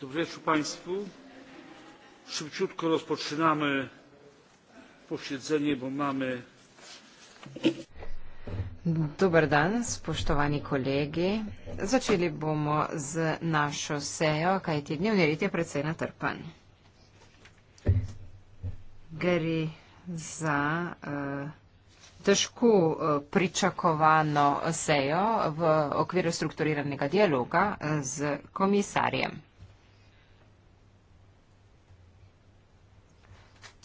Dobry wieczór Państwu. Szybciutko rozpoczynamy posiedzenie, bo mamy. Dober dan, spoštovani kolegi. Začeli bomo z našo sejo, kajti dnevni red je predvsej natrpan. Gre za uh, težko uh, pričakovano sejo v okviru strukturiranega dialoga eh, z komisarjem.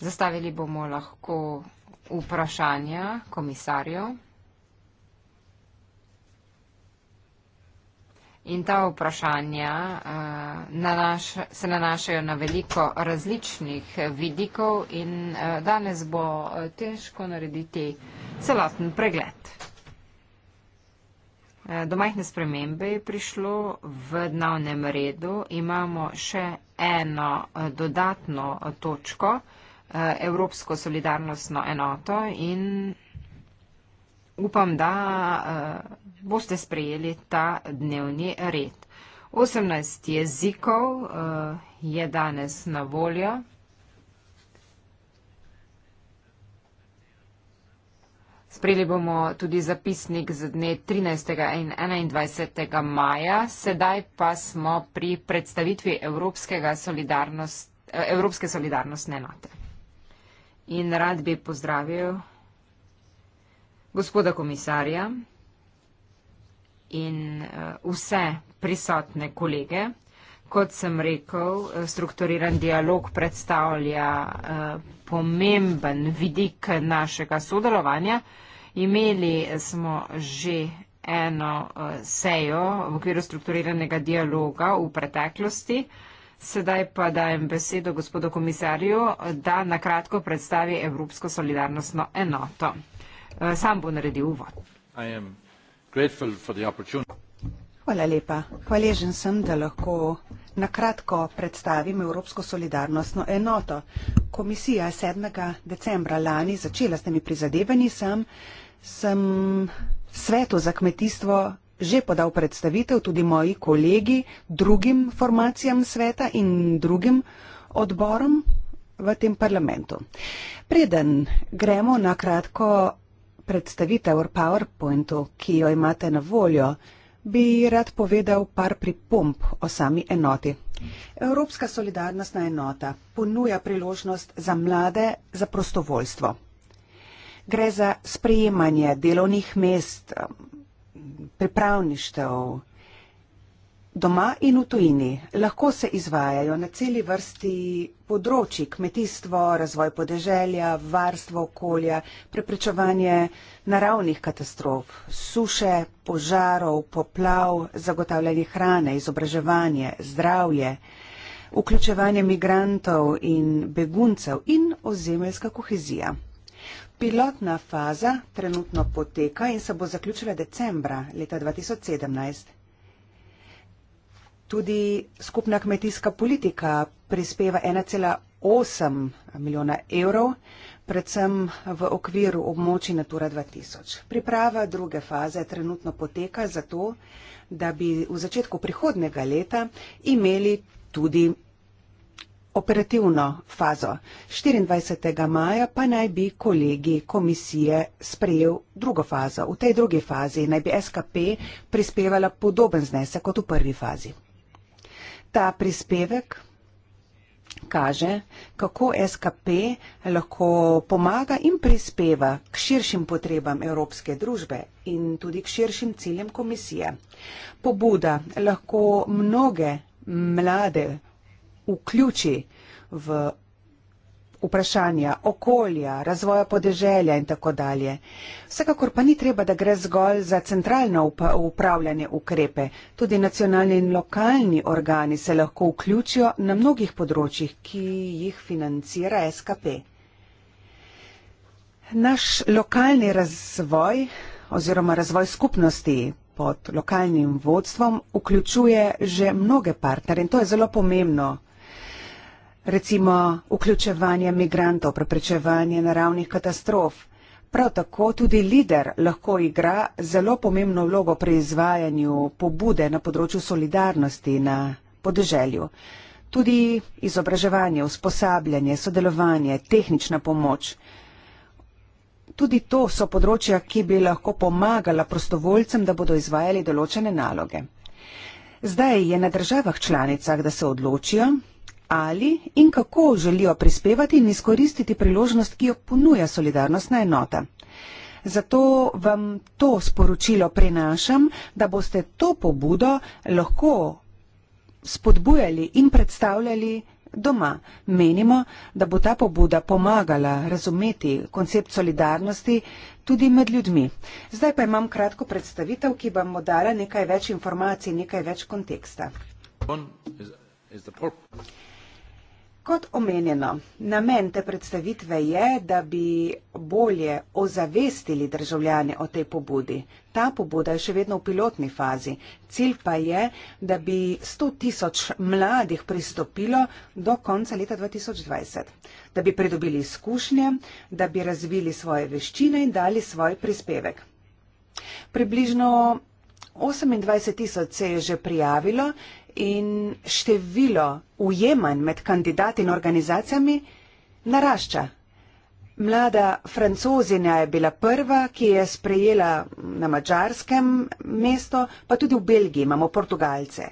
Zastavili bomo lahko vprašanja komisarju. In ta vprašanja eh, se nanašajo na veliko različnih vidikov in eh, danes bo eh, težko narediti celoten pregled. Do majhne spremembe je prišlo v dnavnem redu. Imamo še eno dodatno točko, ki je vprašanje. Eh, evropsko solidarnostno enoto in upam, da eh, boste sprejeli ta dnevni red. 18 jezikov eh, je danes na voljo. Sprejeli bomo tudi zapisnik z dne 13. in 21. maja. Sedaj pa smo pri predstavitvi Evropske solidarnostne enote in rad bi pozdravil gospoda komisarja in eh, vse prisotne kolege. Kot sem rekel, eh, strukturiran dialog predstavlja eh, pomemben vidik našega sodelovanja. Imeli smo že eno sejo v okviru strukturiranega dialoga v preteklosti. Sedaj pa dajem besedo gospodu komisarju, da nakratko predstavi Evropsko solidarnostno enoto. E, sam bo naredil uvod. Hvala lepa. Hvaležen sem, da lahko nakratko predstavim Evropsko solidarnostno enoto. Komisija je 7. decembra lani začela s temi prizadevanji. Sam sem svetu za kmetijstvo že podal predstavitev tudi moji kolegi drugim formacijam sveta in drugim odborom v tem parlamentu. Preden gremo na kratko predstavitev or PowerPointu, ki jo imate na voljo, bi rad povedal par pripomp o sami enoti. Evropska solidarnostna enota ponuja priložnost za mlade za prostovoljstvo. Gre za sprejemanje delovnih mest, pripravništev doma in v tujini lahko se izvajajo na celi vrsti področji kmetijstvo, razvoj podeželja, varstvo okolja, preprečevanje naravnih katastrof, suše, požarov, poplav, zagotavljanje hrane, izobraževanje, zdravje, vključevanje migrantov in beguncev in ozemeljska kohezija. Pilotna faza trenutno poteka in se bo zaključila decembra leta 2017. Tudi skupna kmetijska politika prispeva 1,8 milijona evrov, predvsem v okviru območja Natura 2000. Priprava druge faze trenutno poteka zato, da bi v začetku prihodnega leta imeli tudi operativno fazo. 24. maja pa naj bi kolegi komisije sprejel drugo fazo. V tej drugi fazi naj bi SKP prispevala podoben znesek kot v prvi fazi. Ta prispevek kaže, kako SKP lahko pomaga in prispeva k širšim potrebam evropske družbe in tudi k širšim ciljem komisije. Pobuda lahko mnoge mlade vključi v vprašanja okolja, razvoja podeželja in tako dalje. Vsekakor pa ni treba, da gre zgolj za centralno upravljanje ukrepe. Tudi nacionalni in lokalni organi se lahko vključijo na mnogih področjih, ki jih financira SKP. Naš lokalni razvoj oziroma razvoj skupnosti pod lokalnim vodstvom vključuje že mnoge partnerje in to je zelo pomembno recimo vključevanje migrantov, preprečevanje naravnih katastrof. Prav tako tudi lider lahko igra zelo pomembno vlogo pri izvajanju pobude na področju solidarnosti na podeželju. Tudi izobraževanje, usposabljanje, sodelovanje, tehnična pomoč. Tudi to so področja, ki bi lahko pomagala prostovoljcem, da bodo izvajali določene naloge. Zdaj je na državah članicah, da se odločijo, ali in kako želijo prispevati in izkoristiti priložnost, ki jo ponuja solidarnostna enota. Zato vam to sporočilo prenašam, da boste to pobudo lahko spodbujali in predstavljali doma. Menimo, da bo ta pobuda pomagala razumeti koncept solidarnosti tudi med ljudmi. Zdaj pa imam kratko predstavitev, ki vam bo dala nekaj več informacij, nekaj več konteksta. One is, is Kot omenjeno, namen te predstavitve je, da bi bolje ozavestili državljane o tej pobudi. Ta pobuda je še vedno v pilotni fazi. Cilj pa je, da bi 100 tisoč mladih pristopilo do konca leta 2020, da bi pridobili izkušnje, da bi razvili svoje veščine in dali svoj prispevek. Približno 28 tisoč se je že prijavilo in število ujemanj med kandidati in organizacijami narašča. Mlada francozinja je bila prva, ki je sprejela na mačarskem mesto, pa tudi v Belgiji imamo portugalce.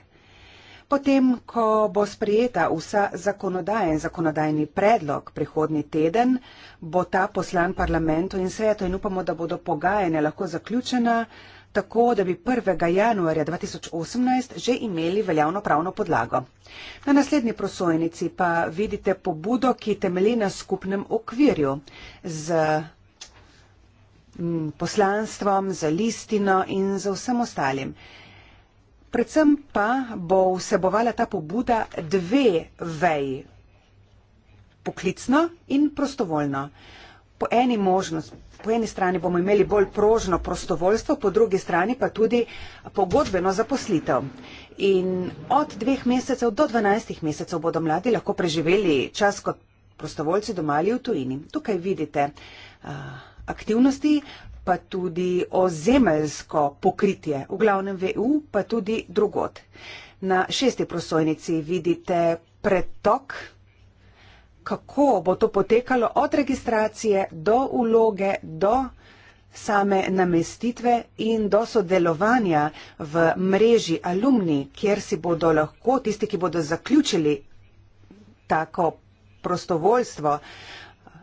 Potem, ko bo sprejeta vsa zakonodaja in zakonodajni predlog prihodni teden, bo ta poslan parlamentu in svetu in upamo, da bodo pogajanja lahko zaključena, uh, tako da bi 1. januarja 2018 že imeli veljavno pravno podlago. Na naslednji prosojnici pa vidite pobudo, ki temeli na skupnem okvirju z poslanstvom, z listino in z vsem ostalim. Predvsem pa bo vsebovala ta pobuda dve veji, poklicno in prostovoljno po eni možnosti, po eni strani bomo imeli bolj prožno prostovoljstvo, po drugi strani pa tudi pogodbeno zaposlitev. In od dveh mesecev do dvanajstih mesecev bodo mladi lahko preživeli čas kot prostovoljci doma ali v tujini. Tukaj vidite aktivnosti, pa tudi ozemeljsko pokritje, v glavnem v EU, pa tudi drugot. Na šesti prosojnici vidite pretok, kako bo to potekalo od registracije do vloge, do same namestitve in do sodelovanja v mreži alumni, kjer si bodo lahko tisti, ki bodo zaključili tako prostovoljstvo,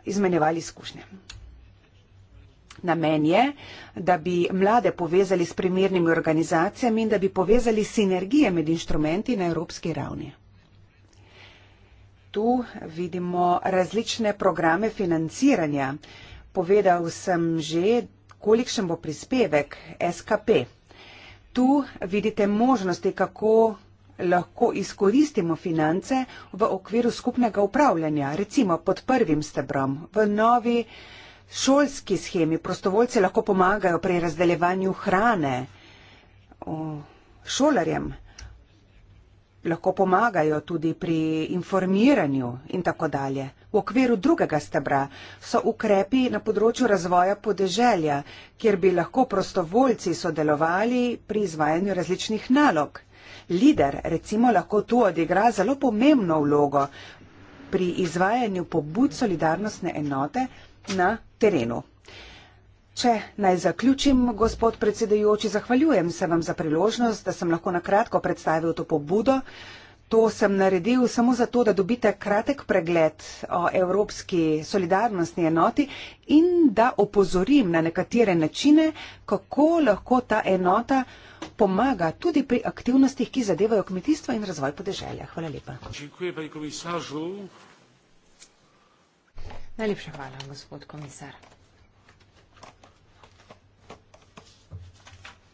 izmenjevali izkušnje. Namen je, da bi mlade povezali s primernimi organizacijami in da bi povezali sinergije med inštrumenti na evropski ravni tu vidimo različne programe financiranja. Povedal sem že, kolikšen bo prispevek SKP. Tu vidite možnosti, kako lahko izkoristimo finance v okviru skupnega upravljanja, recimo pod prvim stebrom, v novi šolski schemi. Prostovoljci lahko pomagajo pri razdeljevanju hrane šolarjem lahko pomagajo tudi pri informiranju in tako dalje. V okviru drugega stebra so ukrepi na področju razvoja podeželja, kjer bi lahko prostovoljci sodelovali pri izvajanju različnih nalog. Lider recimo lahko tu odigra zelo pomembno vlogo pri izvajanju pobud solidarnostne enote na terenu. Če naj zaključim, gospod predsedujoči, zahvaljujem se vam za priložnost, da sem lahko na kratko predstavil to pobudo. To sem naredil samo zato, da dobite kratek pregled o Evropski solidarnostni enoti in da opozorim na nekatere načine, kako lahko ta enota pomaga tudi pri aktivnostih, ki zadevajo kmetijstvo in razvoj podeželja. Hvala lepa. Najlepša hvala, gospod komisar.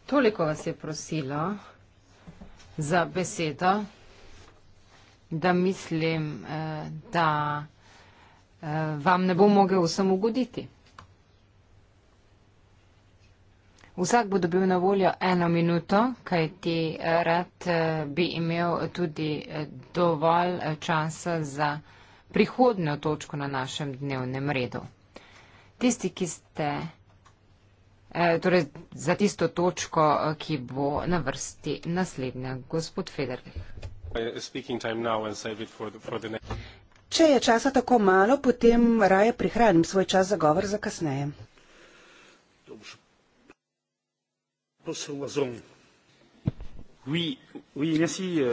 Toliko vas je prosilo za besedo, da mislim, eh, da eh, vam ne bo mogel vsem ugoditi. Vsak bo dobil na voljo eno minuto, kaj ti eh, rad bi imel tudi dovolj časa za prihodnjo točko na našem dnevnem redu. Tisti, ki ste Eh, torej za tisto točko, eh, ki bo na vrsti naslednja. Gospod Federer. Če je časa tako malo, potem raje prihranim svoj čas za govor za kasneje. Euh.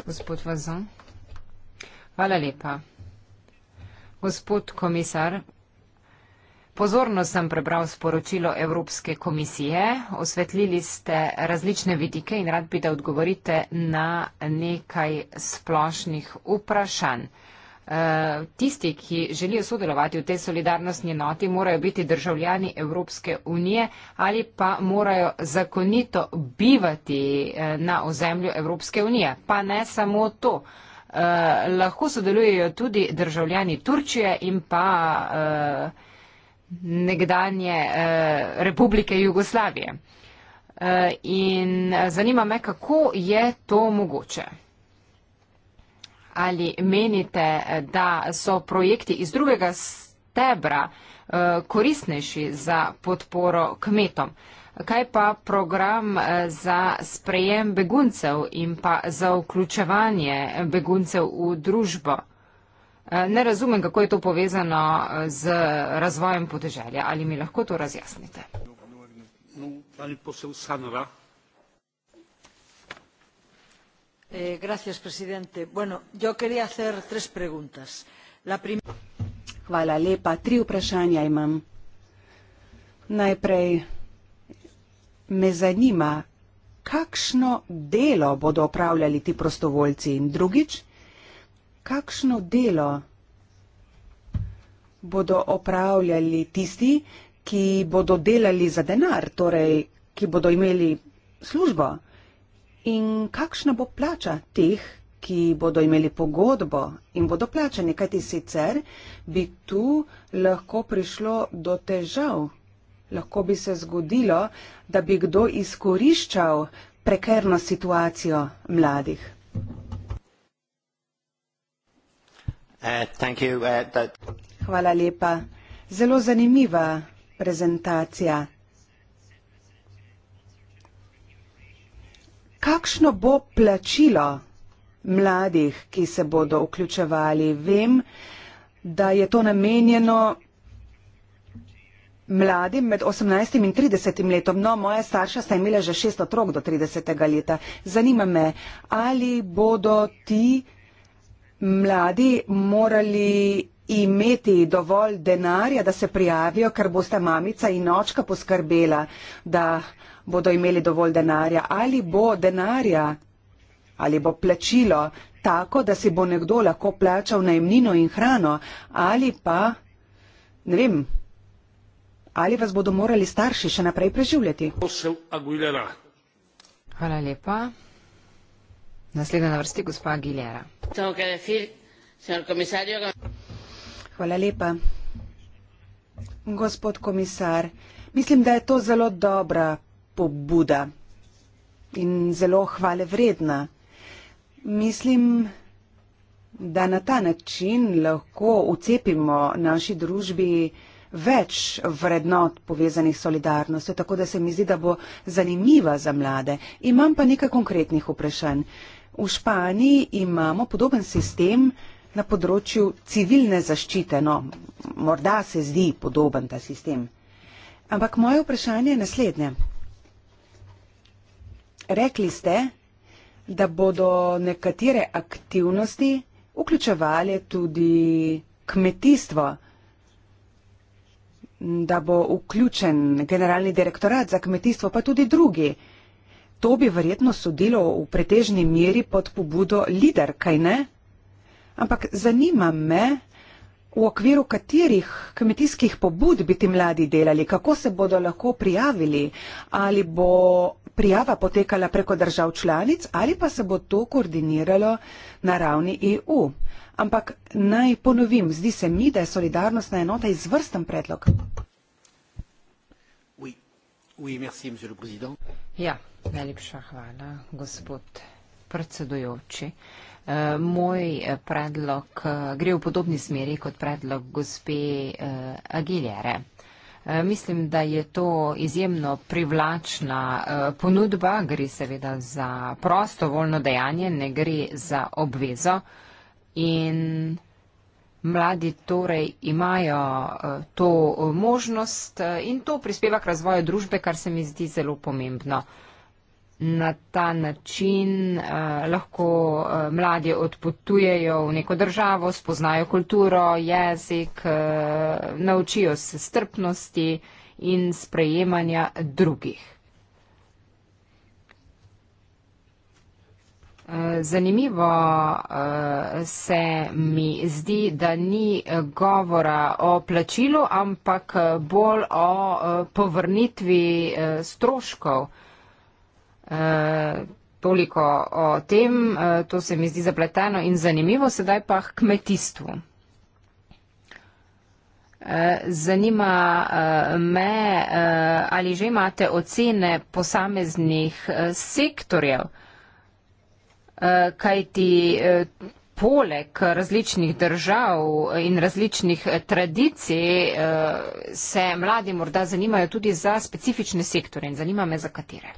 Gospod Vazon. Hvala lepa. Gospod komisar, Pozorno sem prebral sporočilo Evropske komisije, osvetlili ste različne vidike in rad bi, da odgovorite na nekaj splošnih vprašanj. Eh, tisti, ki želijo sodelovati v tej solidarnostni enoti, morajo biti državljani Evropske unije ali pa morajo zakonito bivati eh, na ozemlju Evropske unije. Pa ne samo to. Eh, lahko sodelujejo tudi državljani Turčije in pa nekdanje eh, republike Jugoslavije. Eh, in eh, zanima me, kako je to mogoče. Ali menite, eh, da so projekti iz drugega stebra eh, koristnejši za podporo kmetom? Kaj pa program eh, za sprejem beguncev in pa za vključevanje beguncev v družbo? Eh, ne razumem, kako je to povezano eh, z razvojem podeželja. Ali mi lahko to razjasnite? No, eh, Hvala lepa. Tri vprašanja imam. Najprej me zanima, kakšno delo bodo opravljali ti prostovoljci in drugič, kakšno delo bodo opravljali tisti, ki bodo delali za denar, torej ki bodo imeli službo in kakšna bo plača teh, ki bodo imeli pogodbo in bodo plačani, kajti sicer bi tu lahko prišlo do težav. Lahko bi se zgodilo, da bi kdo izkoriščal prekerno situacijo mladih. Uh, uh, Hvala lepa. Zelo zanimiva prezentacija. Kakšno bo plačilo mladih, ki se bodo vključevali? Vem, da je to namenjeno mladim med 18 in 30 letom. No, moja starša sta imela že 600 otrok do 30. leta. Zanima me, ali bodo ti mladi morali imeti dovolj denarja, da se prijavijo, ker boste mamica in očka poskrbela, da bodo imeli dovolj denarja. Ali bo denarja, ali bo plačilo tako, da si bo nekdo lahko plačal najemnino in hrano, ali pa, ne vem, ali vas bodo morali starši še naprej preživljati. Hvala lepa. Naslednja na vrsti gospa Gilera. Hvala lepa. Gospod komisar, mislim, da je to zelo dobra pobuda in zelo hvale vredna. Mislim, da na ta način lahko ucepimo naši družbi več vrednot povezanih solidarnosti, tako da se mi zdi, da bo zanimiva za mlade. Imam pa nekaj konkretnih vprašanj. V Španiji imamo podoben sistem na področju civilne zaščite. No, morda se zdi podoben ta sistem. Ampak moje vprašanje je naslednje. Rekli ste, da bodo nekatere aktivnosti vključevali tudi kmetijstvo, da bo vključen generalni direktorat za kmetijstvo, pa tudi drugi to bi verjetno sodilo v pretežni meri pod pobudo lider, kaj ne? Ampak zanima me, v okviru katerih kmetijskih pobud bi ti mladi delali, kako se bodo lahko prijavili, ali bo prijava potekala preko držav članic ali pa se bo to koordiniralo na ravni EU. Ampak naj ponovim, zdi se mi, da je solidarnostna enota izvrsten predlog. Ja, Najlepša hvala, gospod predsedujoči. Eh, moj eh, predlog eh, gre v podobni smeri kot predlog gospe Agiljere. Mislim, da je to izjemno privlačna ponudba, gre seveda za prosto volno dejanje, ne gre za obvezo in mladi torej imajo to možnost in to prispeva k razvoju družbe, kar se mi zdi zelo pomembno na ta način uh, lahko uh, mladi odpotujejo v neko državo, spoznajo kulturo, jezik, uh, naučijo se strpnosti in sprejemanja drugih. Zanimivo se mi zdi, da ni govora o plačilu, ampak bolj o povrnitvi stroškov. Eh, toliko o tem, eh, to se mi zdi zapleteno in zanimivo, sedaj pa k kmetijstvu. Eh, zanima me, ali že imate ocene posameznih sektorjev, kajti poleg različnih držav in različnih tradicij eh, se mladi morda zanimajo tudi za specifične sektore in zanima me za katere.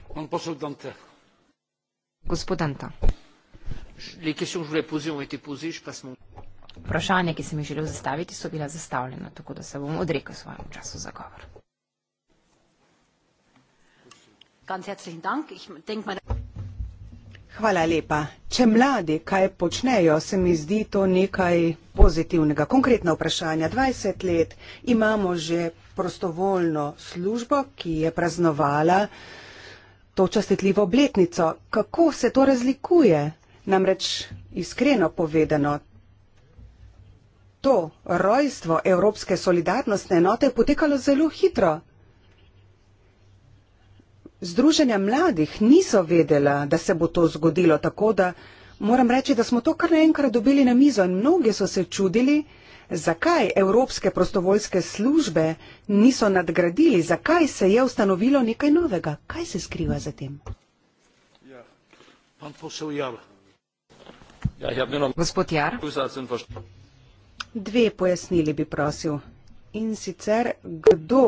Gospod Anta. Vprašanje, ki sem jih želel zastaviti, so bila zastavljena, tako da se bom odrekel svojemu času za govor. Ganz herzlichen Dank. Ich denke, meine Hvala lepa. Če mladi kaj počnejo, se mi zdi to nekaj pozitivnega. Konkretna vprašanja. 20 let imamo že prostovoljno službo, ki je praznovala to častitljivo obletnico. Kako se to razlikuje? Namreč iskreno povedano, to rojstvo Evropske solidarnostne enote je potekalo zelo hitro. Združenja mladih niso vedela, da se bo to zgodilo, tako da moram reči, da smo to kar naenkrat dobili na mizo in mnogi so se čudili, zakaj Evropske prostovoljske službe niso nadgradili, zakaj se je ustanovilo nekaj novega, kaj se skriva za tem. Ja, ja, Gospod Jar, dve pojasnili bi prosil. In sicer, kdo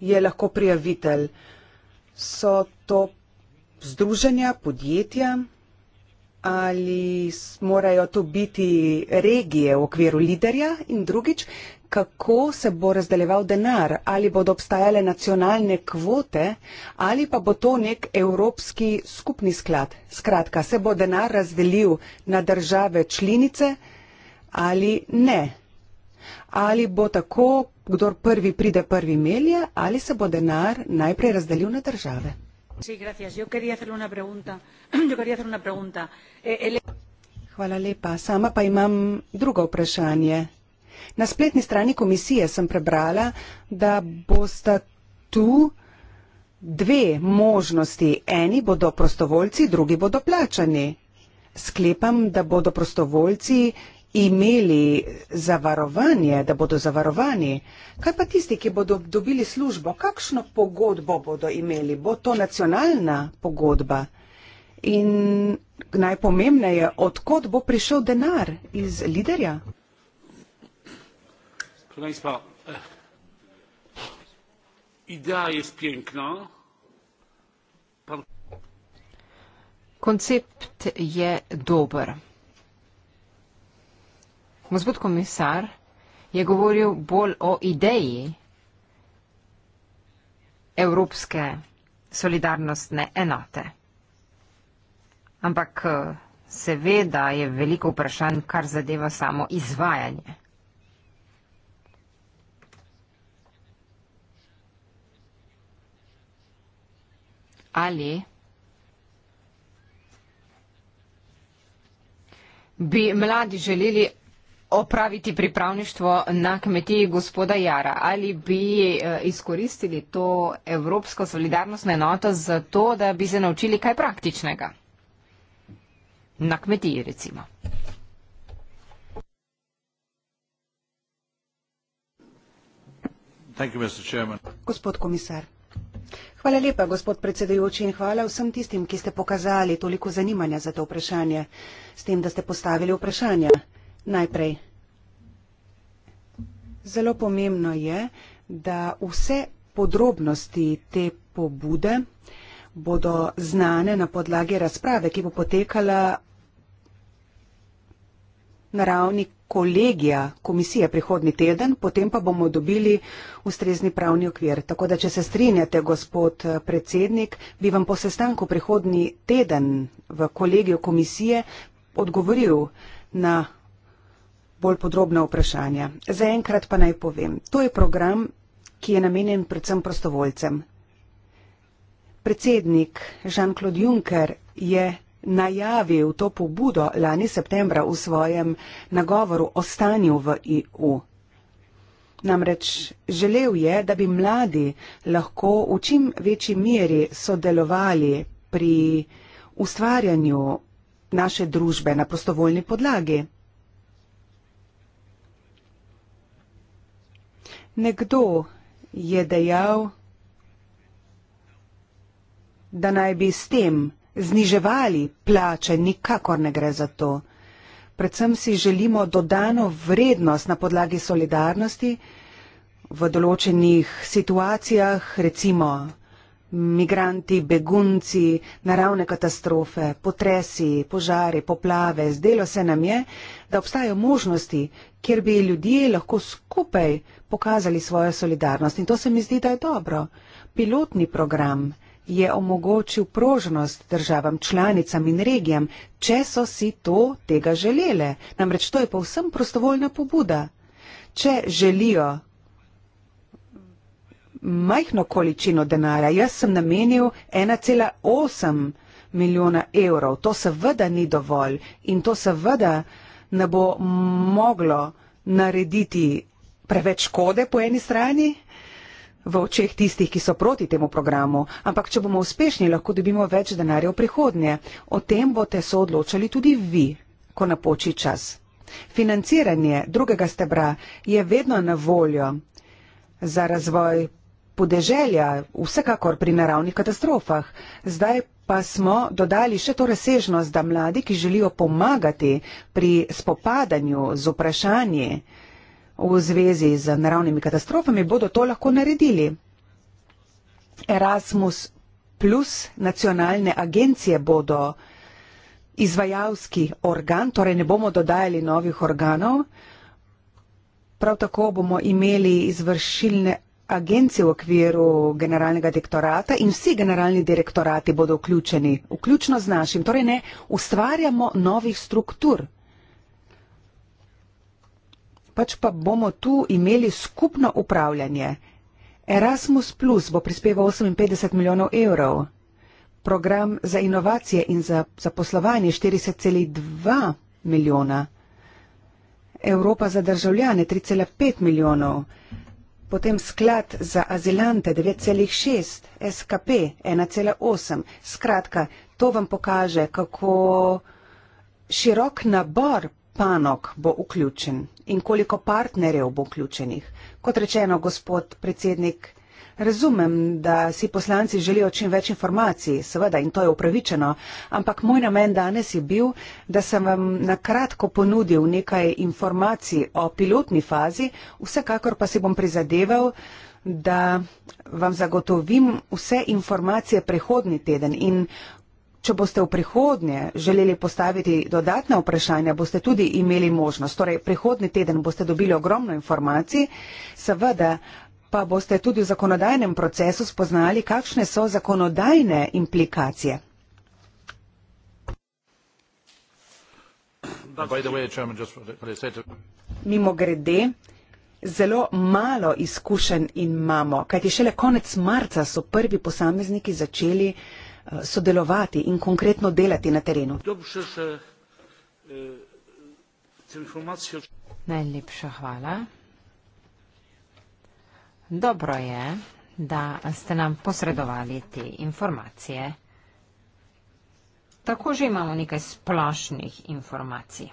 je lahko prijavitelj? so to združenja, podjetja ali morajo to biti regije v okviru liderja in drugič, kako se bo razdeleval denar, ali bodo obstajale nacionalne kvote ali pa bo to nek evropski skupni sklad. Skratka, se bo denar razdelil na države članice ali ne ali bo tako, kdor prvi pride, prvi melje, ali se bo denar najprej razdelil na države. Eh, Hvala lepa. Sama pa imam drugo vprašanje. Na spletni strani komisije sem prebrala, da bosta tu dve možnosti. Eni bodo prostovoljci, drugi bodo plačani. Sklepam, da bodo prostovoljci imeli zavarovanje, da bodo zavarovani. Kaj pa tisti, ki bodo dobili službo, kakšno pogodbo bodo imeli? Bo to nacionalna pogodba? In najpomembneje, odkot bo prišel denar iz liderja? Spravo, eh, ideja je spjenkna. Koncept je dober. Gospod komisar je govoril bolj o ideji evropske solidarnostne enote. Ampak eh, seveda je veliko vprašanj, kar zadeva samo izvajanje. Ali bi mladi želeli opraviti pripravništvo na kmetiji gospoda Jara. Ali bi eh, izkoristili to Evropsko solidarnostno enoto za to, da bi se naučili kaj praktičnega? Na kmetiji recimo. Gospod komisar. Hvala lepa, gospod predsedujoči, in hvala vsem tistim, ki ste pokazali toliko zanimanja za to vprašanje, s tem, da ste postavili vprašanja najprej. Zelo pomembno je, da vse podrobnosti te pobude bodo znane na podlagi razprave, ki bo potekala na ravni kolegija komisije prihodni teden, potem pa bomo dobili ustrezni pravni okvir. Tako da, če se strinjate, gospod eh, predsednik, bi vam po sestanku prihodni teden v kolegijo komisije odgovoril na bolj podrobna vprašanja. Zaenkrat pa naj povem, to je program, ki je namenjen predvsem prostovoljcem. Predsednik Jean-Claude Juncker je najavil to pobudo lani septembra v svojem nagovoru o stanju v EU. Namreč želel je, da bi mladi lahko v čim večji meri sodelovali pri ustvarjanju naše družbe na prostovoljni podlagi. Nekdo je dejal, da naj bi s tem zniževali plače, nikakor ne gre za to. Predvsem si želimo dodano vrednost na podlagi solidarnosti v določenih situacijah, recimo Migranti, begunci, naravne katastrofe, potresi, požari, poplave. Zdelo se nam je, da obstajajo možnosti, kjer bi ljudje lahko skupaj pokazali svojo solidarnost. In to se mi zdi, da je dobro. Pilotni program je omogočil prožnost državam, članicam in regijam, če so si to tega želele. Namreč to je povsem prostovoljna pobuda. Če želijo majhno količino denarja. Jaz sem namenil 1,8 milijona evrov. To seveda ni dovolj in to seveda ne bo moglo narediti preveč škode po eni strani v očeh tistih, ki so proti temu programu. Ampak, če bomo uspešni, lahko dobimo več denarja v prihodnje. O tem boste se odločali tudi vi, ko napoči čas. Financiranje drugega stebra je vedno na voljo za razvoj podeželja, vsekakor pri naravnih katastrofah. Zdaj pa smo dodali še to razsežnost, da mladi, ki želijo pomagati pri spopadanju z vprašanji v zvezi z naravnimi katastrofami, bodo to lahko naredili. Erasmus plus nacionalne agencije bodo izvajalski organ, torej ne bomo dodajali novih organov. Prav tako bomo imeli izvršilne agencije v okviru generalnega direktorata in vsi generalni direktorati bodo vključeni, vključno z našim. Torej ne ustvarjamo novih struktur. Pač pa bomo tu imeli skupno upravljanje. Erasmus Plus bo prispeval 58 milijonov evrov, program za inovacije in za zaposlovanje 40,2 milijona, Evropa za državljane 3,5 milijonov, potem sklad za azilante 9,6, SKP 1,8. Skratka, to vam pokaže, kako širok nabor panok bo vključen in koliko partnerjev bo vključenih. Kot rečeno, gospod predsednik Razumem, da si poslanci želijo čim več informacij, seveda in to je upravičeno, ampak moj namen danes je bil, da sem vam nakratko ponudil nekaj informacij o pilotni fazi, vsekakor pa si bom prizadeval, da vam zagotovim vse informacije prihodni teden in če boste v prihodnje želeli postaviti dodatna vprašanja, boste tudi imeli možnost. Torej, prihodni teden boste dobili ogromno informacij, seveda pa boste tudi v zakonodajnem procesu spoznali, kakšne so zakonodajne implikacije. Mimo grede, zelo malo izkušen imamo, kajti šele konec marca so prvi posamezniki začeli eh, sodelovati in konkretno delati na terenu. E, Najlepša hvala. Dobro je, da ste nam posredovali te informacije. Tako že imamo nekaj splošnih informacij.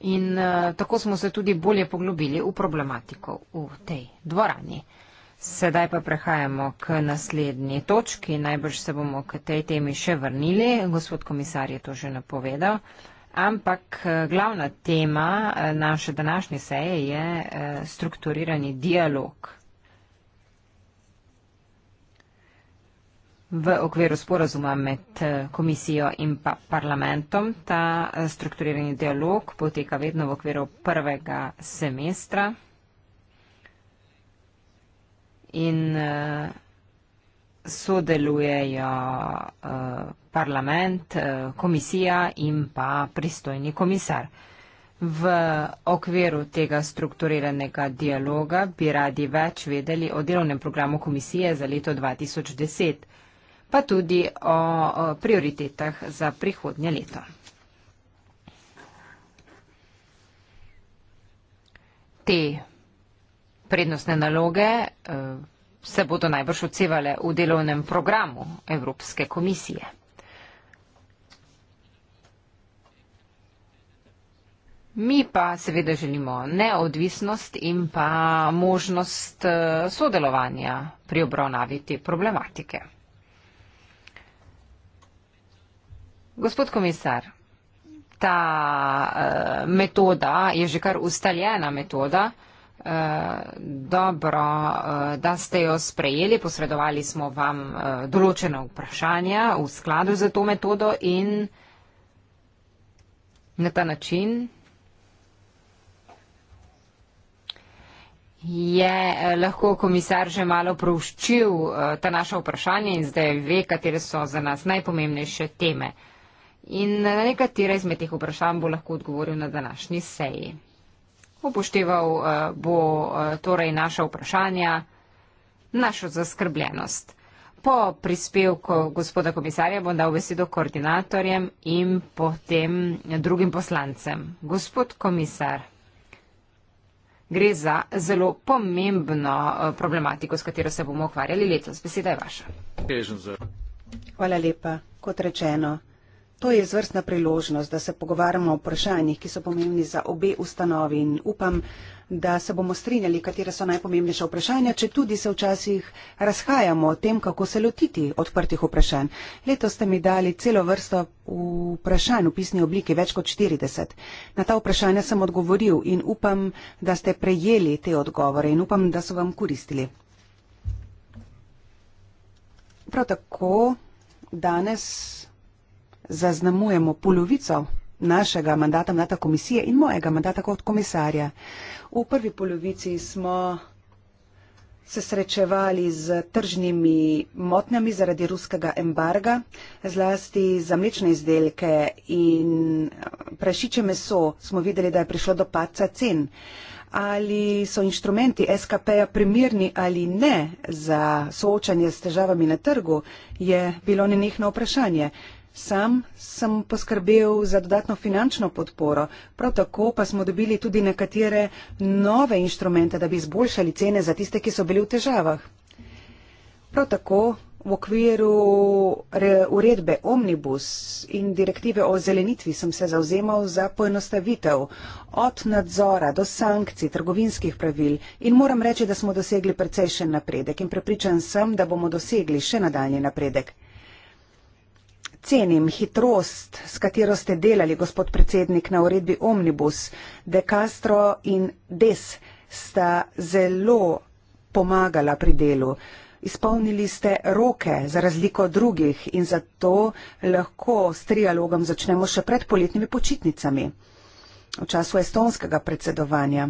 In uh, tako smo se tudi bolje poglobili v problematiko v tej dvorani. Sedaj pa prehajamo k naslednji točki. Najbrž se bomo k tej temi še vrnili. Gospod komisar je to že napovedal. Uh, Ampak eh, glavna tema eh, naše današnje seje je eh, strukturirani dialog. V okviru sporazuma med komisijo in pa parlamentom ta strukturirani dialog poteka vedno v okviru prvega semestra. In uh, sodelujejo uh, parlament, eh, komisija in pa pristojni komisar. V okviru tega strukturiranega dialoga bi radi več vedeli o delovnem programu komisije za leto 2010, pa tudi o prioritetah za prihodnje leto. Te prednostne naloge eh, se bodo najbrž odsevale v delovnem programu Evropske komisije. Mi pa seveda želimo neodvisnost in pa možnost eh, sodelovanja pri obravnavi te problematike. Gospod komisar, ta uh, metoda je že kar ustaljena metoda. Uh, dobro, uh, da ste jo sprejeli, posredovali smo vam uh, določena vprašanja v skladu z to metodo in na ta način je eh, lahko komisar že malo prouščil eh, ta naša vprašanja in zdaj ve, katere so za nas najpomembnejše teme. In na eh, nekatere izmed teh vprašanj bo lahko odgovoril na današnji seji. Upošteval bo torej naša vprašanja, našo zaskrbljenost. Po prispevku gospoda komisarja bom dal besedo koordinatorjem in potem drugim poslancem. Gospod komisar gre za zelo pomembno eh, problematiko, s katero se bomo ukvarjali letos. Beseda je vaša. Hvala lepa. Kot rečeno, to je izvrstna priložnost, da se pogovarjamo o vprašanjih, ki so pomembni za obe ustanovi in upam, da se bomo strinjali, katere so najpomembnejše vprašanja, če tudi se včasih razhajamo o tem, kako se lotiti odprtih vprašanj. Letos ste mi dali celo vrsto vprašanj v pisni obliki, več kot 40. Na ta vprašanja sem odgovoril in upam, da ste prejeli te odgovore in upam, da so vam koristili. Prav tako danes zaznamujemo polovico našega mandata, mandata komisije in mojega mandata kot komisarja. V prvi polovici smo se srečevali z tržnimi motnjami zaradi ruskega embarga, zlasti za mlečne izdelke in eh, prašiče meso smo videli, da je prišlo do paca cen. Ali so inštrumenti SKP-ja primirni ali ne za soočanje s težavami na trgu, je bilo nenehno vprašanje. Sam sem poskrbel za dodatno finančno podporo, prav tako pa smo dobili tudi nekatere nove inštrumente, da bi izboljšali cene za tiste, ki so bili v težavah. Prav tako v okviru uredbe Omnibus in direktive o zelenitvi sem se zauzemal za poenostavitev od nadzora do sankcij trgovinskih pravil in moram reči, da smo dosegli precejšen napredek in prepričan sem, da bomo dosegli še nadaljni napredek. Cenim hitrost, s katero ste delali, gospod predsednik, na uredbi Omnibus. De Castro in Des sta zelo pomagala pri delu. Izpolnili ste roke za razliko od drugih in zato lahko s trialogom začnemo še pred poletnimi počitnicami v času estonskega predsedovanja.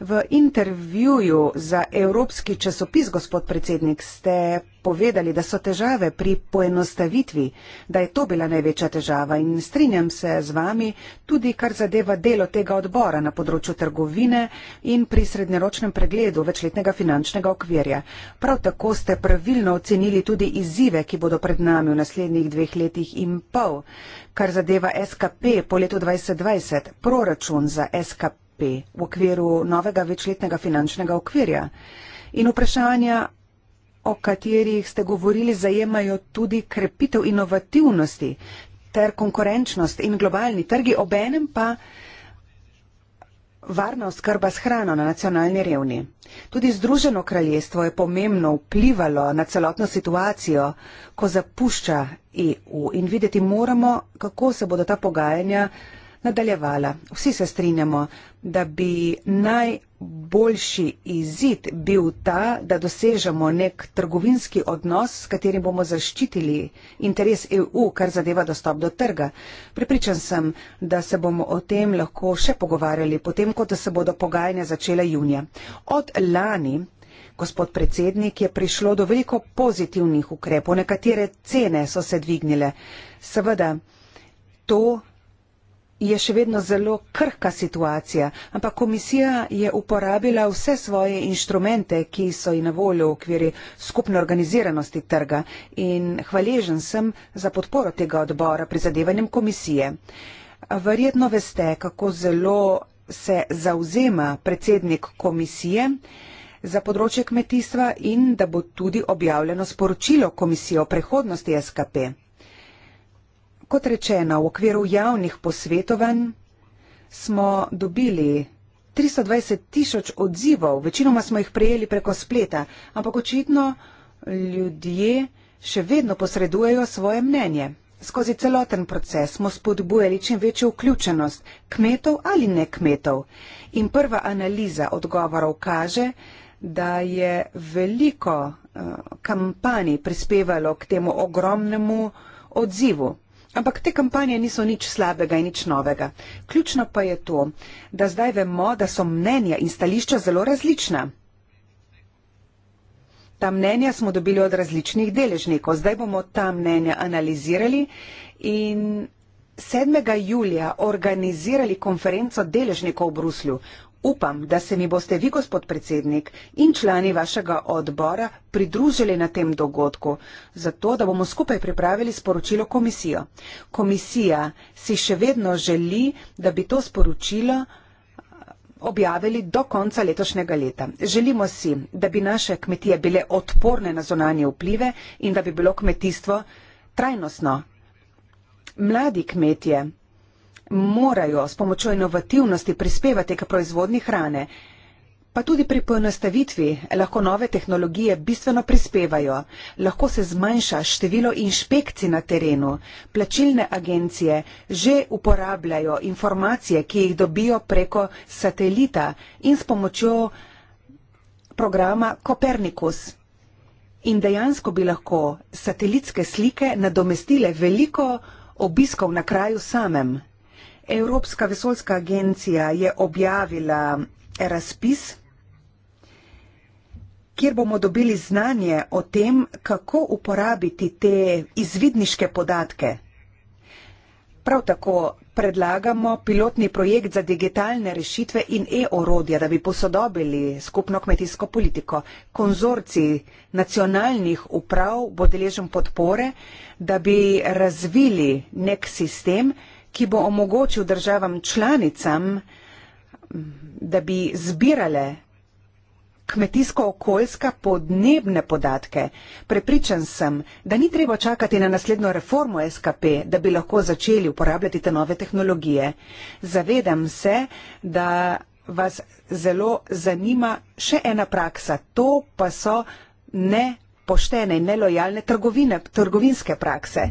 V intervjuju za Evropski časopis, gospod predsednik, ste povedali, da so težave pri poenostavitvi, da je to bila največja težava in strinjam se z vami tudi, kar zadeva delo tega odbora na področju trgovine in pri srednjeročnem pregledu večletnega finančnega okvirja. Prav tako ste pravilno ocenili tudi izzive, ki bodo pred nami v naslednjih dveh letih in pol, kar zadeva SKP po letu 2020, proračun za SKP BDP v okviru novega večletnega finančnega okvirja in vprašanja, o katerih ste govorili, zajemajo tudi krepitev inovativnosti ter konkurenčnost in globalni trgi, obenem pa varna oskrba s hrano na nacionalni revni. Tudi Združeno kraljestvo je pomembno vplivalo na celotno situacijo, ko zapušča EU in videti moramo, kako se bodo ta pogajanja nadaljevala. Vsi se strinjamo, da bi najboljši izid bil ta, da dosežemo nek trgovinski odnos, s katerim bomo zaščitili interes EU, kar zadeva dostop do trga. Pripričan sem, da se bomo o tem lahko še pogovarjali, potem, ko se bodo pogajanja začela junija. Od lani. Gospod predsednik, je prišlo do veliko pozitivnih ukrepov, nekatere cene so se dvignile. Seveda, to je še vedno zelo krhka situacija, ampak komisija je uporabila vse svoje inštrumente, ki so ji na voljo v okviru skupne organiziranosti trga in hvaležen sem za podporo tega odbora prizadevanjem komisije. Verjetno veste, kako zelo se zauzema predsednik komisije za področje kmetijstva in da bo tudi objavljeno sporočilo komisije o prehodnosti SKP. Kot rečeno, v okviru javnih posvetovanj smo dobili 320 tisoč odzivov, večinoma smo jih prejeli preko spleta, ampak očitno ljudje še vedno posredujejo svoje mnenje. Skozi celoten proces smo spodbujali čim večjo vključenost kmetov ali ne kmetov in prva analiza odgovorov kaže, da je veliko uh, kampanj prispevalo k temu ogromnemu odzivu. Ampak te kampanje niso nič slabega in nič novega. Ključno pa je to, da zdaj vemo, da so mnenja in stališča zelo različna. Ta mnenja smo dobili od različnih deležnikov. Zdaj bomo ta mnenja analizirali in 7. julija organizirali konferenco deležnikov v Bruslju. Upam, da se mi boste vi, gospod predsednik, in člani vašega odbora pridružili na tem dogodku, zato da bomo skupaj pripravili sporočilo komisijo. Komisija si še vedno želi, da bi to sporočilo eh, objavili do konca letošnjega leta. Želimo si, da bi naše kmetije bile odporne na zonanje vplive in da bi bilo kmetijstvo trajnostno. Mladi kmetje morajo s pomočjo inovativnosti prispevati k proizvodni hrane, pa tudi pri poenostavitvi lahko nove tehnologije bistveno prispevajo, lahko se zmanjša število inšpekcij na terenu, plačilne agencije že uporabljajo informacije, ki jih dobijo preko satelita in s pomočjo programa Kopernikus. In dejansko bi lahko satelitske slike nadomestile veliko obiskov na kraju samem. Evropska vesoljska agencija je objavila razpis, kjer bomo dobili znanje o tem, kako uporabiti te izvidniške podatke. Prav tako predlagamo pilotni projekt za digitalne rešitve in e-orodja, da bi posodobili skupno kmetijsko politiko. Konzorci nacionalnih uprav bo deležen podpore, da bi razvili nek sistem, ki bi razvili ki bo omogočil državam članicam, da bi zbirale kmetijsko-okoljska podnebne podatke. Prepričan sem, da ni treba čakati na naslednjo reformo SKP, da bi lahko začeli uporabljati te nove tehnologije. Zavedam se, da vas zelo zanima še ena praksa, to pa so nepoštene in nelojalne trgovine, trgovinske prakse.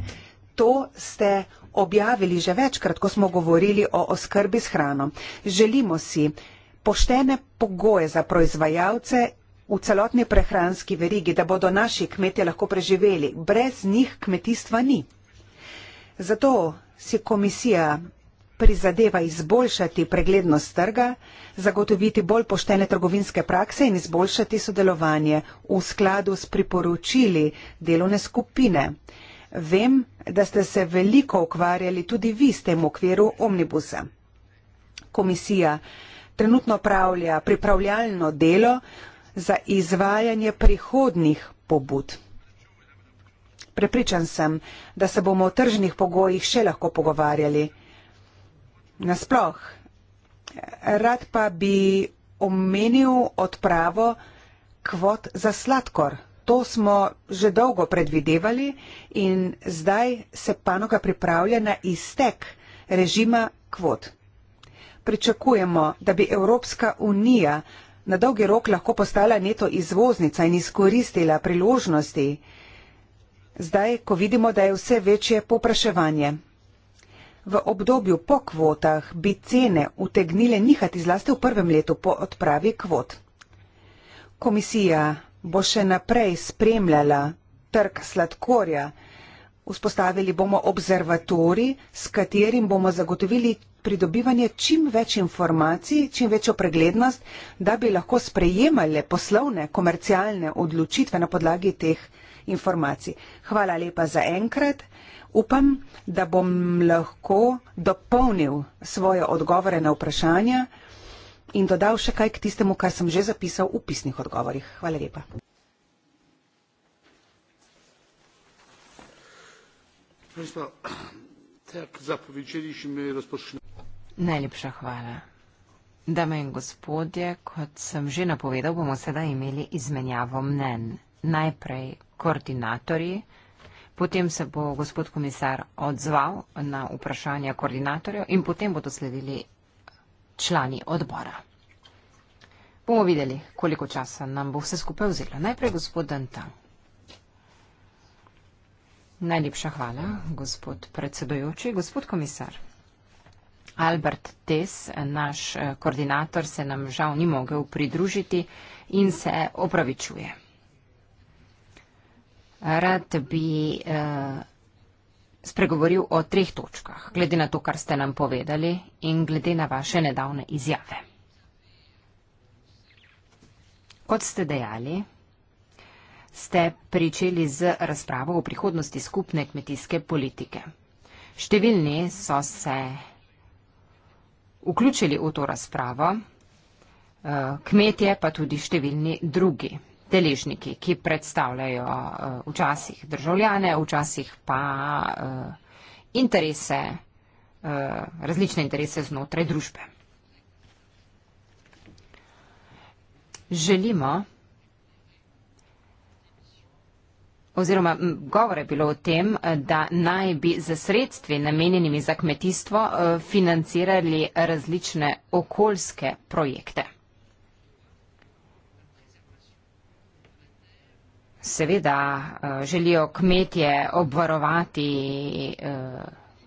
To ste objavili že večkrat, ko smo govorili o oskrbi s hrano. Želimo si poštene pogoje za proizvajalce v celotni prehranski verigi, da bodo naši kmetje lahko preživeli. Brez njih kmetijstva ni. Zato si komisija prizadeva izboljšati preglednost trga, zagotoviti bolj poštene trgovinske prakse in izboljšati sodelovanje v skladu s priporočili delovne skupine. Vem, da ste se veliko ukvarjali tudi vi s tem okviru omnibusa. Komisija trenutno pravlja pripravljalno delo za izvajanje prihodnih pobud. Prepričan sem, da se bomo o tržnih pogojih še lahko pogovarjali. Nasploh, rad pa bi omenil odpravo kvot za sladkor. To smo že dolgo predvidevali in zdaj se panoga pripravlja na iztek režima kvot. Pričakujemo, da bi Evropska unija na dolgi rok lahko postala neto izvoznica in izkoristila priložnosti, zdaj, ko vidimo, da je vse večje popraševanje. V obdobju po kvotah bi cene utegnile nihati zlasti v prvem letu po odpravi kvot. Komisija bo še naprej spremljala trg sladkorja. Vzpostavili bomo observatori, s katerim bomo zagotovili pridobivanje čim več informacij, čim večjo preglednost, da bi lahko sprejemali poslovne, komercialne odločitve na podlagi teh informacij. Hvala lepa za enkrat. Upam, da bom lahko dopolnil svoje odgovore na vprašanja in dodal še kaj k tistemu, kar sem že zapisal v pisnih odgovorih. Hvala lepa. Najlepša hvala. Dame in gospodje, kot sem že napovedal, bomo sedaj imeli izmenjavo mnen. Najprej koordinatorji, potem se bo gospod komisar odzval na vprašanje koordinatorjev in potem bodo sledili člani odbora. Bomo videli, koliko časa nam bo vse skupaj vzelo. Najprej gospod Dantan. Najlepša hvala, gospod predsedojoči. Gospod komisar, Albert Tes, naš eh, koordinator, se nam žal ni mogel pridružiti in se opravičuje. Rad bi uh, spregovoril o treh točkah, glede na to, kar ste nam povedali in glede na vaše nedavne izjave. Kot ste dejali, ste pričeli z razpravo o prihodnosti skupne kmetijske politike. Številni so se vključili v to razpravo, eh, kmetje pa tudi številni drugi deležniki, ki predstavljajo eh, včasih državljane, včasih pa eh, interese, eh, različne interese znotraj družbe. Želimo, oziroma govore bilo o tem, da naj bi za sredstvi namenjenimi za kmetijstvo financirali različne okoljske projekte. seveda eh, želijo kmetje obvarovati eh,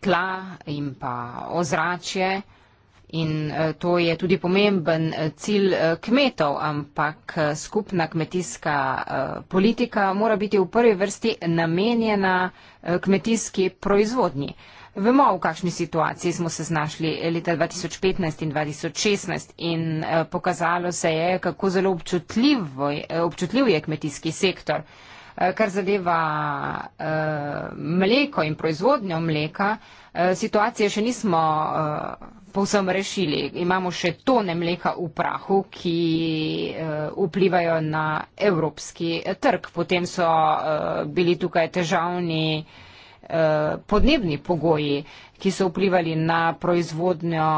tla in pa ozračje. In eh, to je tudi pomemben cilj kmetov, ampak skupna kmetijska politika mora biti v prvi vrsti namenjena kmetijski proizvodnji. Vemo, v kakšni situaciji smo se znašli leta 2015 in 2016 in eh, pokazalo se je, kako zelo občutljiv eh, je kmetijski sektor. Eh, kar zadeva mleko in proizvodnjo mleka, situacije še nismo povsem rešili. Imamo še tone mleka v prahu, ki vplivajo na evropski trg. Potem so bili tukaj težavni. Eh, podnebni pogoji, ki so vplivali na proizvodnjo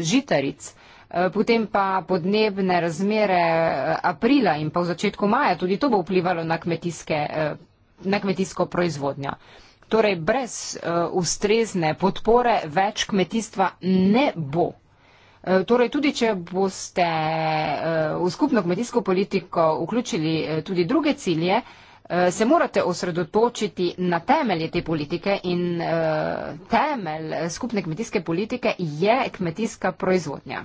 žitaric, eh, potem pa podnebne razmere eh, aprila in pa v začetku maja, tudi to bo vplivalo na, na kmetijsko proizvodnjo. Torej, brez ustrezne podpore več kmetijstva ne bo. Torej, tudi če boste v skupno kmetijsko politiko vključili tudi druge cilje, Eh, se morate osredotočiti na temelje te politike in eh, temelj skupne kmetijske politike je kmetijska proizvodnja.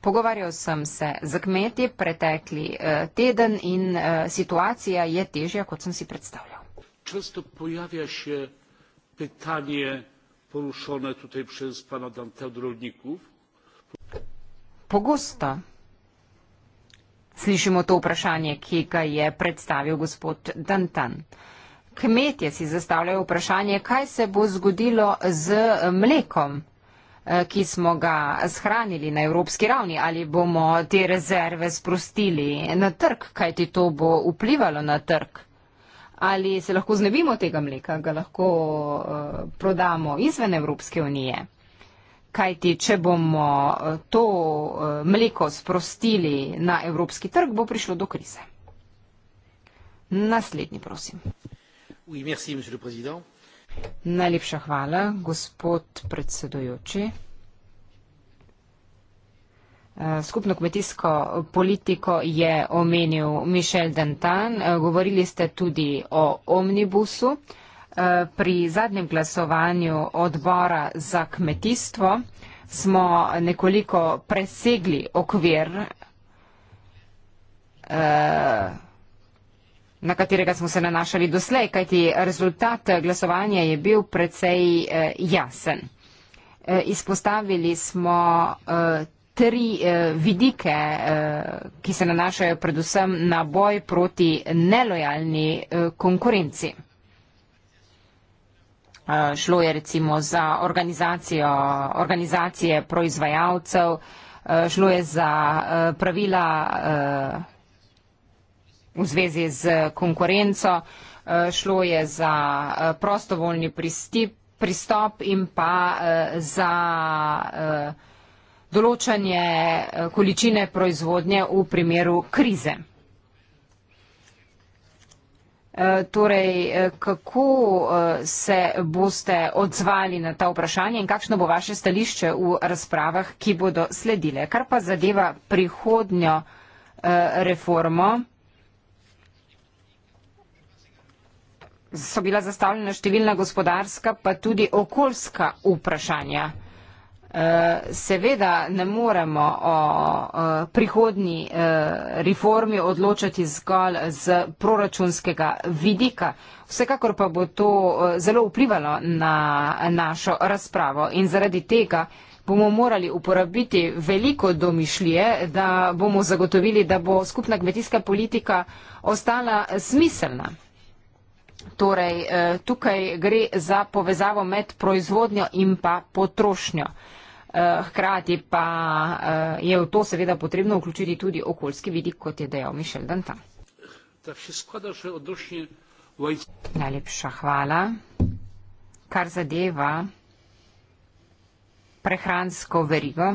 Pogovarjal sem se z kmeti pretekli eh, teden in situacija je težja, kot sem si predstavljal. Često pojavlja se pitanje porušene tukaj prez pana Dante od rolnikov. Pogosto Slišimo to vprašanje, ki ga je predstavil gospod Dantan. Kmetje si zastavljajo vprašanje, kaj se bo zgodilo z mlekom, eh, ki smo ga shranili na evropski ravni, ali bomo te rezerve sprostili na trg, kaj ti to bo vplivalo na trg. Ali se lahko znebimo tega mleka, ga lahko eh, prodamo izven Evropske unije? kajti če bomo eh, to eh, mleko sprostili na evropski trg, bo prišlo do krize. Naslednji, prosim. Oui, merci, Najlepša hvala, gospod predsedujoči. Eh, skupno kmetijsko politiko je omenil Mišel Dantan, govorili ste tudi o omnibusu. Eh, pri zadnjem glasovanju odbora za kmetijstvo smo nekoliko presegli okvir, eh, na katerega smo se nanašali doslej, kajti rezultat glasovanja je bil precej eh, jasen. Izpostavili smo tri vidike, ki se nanašajo predvsem na boj proti nelojalni konkurenciji. Eh, šlo je recimo za organizacijo, organizacije proizvajalcev, eh, šlo je za eh, pravila v zvezi z konkurenco, šlo je za prostovoljni pristip, pristop in pa za določanje količine proizvodnje v primeru krize. Eh, torej, eh, kako eh, se boste odzvali na ta vprašanje in kakšno bo vaše stališče v razpravah, ki bodo sledile? Kar pa zadeva prihodnjo reformo, so bila zastavljena številna gospodarska, pa tudi okoljska vprašanja. Seveda ne moremo o prihodni e, reformi odločati zgolj z proračunskega vidika. Vsekakor pa bo to e, zelo vplivalo na našo razpravo in zaradi tega bomo morali uporabiti veliko domišljije, da bomo zagotovili, da bo skupna kmetijska politika ostala smiselna. Torej, e, tukaj gre za povezavo med proizvodnjo in pa potrošnjo. Eh, hkrati pa eh, je v to seveda potrebno vključiti tudi okoljski vidik, kot je dejal Mišel Danta. Najlepša hvala. Kar zadeva prehransko verigo,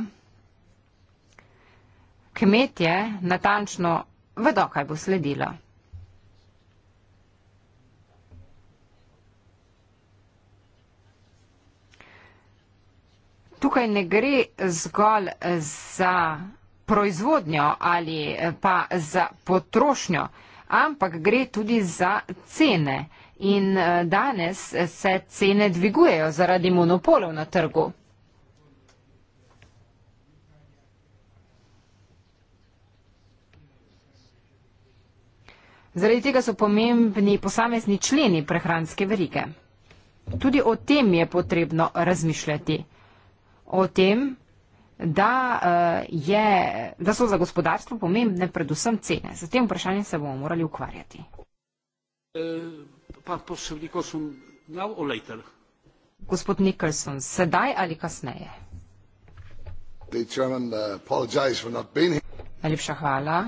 kmetje natančno vedo, kaj bo sledilo. tukaj ne gre zgolj za proizvodnjo ali eh, pa za potrošnjo, ampak gre tudi za cene. In eh, danes se cene dvigujejo zaradi monopolov na trgu. Zaradi tega so pomembni posamezni členi prehranske verige. Tudi o tem je potrebno razmišljati o tem, da, uh, je, da so za gospodarstvo pomembne predvsem cene. Za tem vprašanjem se bomo morali ukvarjati. E, Gospod Nicholson, sedaj ali kasneje? Uh, Najlepša hvala.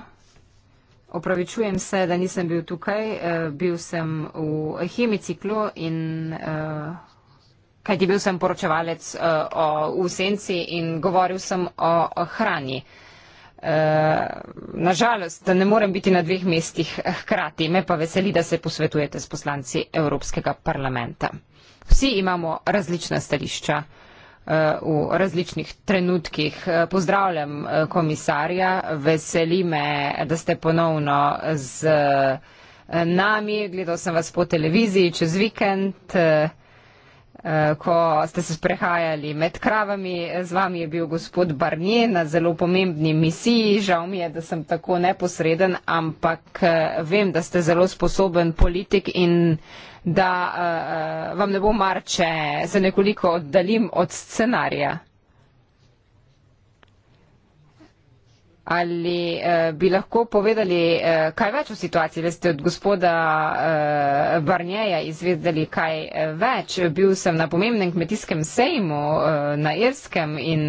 Opravičujem se, da nisem bil tukaj. Eh, bil sem v hemiciklu in eh, kajti bil sem poročevalec uh, o, v senci in govoril sem o, o hrani. Uh, eh, nažalost, ne morem biti na dveh mestih eh, hkrati, me pa veseli, da se posvetujete s poslanci Evropskega parlamenta. Vsi imamo različna stališča v različnih trenutkih. Pozdravljam komisarja, veseli me, da ste ponovno z nami. Gledal sem vas po televiziji čez vikend. Uh, Eh, ko ste se sprehajali med kravami. Z vami je bil gospod Barnje na zelo pomembni misiji. Žal mi je, da sem tako neposreden, ampak eh, vem, da ste zelo sposoben politik in da eh, vam ne bo mar, če se nekoliko oddaljim od scenarija. Ali eh, bi lahko povedali eh, kaj več o situaciji, da ste od gospoda eh, Barnjeja izvedeli kaj eh, več? Bil sem na pomembnem kmetijskem sejmu eh, na Irskem in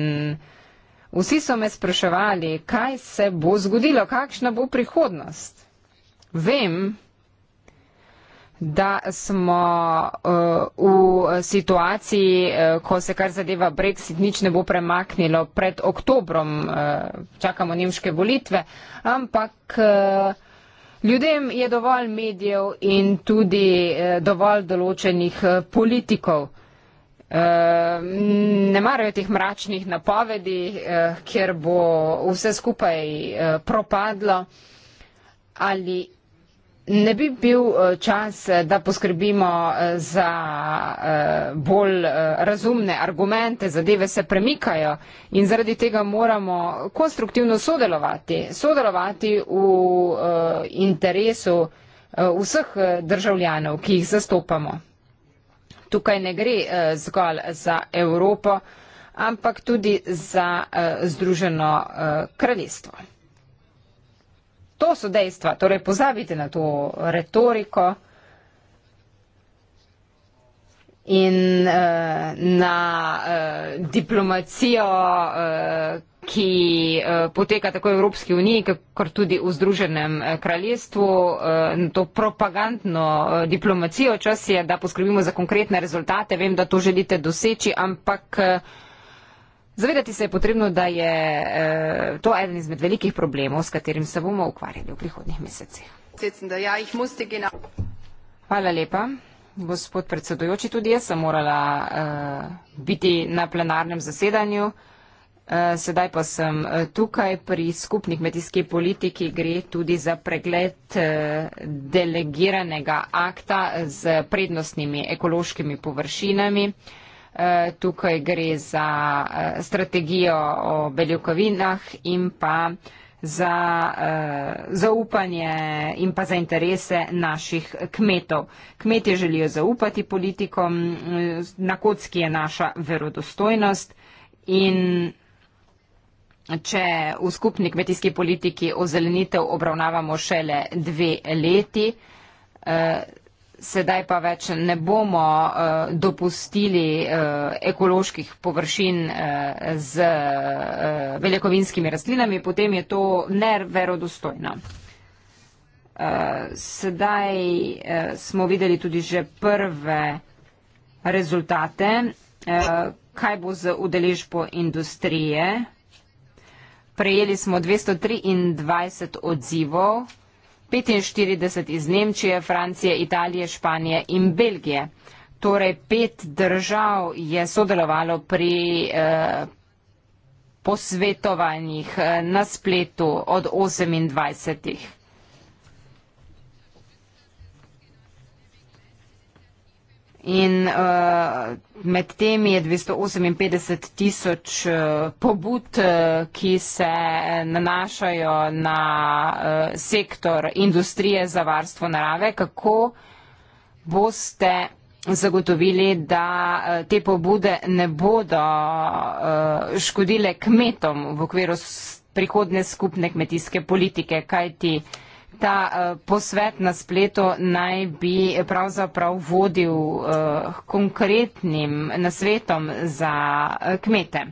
vsi so me spraševali, kaj se bo zgodilo, kakšna bo prihodnost. Vem, da smo uh, v situaciji, uh, ko se kar zadeva Brexit, nič ne bo premaknilo pred oktobrom, uh, čakamo nemške volitve, ampak uh, Ljudem je dovolj medijev in tudi dovolj določenih politikov. Ne marajo teh mračnih napovedi, kjer bo vse skupaj propadlo ali Ne bi bil eh, čas, eh, da poskrbimo eh, za bolj razumne argumente, zadeve se premikajo in zaradi tega moramo konstruktivno sodelovati, sodelovati v interesu vseh državljanov, ki jih zastopamo. Tukaj ne gre zgolj za Evropo, ampak tudi za Združeno kraljestvo. To so dejstva, torej pozabite na to retoriko in uh, na uh, diplomacijo, uh, ki uh, poteka tako v Evropski uniji, kot tudi v Združenem kraljestvu, uh, to propagandno uh, diplomacijo. Čas je, da poskrbimo za konkretne rezultate. Vem, da to želite doseči, ampak. Uh, Zavedati se je potrebno, da je eh, to eden izmed velikih problemov, s katerim se bomo ukvarjali v prihodnih mesecih. Hvala lepa. Gospod predsedujoči, tudi jaz sem morala uh, biti na plenarnem zasedanju, uh, sedaj pa sem tukaj pri skupni kmetijski politiki, gre tudi za pregled uh, delegiranega akta z prednostnimi ekološkimi površinami. Uh, Eh, tukaj gre za eh, strategijo o beljakovinah in pa za uh, zaupanje in pa za interese naših kmetov. Kmetje želijo zaupati politikom, na kocki je naša verodostojnost in če v skupni kmetijski politiki ozelenitev obravnavamo šele dve leti, uh, sedaj pa več ne bomo uh, dopustili uh, ekoloških površin uh, z uh, veljakovinskimi rastlinami, potem je to neverodostojno. Uh, sedaj uh, smo videli tudi že prve rezultate, uh, kaj bo z udeležbo industrije. Prejeli smo 223 odzivov. 45 iz Nemčije, Francije, Italije, Španije in Belgije. Torej pet držav je sodelovalo pri eh, posvetovanjih eh, na spletu od 28. In uh, med temi je 258 tisoč uh, pobud, uh, ki se nanašajo na uh, sektor industrije za varstvo narave. Kako boste zagotovili, da uh, te pobude ne bodo uh, škodile kmetom v okviru prihodne skupne kmetijske politike, kajti uh, ta eh, posvet na spletu naj bi pravzaprav vodil eh, konkretnim nasvetom za eh, kmete.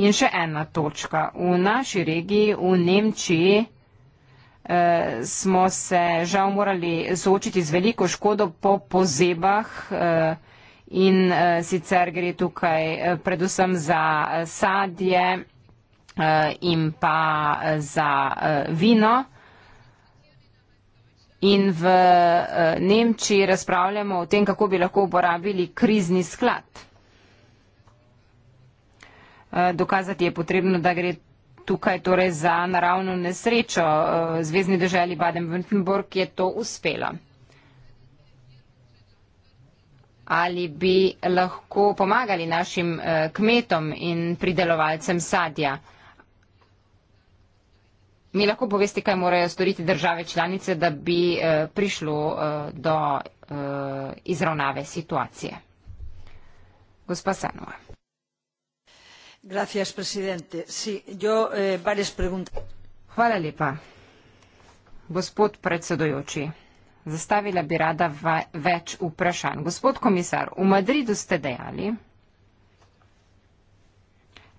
In še ena točka. V naši regiji, v Nemčiji, smo se žal morali soočiti z veliko škodo po pozebah in sicer gre tukaj predvsem za sadje in pa za vino in v eh, Nemčiji razpravljamo o tem, kako bi lahko uporabili krizni sklad. Eh, dokazati je potrebno, da gre tukaj torej za naravno nesrečo. Eh, Zvezdni državi Baden-Württemberg je to uspelo. Ali bi lahko pomagali našim kmetom in pridelovalcem sadja? Mi lahko poveste, kaj morajo storiti države članice, da bi eh, prišlo eh, do eh, izravnave situacije. Gospa Sanova. Gracias, presidente. Sí, yo eh, varias preguntas. Hvala lepa. Gospod predsedojoči, zastavila bi rada več vprašanj. Gospod komisar, v Madridu ste dejali,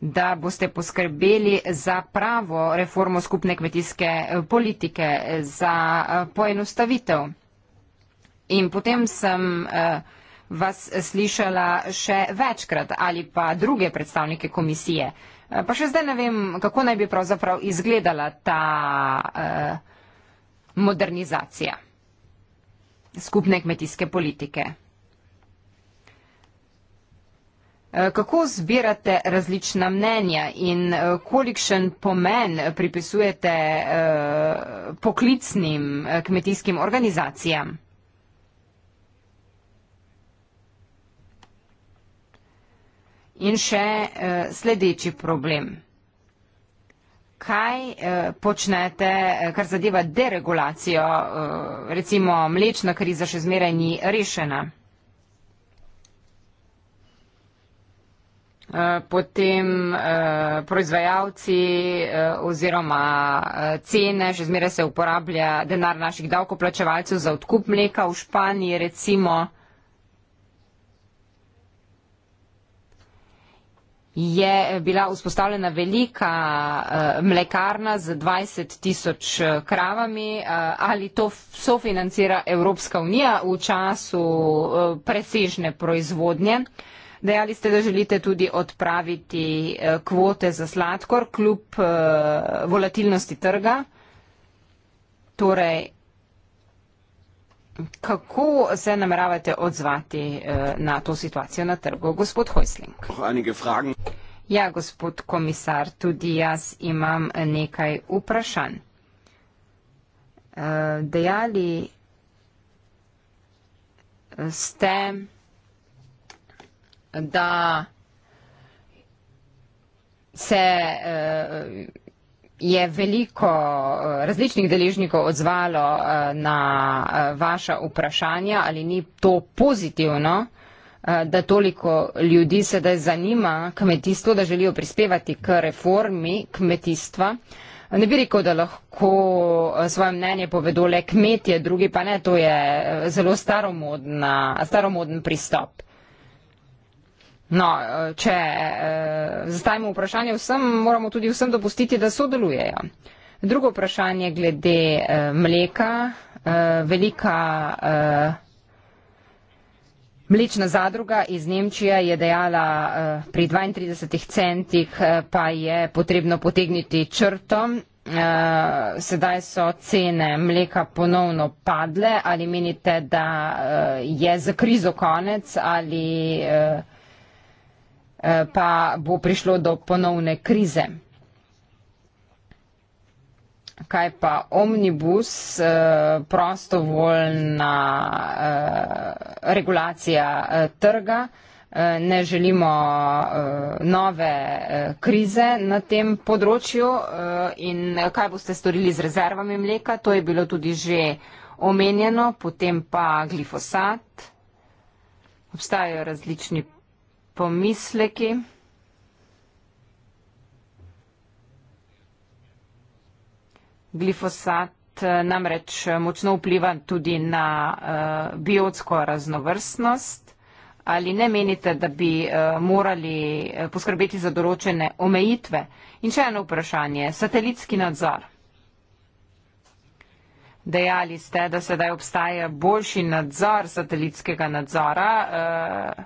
da boste poskrbeli za pravo reformo skupne kmetijske eh, politike, za eh, poenostavitev. In potem sem eh, vas slišala še večkrat ali pa druge predstavnike komisije. Pa še zdaj ne vem, kako naj bi pravzaprav izgledala ta modernizacija skupne kmetijske politike. Eh, kako zbirate različna mnenja in eh, kolikšen pomen pripisujete eh, poklicnim kmetijskim organizacijam? In še sledeči problem. Kaj počnete, kar zadeva deregulacijo, recimo mlečna kriza še zmeraj ni rešena? Eh, potem eh, proizvajalci eh, oziroma cene, še zmeraj se uporablja denar naših davkoplačevalcev za odkup mleka v Španiji recimo. Je bila vzpostavljena velika uh, mlekarna z 20 tisoč kravami, uh, ali to sofinancira Evropska unija v času uh, presežne proizvodnje. Uh, Dejali ste, da želite tudi odpraviti eh, kvote za sladkor kljub eh, volatilnosti trga. Torej, kako se nameravate odzvati eh, na to situacijo na trgu, gospod Hojsling? Ja, gospod komisar, tudi jaz imam nekaj vprašanj. Dejali ste, da se eh, je veliko eh, različnih deležnikov odzvalo eh, na vaša vprašanja, ali ni to pozitivno, da toliko ljudi sedaj zanima kmetijstvo, da želijo prispevati k reformi kmetijstva. Ne bi rekel, da lahko svoje mnenje povedo le kmetje, drugi pa ne, to je zelo staromodna, staromodn pristop. No, če eh, zastavimo vprašanje vsem, moramo tudi vsem dopustiti, da sodelujejo. Drugo vprašanje glede eh, mleka. Eh, velika eh, mlečna zadruga iz Nemčije je dejala eh, pri 32 centih, eh, pa je potrebno potegniti črto. Uh, sedaj so cene mleka ponovno padle. Ali menite, da uh, je za krizo konec ali uh, Eh, pa bo prišlo do ponovne krize. Kaj pa omnibus, eh, prostovoljna eh, regulacija trga? Ne želimo nove krize na tem področju in kaj boste storili z rezervami mleka, to je bilo tudi že omenjeno, potem pa glifosat. Obstajajo različni pomisleki. Glifosat eh, namreč eh, močno vpliva tudi na uh, biotsko raznovrstnost. Ali ne menite, da bi uh, morali uh, poskrbeti za določene omejitve? In še eno vprašanje. Satelitski nadzor. Dejali ste, da sedaj obstaja boljši nadzor satelitskega nadzora. Uh,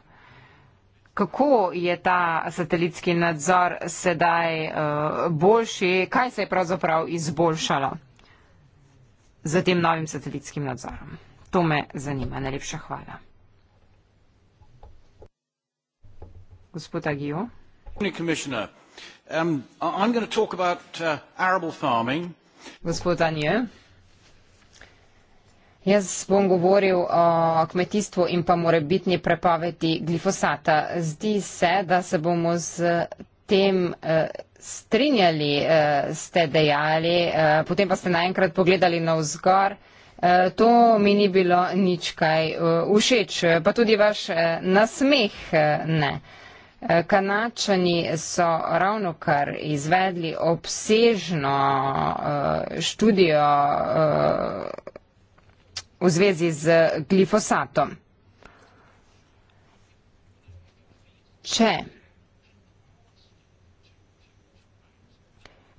kako je ta satelitski nadzor sedaj uh, boljši, kaj se je pravzaprav izboljšalo z tem novim satelitskim nadzorom. To me zanima. Najlepša hvala. Gospod Agijo. Um, uh, gospod Anje. Jaz bom govoril o kmetijstvu in pa more biti prepovedi glifosata. Zdi se, da se bomo z tem eh, strinjali, eh, ste dejali, eh, potem pa ste naenkrat pogledali na vzgor. Eh, to mi ni bilo nič kaj eh, všeč, pa tudi vaš eh, nasmeh eh, ne. Eh, Kanačani so ravno kar izvedli obsežno eh, študijo eh, v zvezi z glifosatom. Če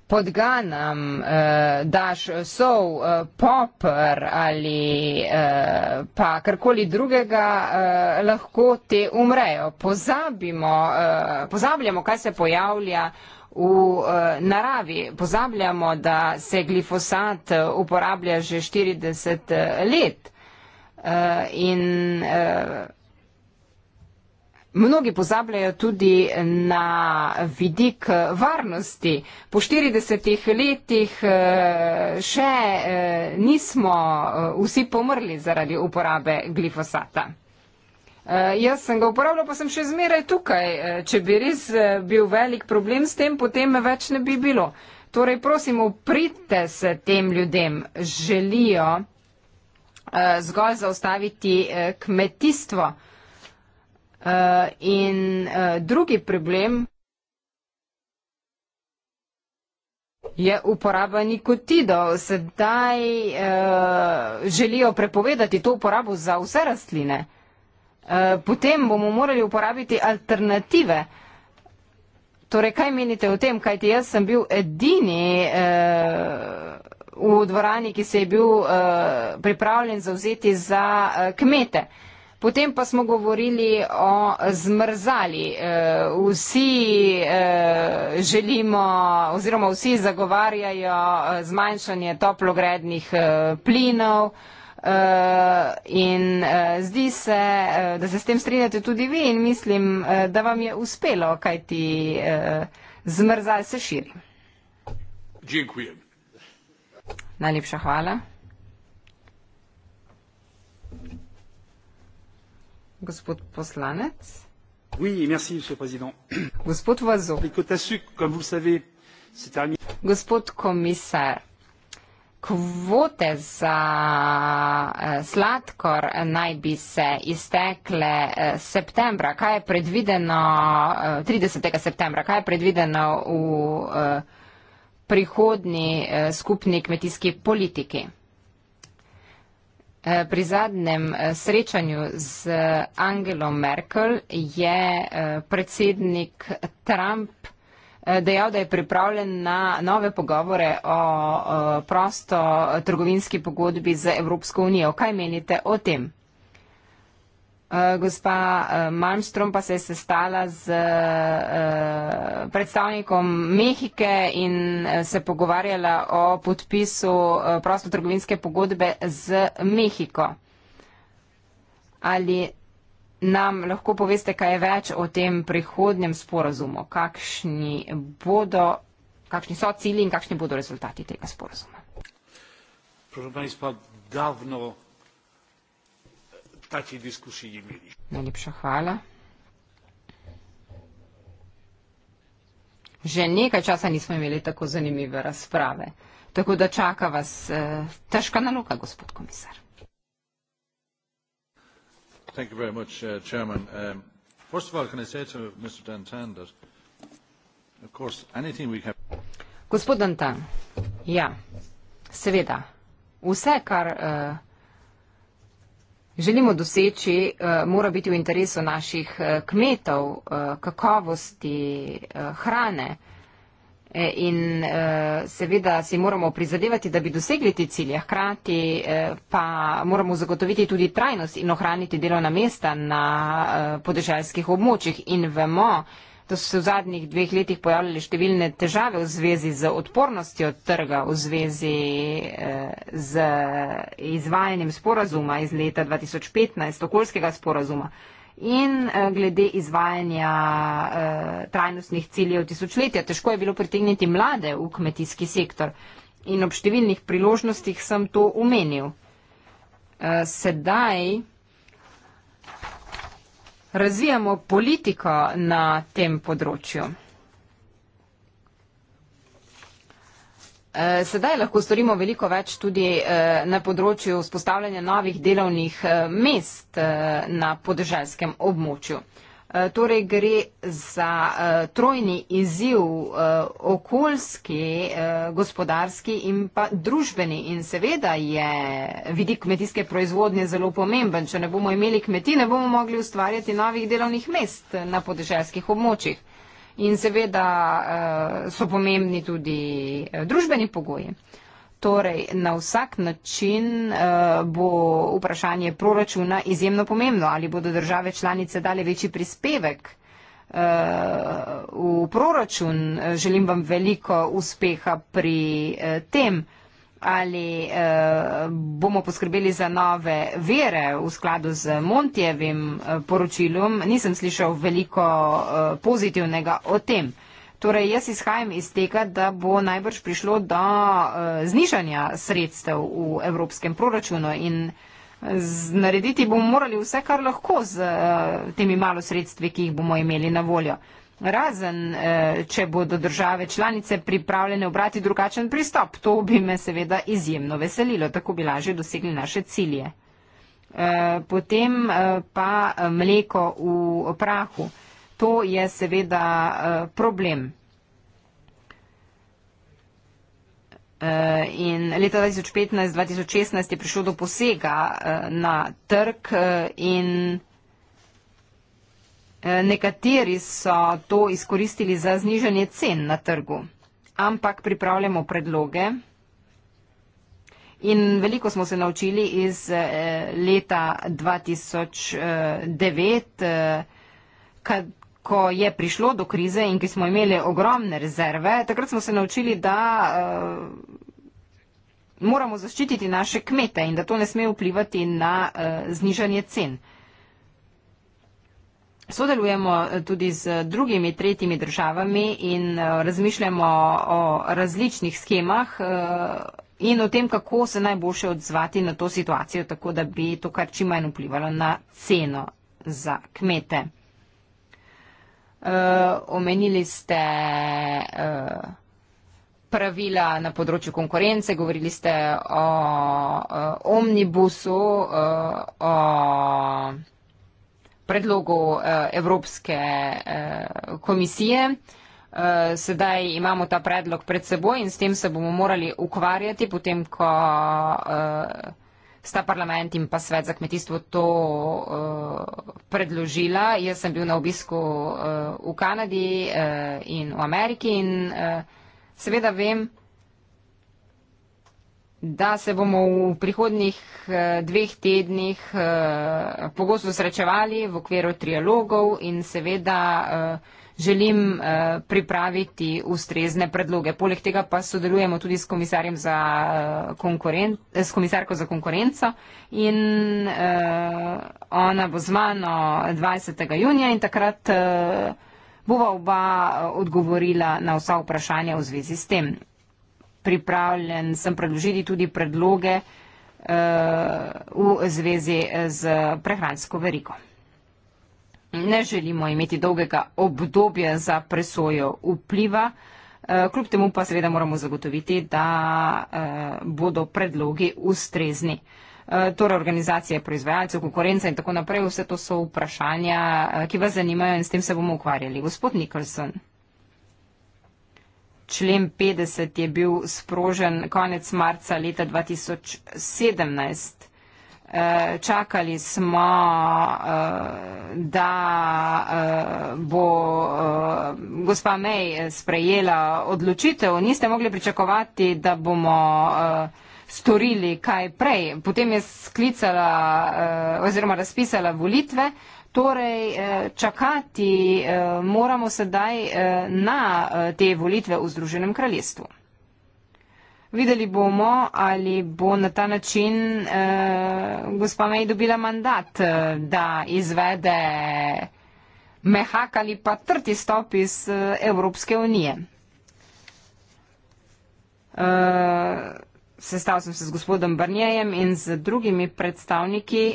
pod ganam eh, daš sov, eh, popr ali eh, pa karkoli drugega, eh, lahko te umrejo. Pozabimo, eh, pozabljamo, kaj se pojavlja v eh, naravi. Pozabljamo, da se glifosat eh, uporablja že 40 eh, let in mnogi pozabljajo tudi na vidik varnosti. Po 40 letih še nismo vsi pomrli zaradi uporabe glifosata. Eh, jaz sem ga uporabljal, pa sem še zmeraj tukaj. Eh, če bi res eh, bil velik problem s tem, potem me več ne bi bilo. Torej, prosim, uprite se tem ljudem. Želijo uh, zgolj zaustaviti uh, kmetijstvo. Uh, in uh, drugi problem je uporaba nikotidov. Sedaj uh, želijo prepovedati to uporabo za vse rastline. Uh, Eh, potem bomo morali uporabiti alternative. Torej, kaj menite o tem, kajti jaz sem bil edini eh, v dvorani, ki se je bil eh, pripravljen zauzeti za kmete. Potem pa smo govorili o zmrzali. Vsi želimo oziroma vsi zagovarjajo zmanjšanje toplogrednih plinov. Uh, in uh, zdi se, uh, da se s tem strinjate tudi vi in mislim, uh, da vam je uspelo, kaj ti uh, zmrzal se širi. Dziękuję. Najlepša hvala. Gospod poslanec. Oui, merci, Gospod Vazo. Gospod komisar kvote za eh, sladkor naj bi se iztekle eh, septembra. Kaj je predvideno 30. Eh, septembra? Kaj je predvideno v prihodni skupni kmetijski politiki? Pri zadnjem srečanju z Angelo Merkel je predsednik Trump Eh, dejal, da je pripravljen na nove pogovore o prosto trgovinski pogodbi z Evropsko unijo. Kaj menite o tem? Eh, gospa eh, Malmstrom pa se je sestala z predstavnikom Mehike in se pogovarjala o podpisu prostotrgovinske pogodbe z Mehiko. Ali nam lahko poveste kaj več o tem prihodnjem sporazumu, kakšni, bodo, kakšni so cilji in kakšni bodo rezultati tega sporazuma. Prosim, Państwa, davno takšne diskusije ni imeli. Najlepša hvala. Že nekaj časa nismo imeli tako zanimive razprave, tako da čaka vas e, težka naloga, gospod komisar. Uh, um, first of all can i say to mr dantin that of course anything we can. gospod dantin ja seveda vse kar uh, želimo doseči uh, mora biti v interesu naših uh, kmetov uh, kakovosti uh, hrane uh, E, in e, seveda si moramo prizadevati, da bi dosegli te cilje. Hkrati e, pa moramo zagotoviti tudi trajnost in ohraniti delovna mesta na podeželskih območjih. In vemo, da so se v zadnjih dveh letih pojavljale številne težave v zvezi z odpornostjo trga, v zvezi z izvajanjem sporazuma iz leta 2015, okoljskega sporazuma in eh, glede izvajanja eh, trajnostnih ciljev tisočletja. Težko je bilo pritegniti mlade v kmetijski sektor in ob številnih priložnostih sem to omenil. Eh, sedaj razvijamo politiko na tem področju. Eh, sedaj lahko storimo veliko več tudi eh, na področju vzpostavljanja novih delovnih eh, mest na podeželskem območju. Torej gre za trojni izziv okoljski, gospodarski in pa družbeni. In seveda je vidik kmetijske proizvodnje zelo pomemben. Če ne bomo imeli kmetij, ne bomo mogli ustvarjati novih delovnih mest na podeželskih območjih. In seveda eh, so pomembni tudi eh, družbeni pogoji. Torej, na vsak način uh, bo vprašanje proračuna izjemno pomembno, ali bodo države članice dale večji prispevek uh, v proračun. Želim vam veliko uspeha pri uh, tem ali eh, bomo poskrbeli za nove vere v skladu z Montjevim eh, poročilom, nisem slišal veliko eh, pozitivnega o tem. Torej, jaz izhajam iz tega, da bo najbrž prišlo do eh, znižanja sredstev v evropskem proračunu in eh, narediti bomo morali vse, kar lahko z eh, temi malo sredstvi, ki jih bomo imeli na voljo razen eh, če bodo države članice pripravljene obrati drugačen pristop. To bi me seveda izjemno veselilo, tako bi lažje dosegli naše cilje. Eh, potem eh, pa mleko v prahu. To je seveda problem. In leta 2015-2016 je prišlo do posega na trg in Eh, nekateri so to izkoristili za znižanje cen na trgu, ampak pripravljamo predloge in veliko smo se naučili iz eh, leta 2009, eh, ko je prišlo do krize in ki smo imeli ogromne rezerve. Takrat smo se naučili, da moramo zaščititi naše kmete in da to ne sme vplivati na znižanje cen sodelujemo eh, tudi z drugimi, tretjimi državami in eh, razmišljamo o različnih schemah eh, in o tem, kako se najboljše odzvati na to situacijo, tako da bi to kar čim manj vplivalo na ceno za kmete. Omenili ste pravila na področju konkurence, govorili ste o, o omnibusu, o, o predlogu eh, Evropske eh, komisije. Eh, sedaj imamo ta predlog pred seboj in s tem se bomo morali ukvarjati, potem ko sta parlament in pa svet za kmetijstvo to predložila. Jaz sem bil na obisku v Kanadi in v Ameriki in seveda vem, da se bomo v prihodnih eh, dveh tednih eh, pogosto srečevali v okviru trialogov in seveda eh, želim pripraviti ustrezne predloge. Poleg tega pa sodelujemo tudi s, komisarjem za s komisarko za konkurenco in ona bo z mano 20. junija in takrat bova oba odgovorila na vsa vprašanja v zvezi s tem pripravljen, sem predložili tudi predloge eh, v zvezi z prehransko verigo. Ne želimo imeti dolgega obdobja za presojo vpliva, eh, kljub temu pa seveda moramo zagotoviti, da eh, bodo predlogi ustrezni. Torej organizacije proizvajalcev, konkurenca in tako naprej, vse to so vprašanja, ki vas zanimajo in s tem se bomo ukvarjali. Gospod Nikolson člen 50 je bil sprožen konec marca leta 2017. Eh, čakali smo, eh, da eh, bo gospa May sprejela odločitev. Niste mogli pričakovati, da bomo storili kaj prej. Potem je sklicala oziroma razpisala volitve. Torej, eh, čakati eh, moramo sedaj eh, na te volitve v Združenem kraljestvu. Videli bomo, ali bo na ta način eh, gospa May dobila mandat, da izvede mehak ali pa trti stop iz Evropske unije. Eh, sestal sem se z gospodom Barnjejem in z drugimi predstavniki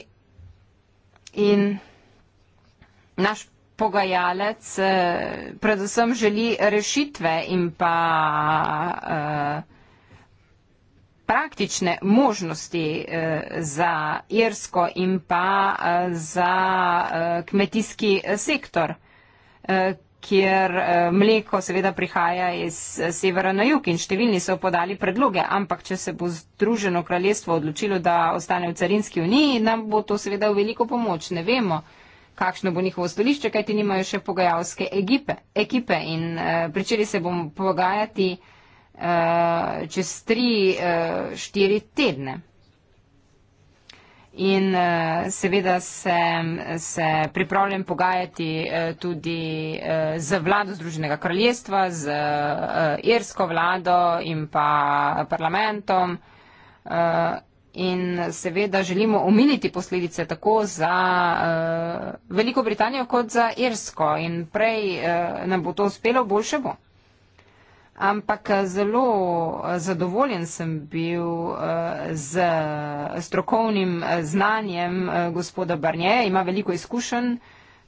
in naš pogajalec eh, predvsem želi rešitve in pa eh, praktične možnosti eh, za Irsko in pa eh, za eh, kmetijski sektor, eh, kjer eh, mleko seveda prihaja iz eh, severa na jug in številni so podali predloge, ampak če se bo Združeno kraljestvo odločilo, da ostane v carinski uniji, nam bo to seveda v veliko pomoč, ne vemo kakšno bo njihovo stolišče, kajti nimajo še pogajalske ekipe. ekipe. In uh, pričeli se bomo pogajati uh, čez tri, uh, štiri tedne. In uh, seveda se, se pripravljam pogajati uh, tudi uh, z vlado Združenega kraljestva, z uh, irsko vlado in pa parlamentom. Uh, in seveda želimo omiliti posledice tako za uh, Veliko Britanijo kot za Irsko in prej uh, nam bo to uspelo, boljše bo. Ampak eh, zelo zadovoljen sem bil z strokovnim znanjem gospoda Barnje, ima veliko izkušenj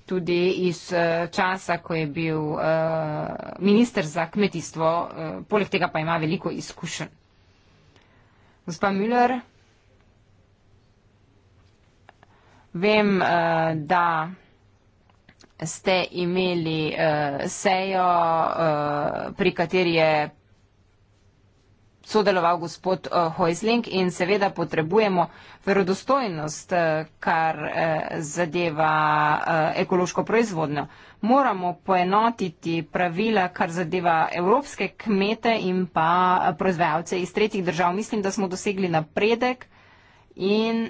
tudi iz časa, ko je bil minister za kmetijstvo, poleg tega pa ima veliko izkušenj. Gospa Müller. Vem, uh, da ste imeli uh, sejo, uh, pri kateri je sodeloval gospod uh, Hoisling in seveda potrebujemo verodostojnost, uh, kar uh, zadeva uh, ekološko proizvodnjo. Moramo poenotiti pravila, kar zadeva evropske kmete in pa proizvajalce iz tretjih držav. Mislim, da smo dosegli napredek in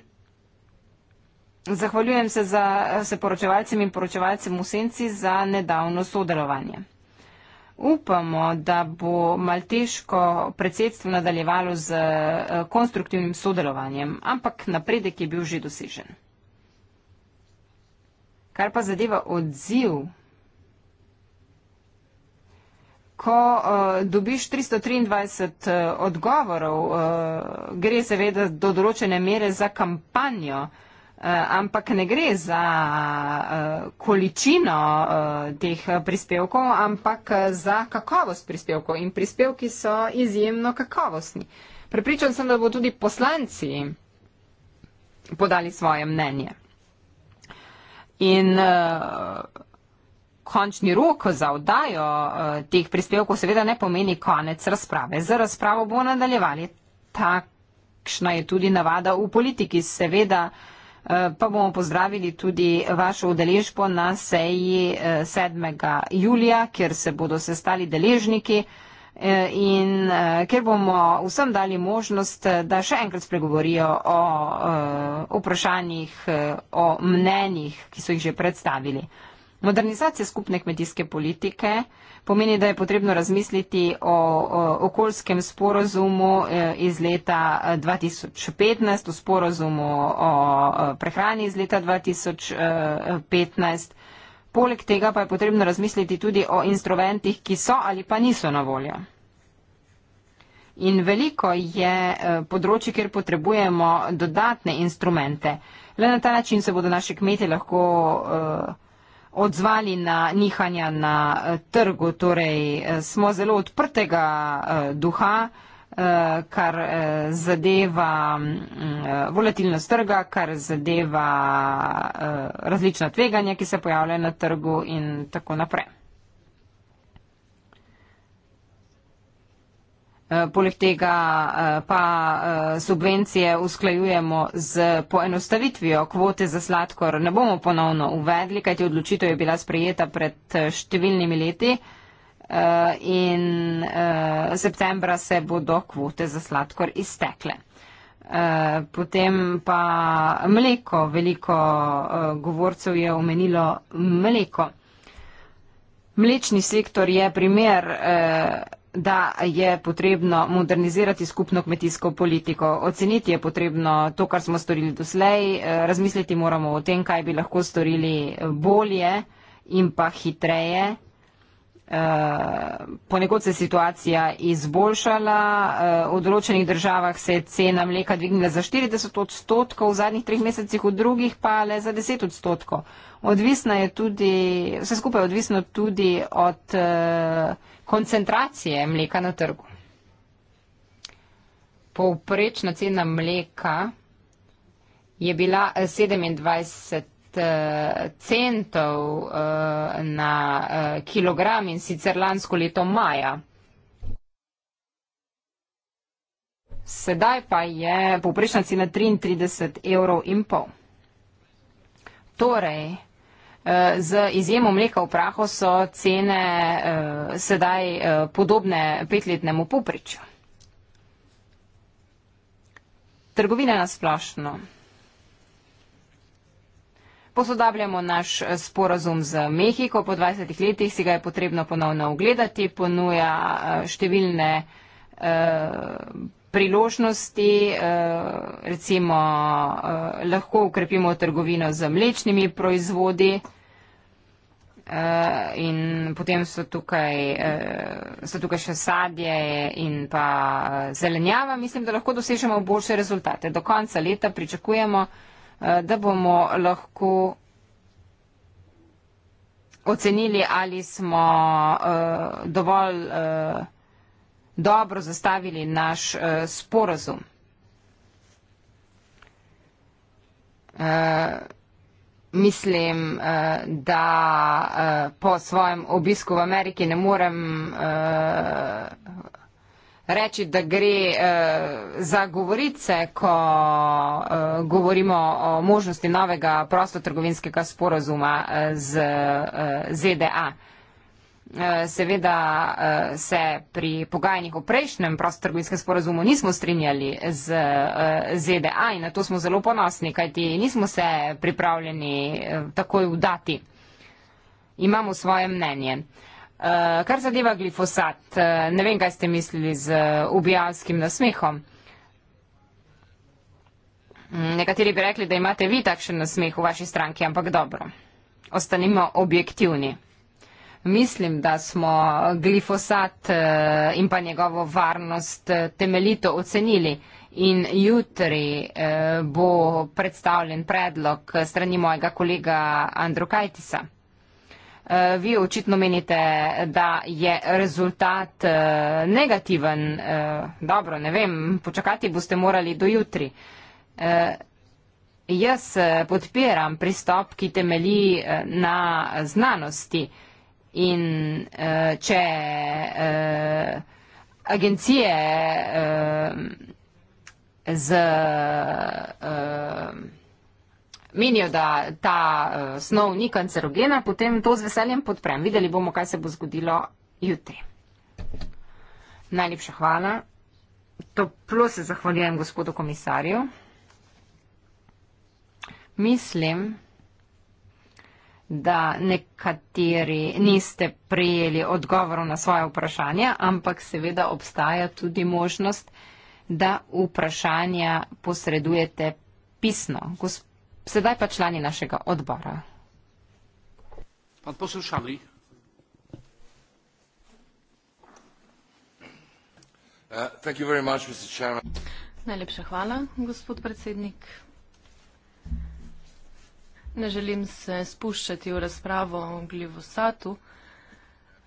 Zahvaljujem se, za, se poročevalcem in poročevalcem v Senci za nedavno sodelovanje. Upamo, da bo malteško predsedstvo nadaljevalo z eh, konstruktivnim sodelovanjem, ampak napredek je bil že dosežen. Kar pa zadeva odziv, ko uh, dobiš 323 eh, odgovorov, uh, gre seveda do določene mere za kampanjo. Eh, ampak ne gre za eh, količino eh, teh prispevkov, ampak za kakovost prispevkov in prispevki so izjemno kakovostni. Prepričan sem, da bo tudi poslanci podali svoje mnenje. In končni rok za odajo teh prispevkov seveda ne pomeni konec razprave. Za razpravo bomo nadaljevali. Takšna je tudi navada v politiki. Seveda uh, Eh, pa bomo pozdravili tudi vašo udeležbo na seji 7. Eh, julija, kjer se bodo sestali deležniki eh, in kjer bomo vsem dali možnost, da še enkrat spregovorijo o vprašanjih, o mnenjih, ki so jih že predstavili. Modernizacija skupne kmetijske politike pomeni, da je potrebno razmisliti o, o okoljskem sporozumu eh, iz leta 2015, eh, o sporozumu o prehrani iz leta 2015. Poleg tega pa je potrebno razmisliti tudi o instrumentih, ki so ali pa niso na voljo. In veliko je eh, področji, kjer potrebujemo dodatne instrumente. Le na ta način se bodo naši kmetje lahko uh, odzvali na nihanja na eh, trgu. Torej eh, smo zelo odprtega eh, duha, kar zadeva mm, volatilnost trga, kar zadeva različna tveganja, ki se pojavljajo na trgu in tako naprej. Eh, poleg tega eh, pa eh, subvencije usklajujemo z poenostavitvijo kvote za sladkor. Ne bomo ponovno uvedli, kajti odločitev je bila sprejeta pred številnimi leti in septembra se bodo kvote za sladkor iztekle. Potem pa mleko, veliko govorcev je omenilo mleko. Mlečni sektor je primer eh, da je potrebno modernizirati skupno kmetijsko politiko. Oceniti je potrebno to, kar smo storili doslej, eh, razmisliti moramo o tem, kaj bi lahko storili eh, bolje in pa hitreje. Eh, ponekod se situacija izboljšala, eh, v določenih državah se je cena mleka dvignila za 40 odstotkov, v zadnjih treh mesecih v drugih pa le za 10 odstotkov. Odvisna je tudi, vse skupaj je odvisno tudi od eh, koncentracije mleka na trgu. Povprečna cena mleka je bila 27 Eh, centov eh, na eh, kilogram in sicer lansko leto maja. Sedaj pa je poprečna cena 33 evrov in pol. Torej, z izjemo mleka v prahu so cene sedaj podobne petletnemu poprečju. Trgovine na splošno. Posodabljamo naš eh, sporazum z Mehiko. Po 20 letih si ga je potrebno ponovno ogledati. Ponuja eh, številne eh, priložnosti, eh, recimo eh, lahko ukrepimo trgovino z mlečnimi proizvodi. Uh, in potem so tukaj, uh, so tukaj še sadje in pa zelenjava. Mislim, da lahko dosežemo boljše rezultate. Do konca leta pričakujemo uh, Eh, da bomo lahko ocenili, ali smo uh, dovolj uh, dobro zastavili naš uh, sporazum. Uh, mislim, uh, da uh, po svojem obisku v Ameriki ne morem uh, reči, da gre uh, za govorice, ko uh, govorimo o možnosti novega prostotrgovinskega sporazuma eh, z uh, ZDA. Seveda se pri pogajanjih o prejšnjem prostotrgovinskem sporazumu nismo strinjali z ZDA in na to smo zelo ponosni, kajti nismo se pripravljeni takoj vdati. Imamo svoje mnenje. Eh, kar zadeva glifosat, eh, ne vem, kaj ste mislili z eh, ubijalskim nasmehom. Mm, nekateri bi rekli, da imate vi takšen nasmeh v vaši stranki, ampak dobro, ostanimo objektivni. Mislim, da smo glifosat in pa njegovo varnost temeljito ocenili in jutri bo predstavljen predlog strani mojega kolega Andru Kajtisa. Eh, vi očitno menite, da je rezultat eh, negativen. Eh, dobro, ne vem, počakati boste morali do jutri. Jaz podpiram pristop, ki temelji na znanosti in če agencije z menijo, da ta uh, snov ni kancerogena, potem to z veseljem podprem. Videli bomo, kaj se bo zgodilo jutri. Najlepša hvala. Toplo se zahvaljujem gospodu komisarju. Mislim, da nekateri niste prijeli odgovorov na svoje vprašanje, ampak seveda obstaja tudi možnost, da vprašanja posredujete pisno. Gospod sedaj pa člani našega odbora. Pan poslušalni. Uh, Najlepša hvala, gospod predsednik. Ne želim se spuščati v razpravo o glivosatu.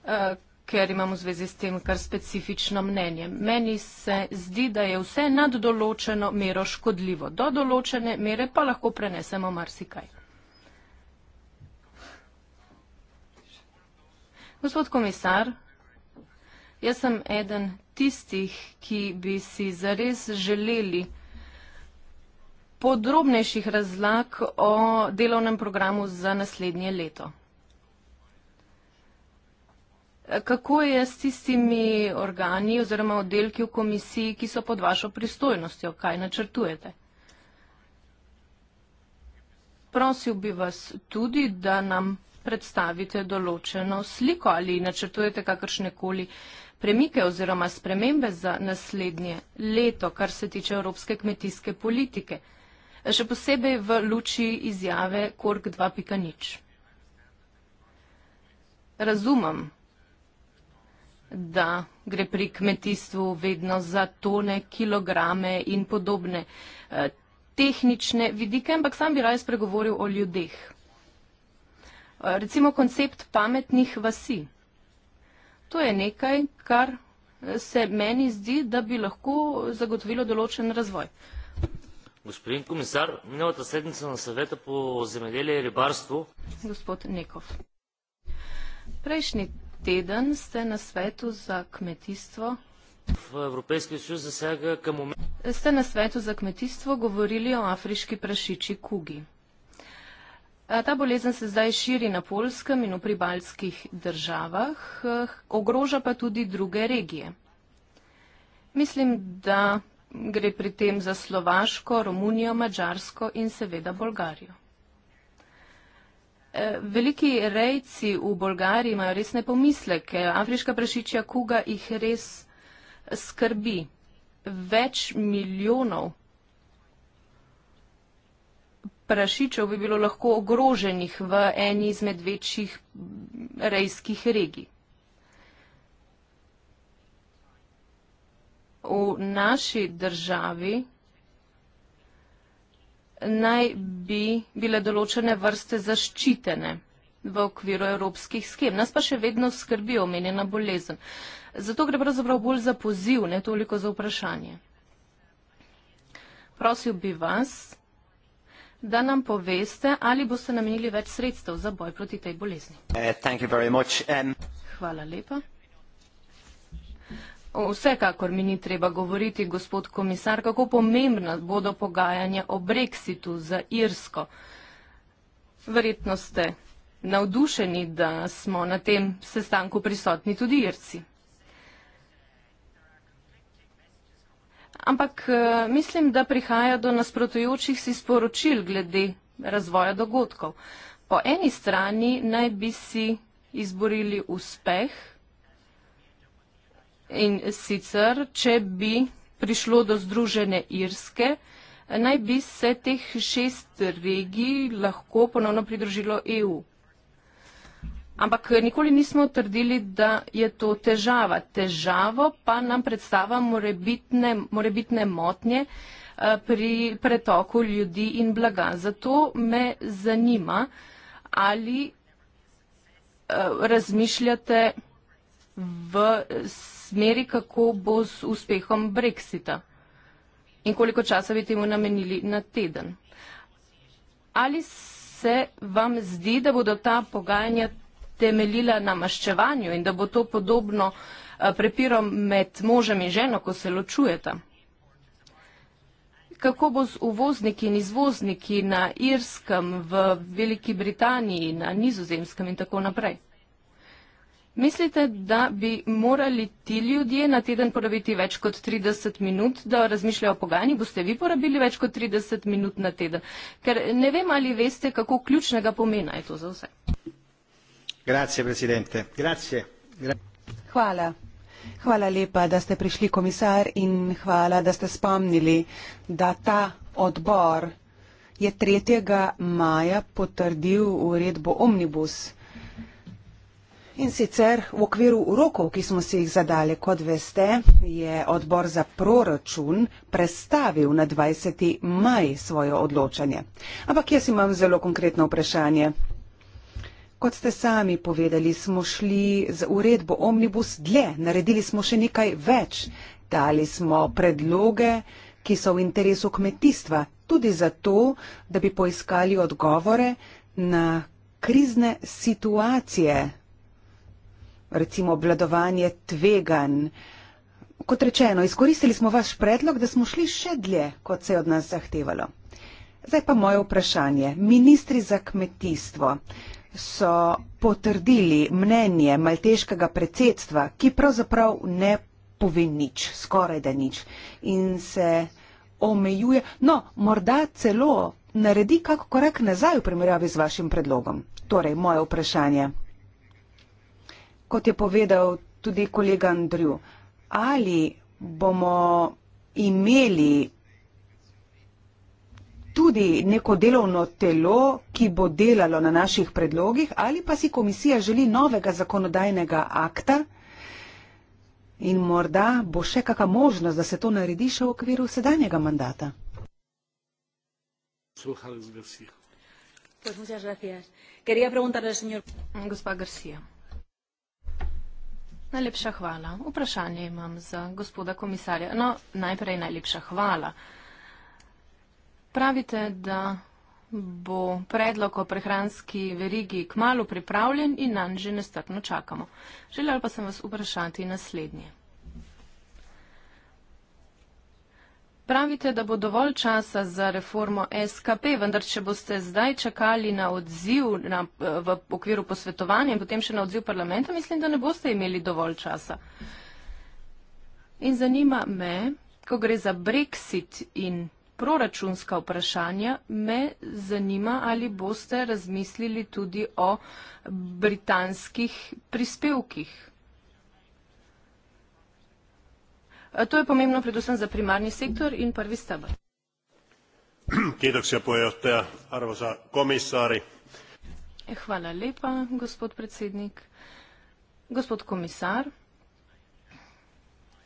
Uh, ker imam v zvezi s tem kar specifično mnenje. Meni se zdi, da je vse nad določeno mero škodljivo. Do določene mere pa lahko prenesemo marsikaj. Gospod komisar, jaz sem eden tistih, ki bi si zares želeli podrobnejših razlag o delovnem programu za naslednje leto. Kako je s tistimi organi oziroma oddelki v komisiji, ki so pod vašo pristojnostjo? Kaj načrtujete? Prosil bi vas tudi, da nam predstavite določeno sliko ali načrtujete kakršnekoli premike oziroma spremembe za naslednje leto, kar se tiče evropske kmetijske politike. Še posebej v luči izjave KORK 2.0. Razumem, da gre pri kmetijstvu vedno za tone, kilograme in podobne eh, tehnične vidike, ampak sam bi raje spregovoril o ljudeh. Eh, recimo koncept pametnih vasi. To je nekaj, kar eh, se meni zdi, da bi lahko zagotovilo določen razvoj. Gospodin komisar, minulata sednica na Sveta po zemljelje in ribarstvu. Gospod Nekov. Prejšnji teden ste na svetu za kmetijstvo. V Evropski sluz zasega k momentu. Ste na svetu za kmetijstvo govorili o afriški prašiči kugi. Ta bolezen se zdaj širi na polskem in v pribalskih državah, eh, ogroža pa tudi druge regije. Mislim, da gre pri tem za Slovaško, Romunijo, Mačarsko in seveda Bolgarijo. Eh, veliki rejci v Bolgariji imajo resne pomisleke. Afriška prašičja kuga jih res skrbi. Več milijonov prašičev bi bilo lahko ogroženih v eni izmed večjih rejskih regij. V naši državi naj bi bile določene vrste zaščitene v okviru evropskih skem. Nas pa še vedno skrbi omenjena bolezen. Zato gre pravzaprav bolj za poziv, ne toliko za vprašanje. Prosil bi vas, da nam poveste, ali boste namenili več sredstev za boj proti tej bolezni. Uh, Hvala lepa. Vsekakor mi ni treba govoriti, gospod komisar, kako pomembna bodo pogajanja o brexitu za Irsko. Verjetno ste navdušeni, da smo na tem sestanku prisotni tudi Irci. Ampak e, mislim, da prihaja do nasprotujočih si sporočil glede razvoja dogodkov. Po eni strani naj bi si izborili uspeh In sicer, če bi prišlo do združene Irske, naj bi se teh šest regij lahko ponovno pridružilo EU. Ampak nikoli nismo trdili, da je to težava. Težavo pa nam predstava morebitne, morebitne motnje eh, pri pretoku ljudi in blaga. Zato me zanima, ali eh, razmišljate v smeri, kako bo z uspehom Brexita in koliko časa bi temu namenili na teden. Ali se vam zdi, da bodo ta pogajanja temeljila na maščevanju in da bo to podobno eh, prepirom med možem in ženo, ko se ločujeta? Kako bo z uvozniki in izvozniki na Irskem, v Veliki Britaniji, na Nizozemskem in tako naprej? Mislite, da bi morali ti ljudje na teden porabiti več kot 30 minut, da razmišljajo o pogajanjih? Boste vi porabili več kot 30 minut na teden? Ker ne vem, ali veste, kako ključnega pomena je to za vse. Grazie, predsedente. Grazie. Gra hvala. Hvala lepa, da ste prišli, komisar, in hvala, da ste spomnili, da ta odbor je 3. maja potrdil uredbo Omnibus. In sicer v okviru rokov, ki smo si jih zadali, kot veste, je odbor za proračun prestavil na 20. maj svoje odločanje. Ampak jaz imam zelo konkretno vprašanje. Kot ste sami povedali, smo šli z uredbo Omnibus dlje, naredili smo še nekaj več, dali smo predloge, ki so v interesu kmetijstva, tudi zato, da bi poiskali odgovore na krizne situacije recimo obladovanje tveganj. Kot rečeno, izkoristili smo vaš predlog, da smo šli še dlje, kot se je od nas zahtevalo. Zdaj pa moje vprašanje. Ministri za kmetijstvo so potrdili mnenje malteškega predsedstva, ki pravzaprav ne pove nič, skoraj da nič in se omejuje, no morda celo naredi kak korak nazaj v primerjavi z vašim predlogom. Torej, moje vprašanje kot je povedal tudi kolega Andrju, ali bomo imeli tudi neko delovno telo, ki bo delalo na naših predlogih, ali pa si komisija želi novega zakonodajnega akta in morda bo še kakšna možnost, da se to naredi še v okviru sedanjega mandata. Gospa Garcia. Najlepša hvala. Vprašanje imam za gospoda komisarja. No, najprej najlepša hvala. Pravite, da bo predlog o prehranski verigi kmalo pripravljen in nanj že nestrpno čakamo. Želela pa sem vas vprašati naslednje. Pravite, da bo dovolj časa za reformo SKP, vendar če boste zdaj čakali na odziv na, v okviru posvetovanja in potem še na odziv parlamenta, mislim, da ne boste imeli dovolj časa. In zanima me, ko gre za brexit in proračunska vprašanja, me zanima, ali boste razmislili tudi o britanskih prispevkih. Eh, to je pomembno predvsem za primarni sektor in prvi stebr. Kiitoksia puheenjohtaja, arvoisa komissaari. Eh, hvala lepa, gospod predsednik. Gospod komisar,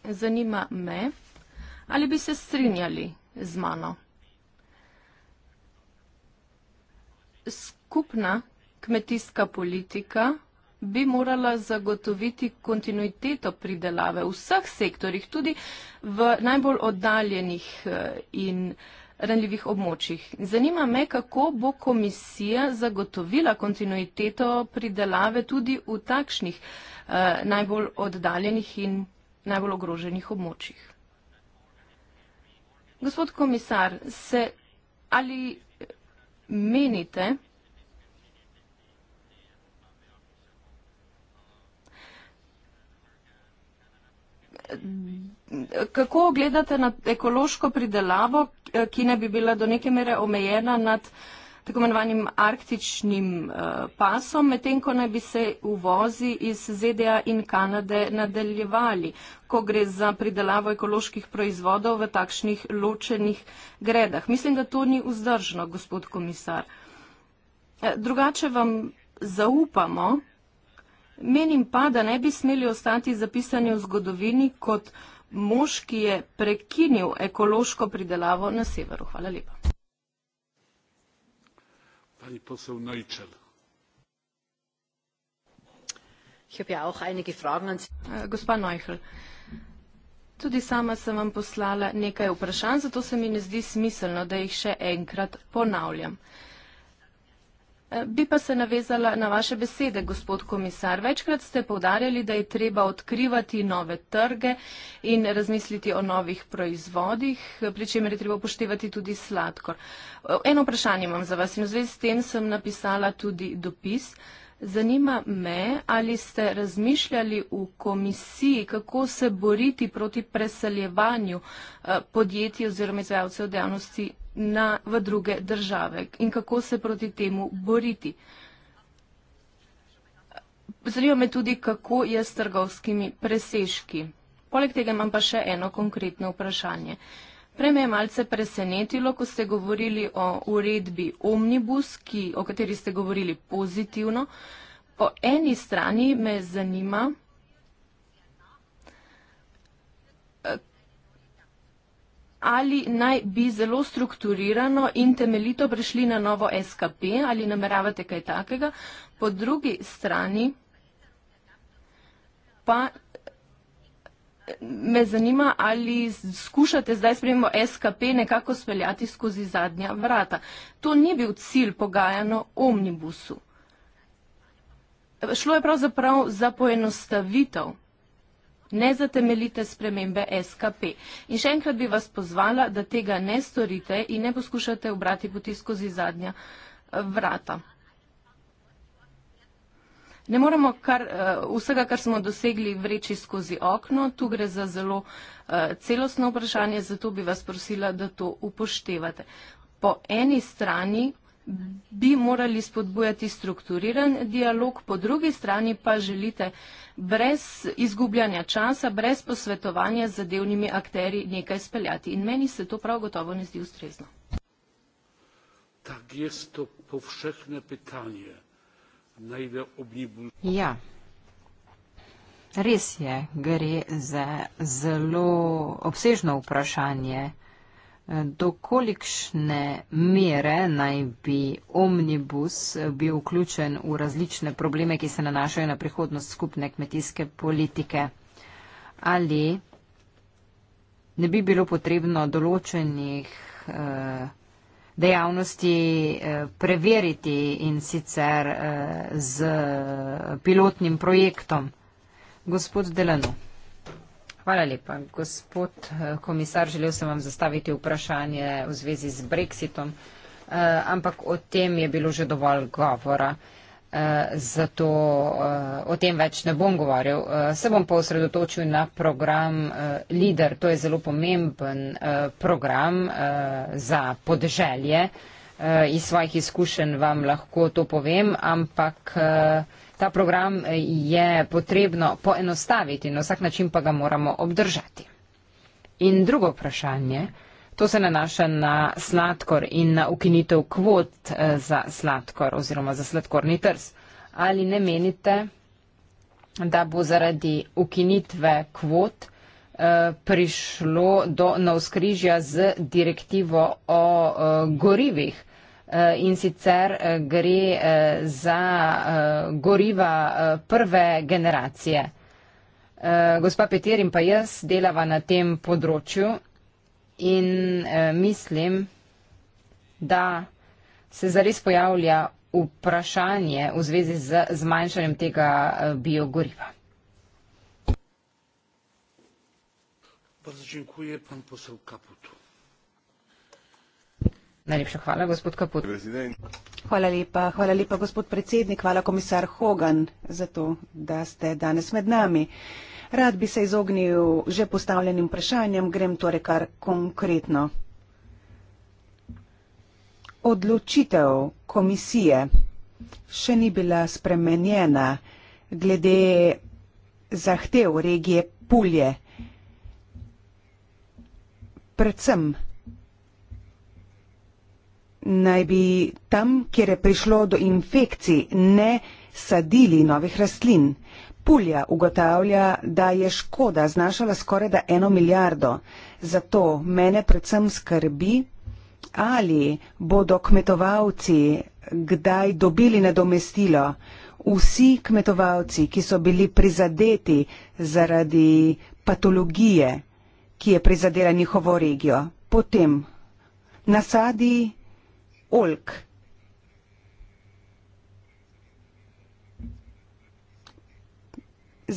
zanima me, ali bi se strinjali z mano. Skupna kmetijska politika bi morala zagotoviti kontinuiteto pridelave v vseh sektorjih, tudi v najbolj oddaljenih eh, in ranljivih območjih. Zanima me, kako bo komisija zagotovila kontinuiteto pridelave tudi v takšnih eh, najbolj oddaljenih in najbolj ogroženih območjih. Gospod komisar, se ali eh, menite, Kako gledate na ekološko pridelavo, ki ne bi bila do neke mere omejena nad tako imenovanim arktičnim eh, pasom, medtem ko naj bi se uvozi iz ZDA in Kanade nadaljevali, ko gre za pridelavo ekoloških proizvodov v takšnih ločenih gredah? Mislim, da to ni vzdržno, gospod komisar. Eh, drugače vam zaupamo, Menim pa, da ne bi smeli ostati zapisani v zgodovini kot mož, ki je prekinil ekološko pridelavo na severu. Hvala lepa. Pani posel Najčel. Ja eh, gospa Neuchel, tudi sama sem vam poslala nekaj vprašanj, zato se mi ne zdi smiselno, da jih še enkrat ponavljam. Eh, bi pa se navezala na vaše besede, gospod komisar. Večkrat ste povdarjali, da je treba odkrivati nove trge in razmisliti o novih proizvodih, pri čemer je treba upoštevati tudi sladkor. Eh, eno vprašanje imam za vas in v zvezi s tem sem napisala tudi dopis. Zanima me, ali ste razmišljali v komisiji, kako se boriti proti preseljevanju eh, podjetij oziroma izvajalcev dejavnosti na, v druge države in kako se proti temu boriti. Zanima me tudi, kako je s trgovskimi presežki. Poleg tega imam pa še eno konkretno vprašanje. Prej me je malce presenetilo, ko ste govorili o uredbi Omnibus, ki, o kateri ste govorili pozitivno. Po eni strani me zanima, ali naj bi zelo strukturirano in temeljito prešli na novo SKP, ali nameravate kaj takega. Po drugi strani pa me zanima, ali skušate zdaj spremimo SKP nekako speljati skozi zadnja vrata. To ni bil cilj pogajano omnibusu. Šlo je pravzaprav za poenostavitev nezatemeljite spremembe SKP. In še enkrat bi vas pozvala, da tega ne storite in ne poskušate obrati poti skozi zadnja eh, vrata. Ne moramo kar, eh, vsega, kar smo dosegli, vreči skozi okno. Tu gre za zelo eh, celostno vprašanje, zato bi vas prosila, da to upoštevate. Po eni strani bi morali spodbujati strukturiran dialog, po drugi strani pa želite brez izgubljanja časa, brez posvetovanja z zadevnimi akteri nekaj speljati. In meni se to prav gotovo ne zdi ustrezno. Tako je to povšehne pitanje. Ja, res je, gre za zelo obsežno vprašanje dokolikšne mere naj bi omnibus bil vključen v različne probleme, ki se nanašajo na prihodnost skupne kmetijske politike. Ali ne bi bilo potrebno določenih eh, dejavnosti eh, preveriti in sicer eh, z pilotnim projektom. Gospod Delano. Hvala lepa. Gospod eh, komisar, želel sem vam zastaviti vprašanje v zvezi z Brexitom, eh, ampak o tem je bilo že dovolj govora. Eh, zato o tem več ne bom govoril. Se bom pa osredotočil na program LIDER. To je zelo pomemben program za podeželje. Iz svojih izkušenj vam lahko to povem, ampak ta program eh, je potrebno poenostaviti in na vsak način pa ga moramo obdržati. In drugo vprašanje, to se nanaša na sladkor in na ukinitev kvot eh, za sladkor oziroma za sladkorni trs. Ali ne menite, da bo zaradi ukinitve kvot eh, prišlo do navskrižja z direktivo o gorivih? Eh, in sicer eh, gre eh, za goriva prve generacije. Gospa Peter in pa jaz delava na tem področju in mislim, da se zares pojavlja vprašanje v zvezi z zmanjšanjem tega biogoriva. Bardzo dziękuję pan poseł Kaput. Najlepša hvala, gospod Kaput. Prezident. Hvala lepa, hvala lepa, gospod predsednik, hvala komisar Hogan za to, da ste danes med nami. Rad bi se izognil že postavljenim vprašanjem, grem torej kar konkretno. Odločitev komisije še ni bila spremenjena glede zahtev regije Pulje. Predvsem naj bi tam, kjer je prišlo do infekcij, ne sadili novih rastlin. Pulja ugotavlja, da je škoda znašala skoraj da eno milijardo. Zato mene predvsem skrbi, ali bodo kmetovalci kdaj dobili nadomestilo. Vsi kmetovalci, ki so bili prizadeti zaradi patologije, ki je prizadela njihovo regijo, potem nasadi oljk.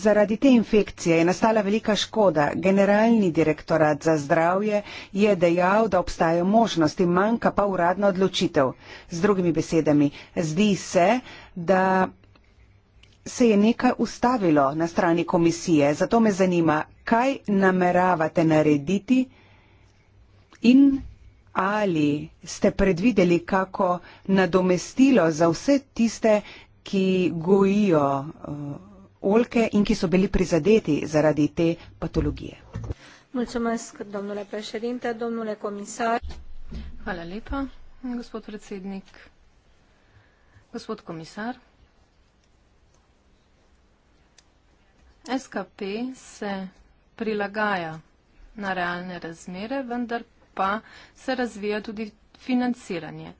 Zaradi te infekcije je nastala velika škoda. Generalni direktorat za zdravje je dejal, da obstajajo možnosti, manjka pa uradna odločitev. Z drugimi besedami, zdi se, da se je nekaj ustavilo na strani komisije. Zato me zanima, kaj nameravate narediti in ali ste predvideli kako nadomestilo za vse tiste, ki gojijo uh, olke in ki so bili prizadeti zaradi te patologije? Mulčemask, domnule Pešerinte, domnule komisar. Hvala lepa, gospod predsednik. Gospod komisar, SKP se prilagaja na realne razmere, vendar pa se razvija tudi financiranje.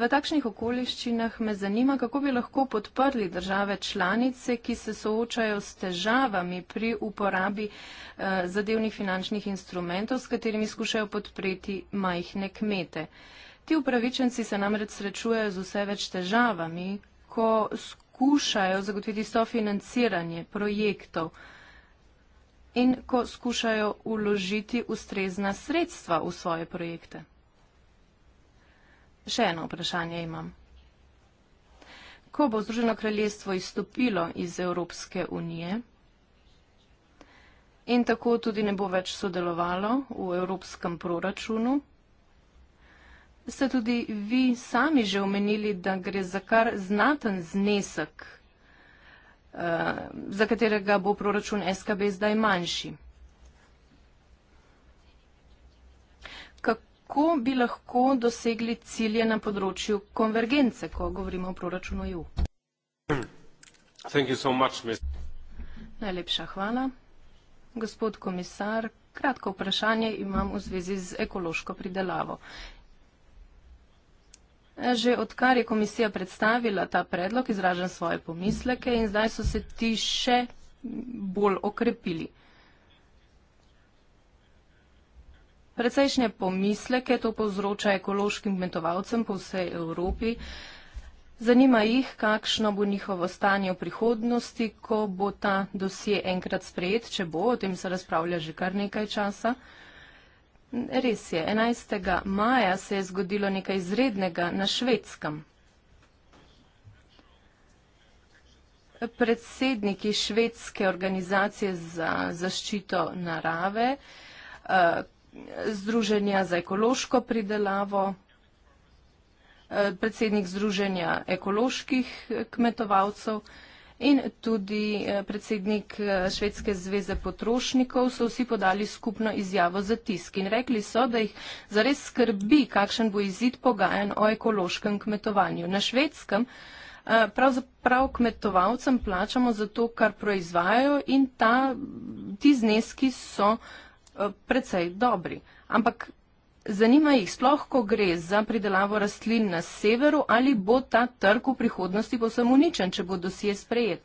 V takšnih okoliščinah me zanima, kako bi lahko podprli države članice, ki se soočajo s težavami pri uporabi eh, zadevnih finančnih instrumentov, s katerimi skušajo podpreti majhne kmete. Ti upravičenci se namreč srečujejo z vse več težavami, ko skušajo zagotoviti sofinanciranje projektov. Eh, in ko skušajo uložiti ustrezna sredstva v svoje projekte? Še eno vprašanje imam. Ko bo Združeno kraljestvo izstopilo iz Evropske unije in tako tudi ne bo več sodelovalo v evropskem proračunu, ste tudi vi sami že omenili, da gre za kar znaten znesek Eh, za katerega bo proračun SKB zdaj manjši. Kako bi lahko dosegli cilje na področju konvergence, ko govorimo o proračunu EU? So much, Najlepša hvala. Gospod komisar, kratko vprašanje imam v zvezi z ekološko pridelavo. Že odkar je komisija predstavila ta predlog, izražen svoje pomisleke in zdaj so se ti še bolj okrepili. Predsejšnje pomisleke to povzroča ekološkim kmetovalcem po vsej Evropi. Zanima jih, kakšno bo njihovo stanje v prihodnosti, ko bo ta dosje enkrat sprejet, če bo, o tem se razpravlja že kar nekaj časa. Uh, Res je, 11. maja se je zgodilo nekaj izrednega na švedskem. Predsedniki švedske organizacije za zaščito narave, eh, Združenja za ekološko pridelavo, eh, predsednik Združenja ekoloških kmetovalcev, in tudi eh, predsednik eh, Švedske zveze potrošnikov so vsi podali skupno izjavo za tisk in rekli so, da jih zares skrbi, kakšen bo izid pogajan o ekološkem kmetovanju. Na švedskem eh, pravzaprav kmetovalcem plačamo za to, kar proizvajajo in ta, ti zneski so precej dobri. Ampak Zanima jih sploh, ko gre za pridelavo rastlin na severu, ali bo ta trg v prihodnosti posem uničen, če bo dosje sprejet.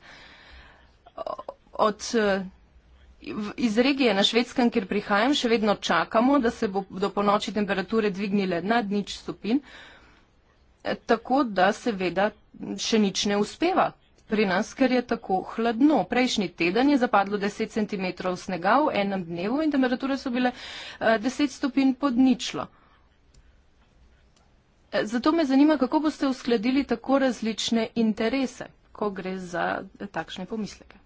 Od, eh, iz regije na švedskem, kjer prihajam, še vedno čakamo, da se bo do ponoči temperature dvignile nad nič stopin, eh, tako da seveda še nič ne uspeva pri nas, ker je tako hladno. Prejšnji teden je zapadlo 10 cm snega v enem dnevu in temperature so bile 10 eh, stopinj pod ničlo. Eh, zato me zanima, kako boste uskladili tako različne interese, ko gre za eh, takšne pomisleke.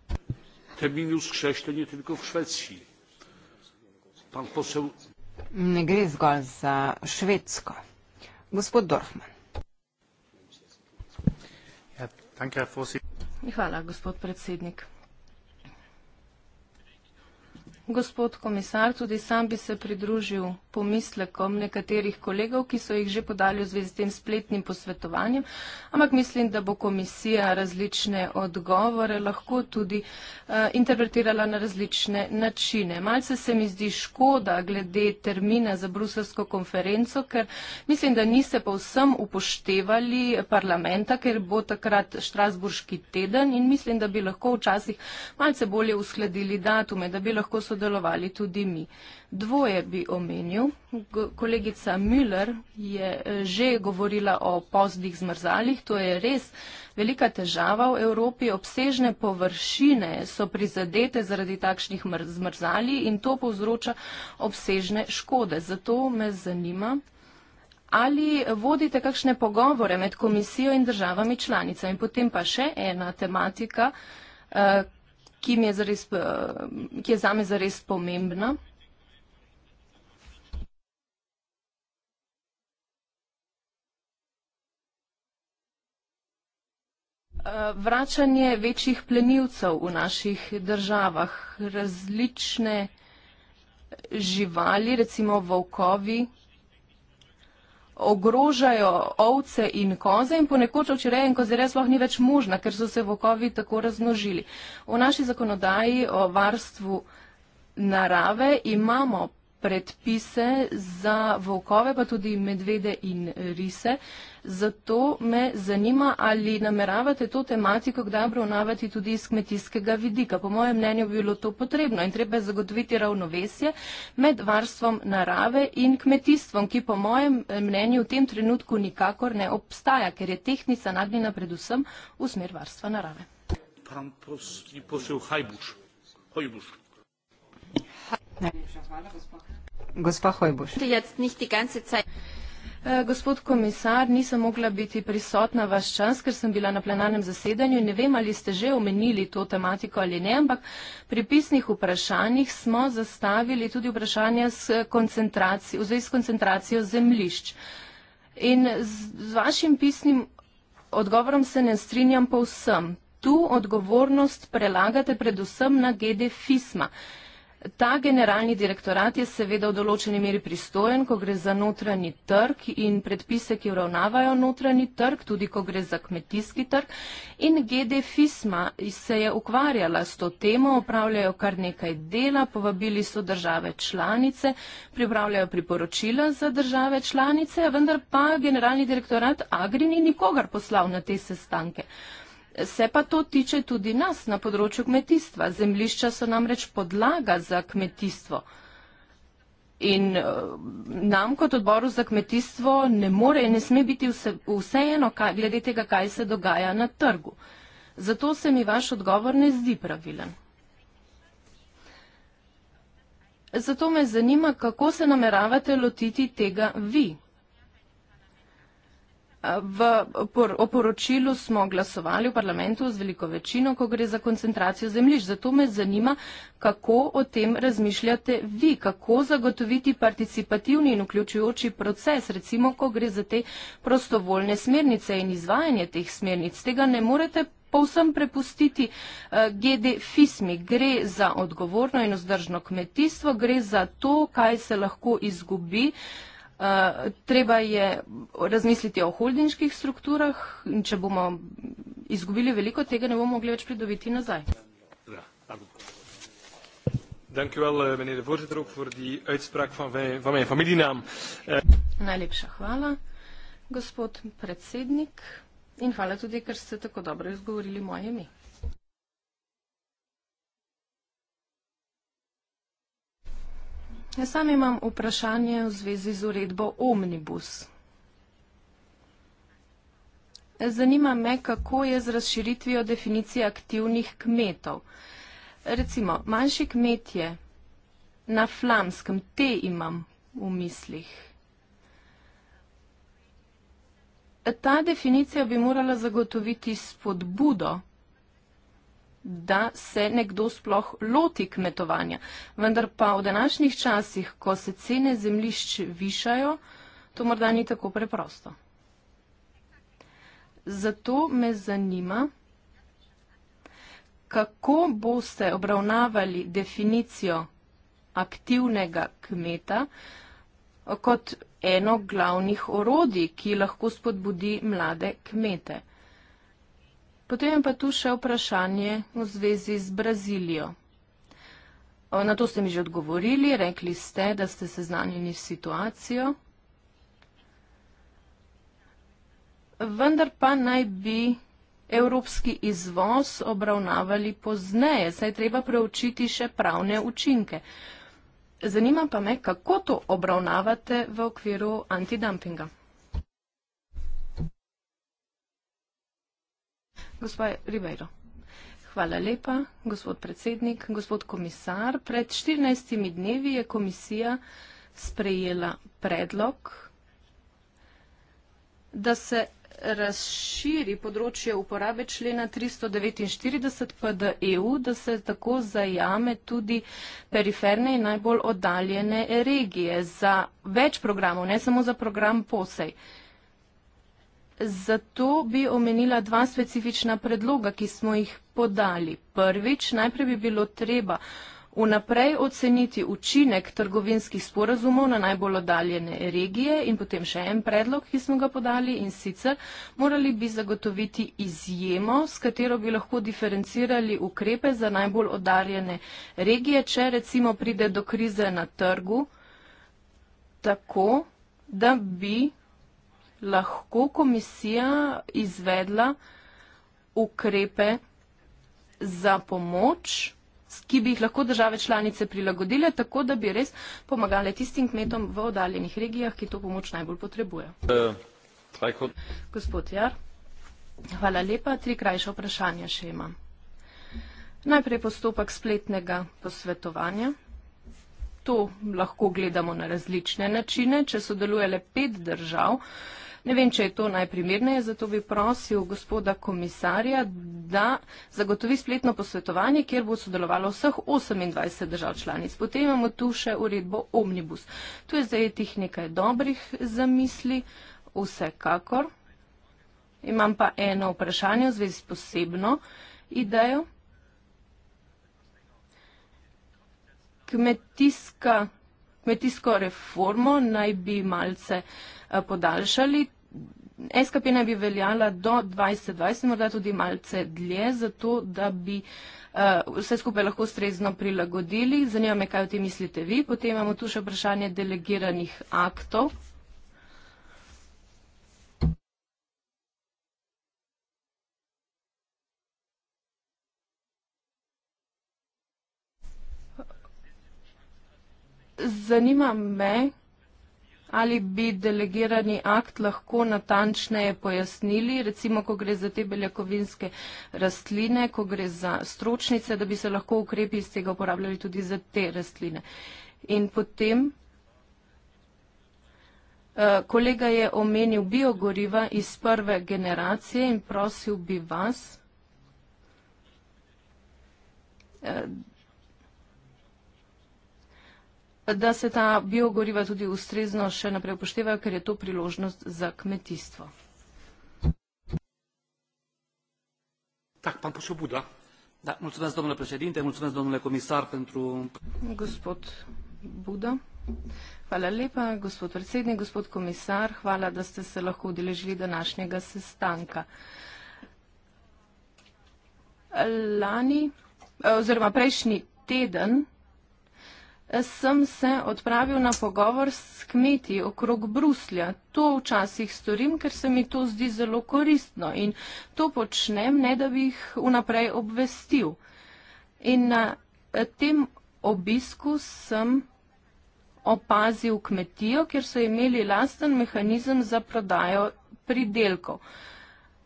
Ne gre zgolj za Švedsko. Gospod Dorfman. Ja, danke, Hvala, gospod predsednik. Gospod komisar, tudi sam bi se pridružil pomislekom nekaterih kolegov, ki so jih že podali v zvezi s tem spletnim posvetovanjem, ampak mislim, da bo komisija različne odgovore lahko tudi uh, interpretirala na različne načine. Malce se mi zdi škoda glede termina za bruselsko konferenco, ker mislim, da niste pa vsem upoštevali parlamenta, ker bo takrat Štrasburški teden in mislim, da bi lahko včasih malce bolje uskladili datume, da bi lahko sodelovali tudi mi. Dvoje bi omenil. Kolegica Müller je eh, že govorila o pozdih zmrzalih. To je res velika težava v Evropi. Obsežne površine so prizadete zaradi takšnih zmrzali in to povzroča obsežne škode. Zato me zanima, ali vodite kakšne pogovore med komisijo in državami članicami. Potem pa še ena tematika, eh, ki, je, zares, eh, ki je zame zares pomembna. Eh, vračanje večjih plenilcev v naših državah, različne živali, recimo volkovi, ogrožajo ovce in koze in ponekoč včeraj in kozirej sploh ni več možna, ker so se volkovi tako raznožili. V naši zakonodaji o varstvu narave imamo predpise za volkove, pa tudi medvede in rise. Zato me zanima, ali nameravate to tematiko kdaj obravnavati tudi iz kmetijskega vidika. Po mojem mnenju bi bilo to potrebno in treba je zagotoviti ravnovesje med varstvom narave in kmetijstvom, ki po mojem eh, mnenju v tem trenutku nikakor ne obstaja, ker je tehnica nagnjena predvsem v smer varstva narave. Pan poslanec Hajbuš. Hojbuš. Gospa Hojbuš. E, gospod komisar, nisem mogla biti prisotna vaš čas, ker sem bila na plenarnem zasedanju in ne vem, ali ste že omenili to tematiko ali ne, ampak pri pisnih vprašanjih smo zastavili tudi vprašanje v zvezi s koncentracijo zemlišč. In z, z vašim pisnim odgovorom se ne strinjam povsem. Tu odgovornost prelagate predvsem na GD FISMA. Ta generalni direktorat je seveda v določeni meri pristojen, ko gre za notranji trg in predpise, ki uravnavajo notranji trg, tudi ko gre za kmetijski trg. In GD FISMA se je ukvarjala s to temo, opravljajo kar nekaj dela, povabili so države članice, pripravljajo priporočila za države članice, vendar pa generalni direktorat Agri ni nikogar poslal na te sestanke. Se pa to tiče tudi nas na področju kmetijstva. Zemlišča so namreč podlaga za kmetijstvo. In eh, nam kot odboru za kmetijstvo ne more in ne sme biti vseeno vse glede tega, kaj se dogaja na trgu. Zato se mi vaš odgovor ne zdi pravilen. Zato me zanima, kako se nameravate lotiti tega vi. V oporočilu smo glasovali v parlamentu z veliko večino, ko gre za koncentracijo zemljišč. Zato me zanima, kako o tem razmišljate vi, kako zagotoviti participativni in vključujoči proces, recimo, ko gre za te prostovoljne smernice in izvajanje teh smernic. Tega ne morete povsem prepustiti eh, GD FISMI. Gre za odgovorno in vzdržno kmetijstvo, gre za to, kaj se lahko izgubi treba je razmisliti o holdinških strukturah in če bomo izgubili veliko, tega ne bomo mogli več pridobiti nazaj. Ja, Dank u wel, eh, meneer de voorzitter, ook voor die uitspraak van, wij, van mijn familienaam. Eh, Najlepša hvala, gospod predsednik. In hvala tudi, ker ste tako dobro izgovorili moje ime. Jaz sam imam vprašanje v zvezi z uredbo Omnibus. Zanima me, kako je z razširitvijo definicije aktivnih kmetov. Recimo, manjši kmetje na flamskem, te imam v mislih. Ta definicija bi morala zagotoviti spodbudo, da se nekdo sploh loti kmetovanja. Vendar pa v današnjih časih, ko se cene zemljišč višajo, to morda ni tako preprosto. Zato me zanima, kako boste obravnavali definicijo aktivnega kmeta kot eno glavnih orodij, ki lahko spodbudi mlade kmete. Potem je pa tu še vprašanje v zvezi z Brazilijo. Na to ste mi že odgovorili, rekli ste, da ste seznanjeni s situacijo. Vendar pa naj bi evropski izvoz obravnavali pozneje, saj je treba preučiti še pravne učinke. Zanima pa me, kako to obravnavate v okviru antidumpinga. Gospa Ribeiro. Hvala lepa, gospod predsednik, gospod komisar. Pred 14 dnevi je komisija sprejela predlog, da se razširi področje uporabe člena 349 PD EU, da se tako zajame tudi periferne in najbolj oddaljene regije za več programov, ne samo za program posej. Zato bi omenila dva specifična predloga, ki smo jih podali. Prvič, najprej bi bilo treba vnaprej oceniti učinek trgovinskih sporazumov na najbolj oddaljene regije in potem še en predlog, ki smo ga podali in sicer morali bi zagotoviti izjemo, s katero bi lahko diferencirali ukrepe za najbolj oddaljene regije, če recimo pride do krize na trgu tako, da bi lahko komisija izvedla ukrepe za pomoč, ki bi jih lahko države članice prilagodile, tako da bi res pomagale tistim kmetom v oddaljenih regijah, ki to pomoč najbolj potrebujejo. Eh, Gospod Jar, hvala lepa. Tri krajše vprašanja še imam. Najprej postopek spletnega posvetovanja. To lahko gledamo na različne načine, če sodeluje le pet držav. Ne vem, če je to najprimerneje, zato bi prosil gospoda komisarja, da zagotovi spletno posvetovanje, kjer bo sodelovalo vseh 28 držav članic. Potem imamo tu še uredbo Omnibus. Tu je zdaj tih nekaj dobrih zamisli, vsekakor. Imam pa eno vprašanje v zvezi s posebno idejo. Kmetijska kmetijsko reformo naj bi malce eh, podaljšali. SKP naj bi veljala do 2020, morda tudi malce dlje, zato da bi eh, vse skupaj lahko strezno prilagodili. Zanima me, kaj o tem mislite vi. Potem imamo tu še vprašanje delegiranih aktov. zanima me, ali bi delegirani akt lahko natančneje pojasnili, recimo, ko gre za te beljakovinske rastline, ko gre za stročnice, da bi se lahko ukrepi iz tega uporabljali tudi za te rastline. In potem, eh, kolega je omenil biogoriva iz prve generacije in prosil bi vas, eh, da se ta biogoriva tudi ustrezno še naprej upoštevajo, ker je to priložnost za kmetijstvo. Tak, pa pa še buda. Da, mulțumesc, domnule președinte, mulțumesc, domnule comisar, pentru... Gospod Budo, hvala lepa, gospod predsednik, gospod komisar, hvala, da ste se lahko udeležili današnjega sestanka. Lani, oziroma prejšnji teden, sem se odpravil na pogovor s kmeti okrog Bruslja. To včasih storim, ker se mi to zdi zelo koristno in to počnem, ne da bi jih vnaprej obvestil. In na eh, tem obisku sem opazil kmetijo, kjer so imeli lasten mehanizem za prodajo pridelkov.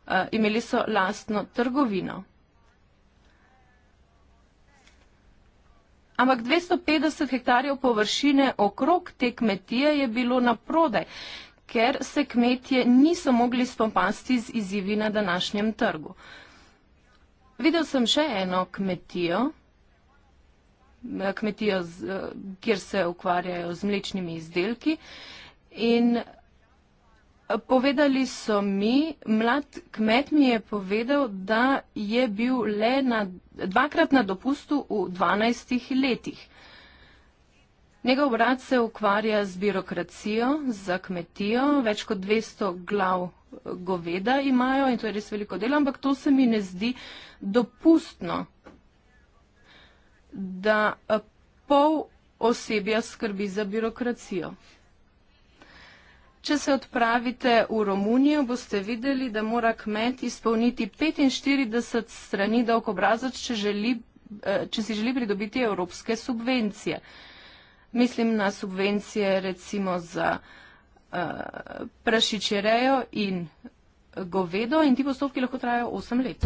Eh, imeli so lastno trgovino. Ampak 250 hektarjev površine okrog te kmetije je bilo na prodaj, ker se kmetje niso mogli spopasti z izjivi na današnjem trgu. Videl sem še eno kmetijo, eh, kmetijo, eh, kjer se ukvarjajo z mlečnimi izdelki in Povedali so mi, mlad kmet mi je povedal, da je bil le na, dvakrat na dopustu v 12 letih. Njegov brat se ukvarja z birokracijo, za kmetijo, več kot 200 glav eh, goveda imajo in to je res veliko dela, ampak to se mi ne zdi dopustno, da eh, pol osebja skrbi za birokracijo. Če se odpravite v Romunijo, boste videli, da mora kmet izpolniti 45 strani dolg obrazac, če, eh, če si želi pridobiti evropske subvencije. Mislim na subvencije recimo za uh, eh, prašičerejo in govedo in ti postopki lahko trajajo 8 let.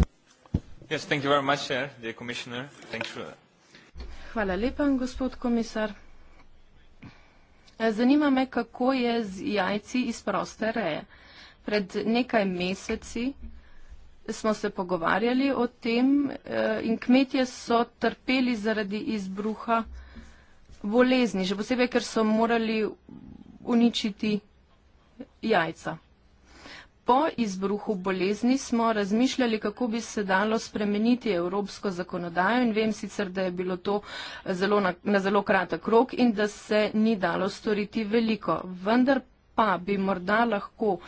Yes, much, Hvala lepa, gospod komisar. Zanima me, kako je z jajci iz proste reje. Pred nekaj meseci smo se pogovarjali o tem eh, in kmetje so trpeli zaradi izbruha bolezni, še posebej, ker so morali uničiti jajca. Po izbruhu bolezni smo razmišljali, kako bi se dalo spremeniti evropsko zakonodajo in vem sicer, da je bilo to eh, zelo na, na zelo kratek rok in da se ni dalo storiti veliko. Vendar pa bi morda lahko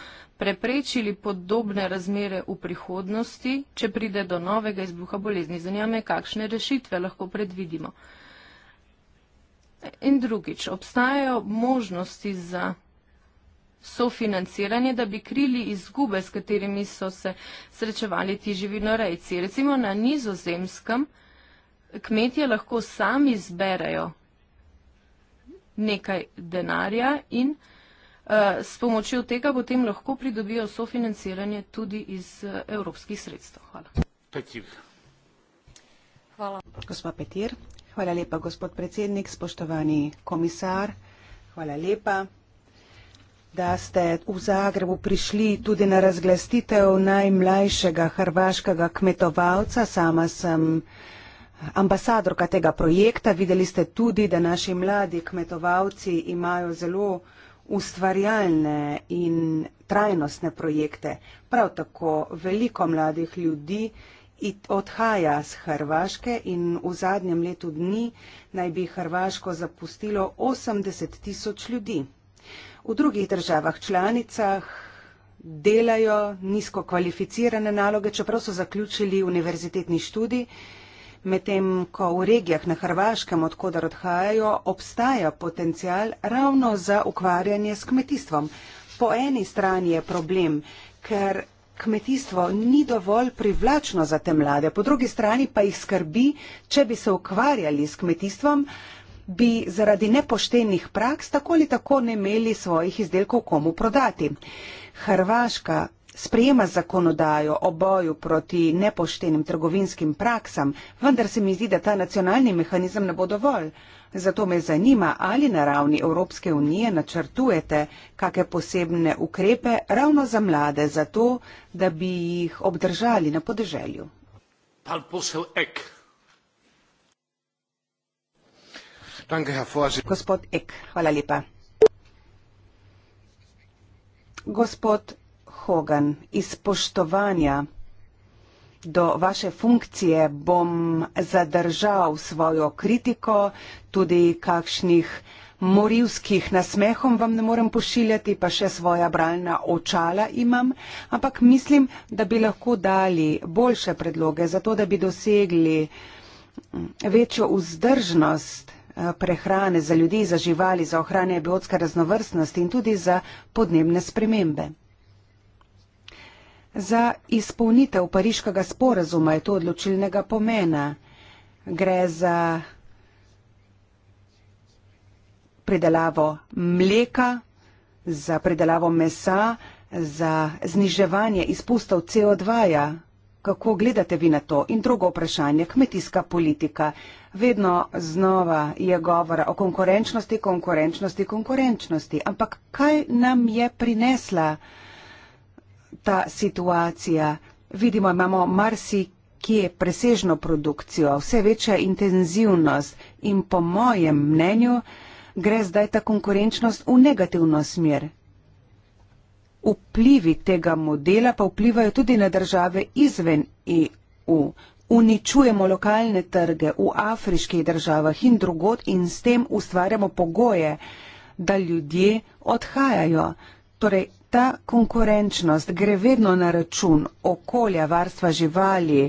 preprečili podobne razmere v prihodnosti, če pride do novega izbruha bolezni. Zanima me, kakšne rešitve lahko predvidimo. In drugič, obstajajo možnosti za sofinanciranje, da bi krili izgube, s katerimi so se srečevali ti živinorejci. Recimo na nizozemskem kmetje lahko sami zberejo nekaj denarja in uh, s pomočjo tega potem lahko pridobijo sofinanciranje tudi iz uh, evropskih sredstev. Hvala. Petir. Hvala. Gospod Petir, hvala lepa, gospod predsednik, spoštovani komisar, hvala lepa da ste v Zagrebu prišli tudi na razglasitev najmlajšega hrvaškega kmetovalca. Sama sem ambasadorka tega projekta. Videli ste tudi, da naši mladi kmetovalci imajo zelo ustvarjalne in trajnostne projekte. Prav tako veliko mladih ljudi odhaja z Hrvaške in v zadnjem letu dni naj bi Hrvaško zapustilo 80 tisoč ljudi v drugih državah članicah delajo nizko kvalificirane naloge, čeprav so zaključili univerzitetni študij, medtem ko v regijah na Hrvaškem, odkudar odhajajo, obstaja potencial ravno za ukvarjanje s kmetijstvom. Po eni strani je problem, ker kmetijstvo ni dovolj privlačno za te mlade, po drugi strani pa jih skrbi, če bi se ukvarjali s kmetijstvom, bi zaradi nepoštenih praks tako ali tako ne imeli svojih izdelkov komu prodati. Hrvaška sprejema zakonodajo o boju proti nepoštenim trgovinskim praksam, vendar se mi zdi, da ta nacionalni mehanizem ne bo dovolj. Zato me zanima, ali na ravni Evropske unije načrtujete kakšne posebne ukrepe ravno za mlade, zato da bi jih obdržali na podeželju. Gospod Ek, hvala lepa. Gospod Hogan, iz poštovanja do vaše funkcije bom zadržal svojo kritiko, tudi kakšnih morilskih nasmehom vam ne morem pošiljati, pa še svoja bralna očala imam, ampak mislim, da bi lahko dali boljše predloge za to, da bi dosegli večjo vzdržnost Eh, prehrane, za ljudi, za živali, za ohranjanje biotske raznovrstnosti in tudi za podnebne spremembe. Za izpolnitev pariškega sporazuma je to odločilnega pomena. Gre za predelavo mleka, za predelavo mesa, za zniževanje izpustov CO2-ja. Kako gledate vi na to? In drugo vprašanje, kmetijska politika. Vedno znova je govora o konkurenčnosti, konkurenčnosti, konkurenčnosti. Ampak kaj nam je prinesla ta situacija? Vidimo, imamo marsikje presežno produkcijo, vse večja intenzivnost in po mojem mnenju gre zdaj ta konkurenčnost v negativno smer. Vplivi tega modela pa vplivajo tudi na države izven EU. Uničujemo lokalne trge v afriških državah in drugod in s tem ustvarjamo pogoje, da ljudje odhajajo. Torej, ta konkurenčnost gre vedno na račun okolja, varstva živali,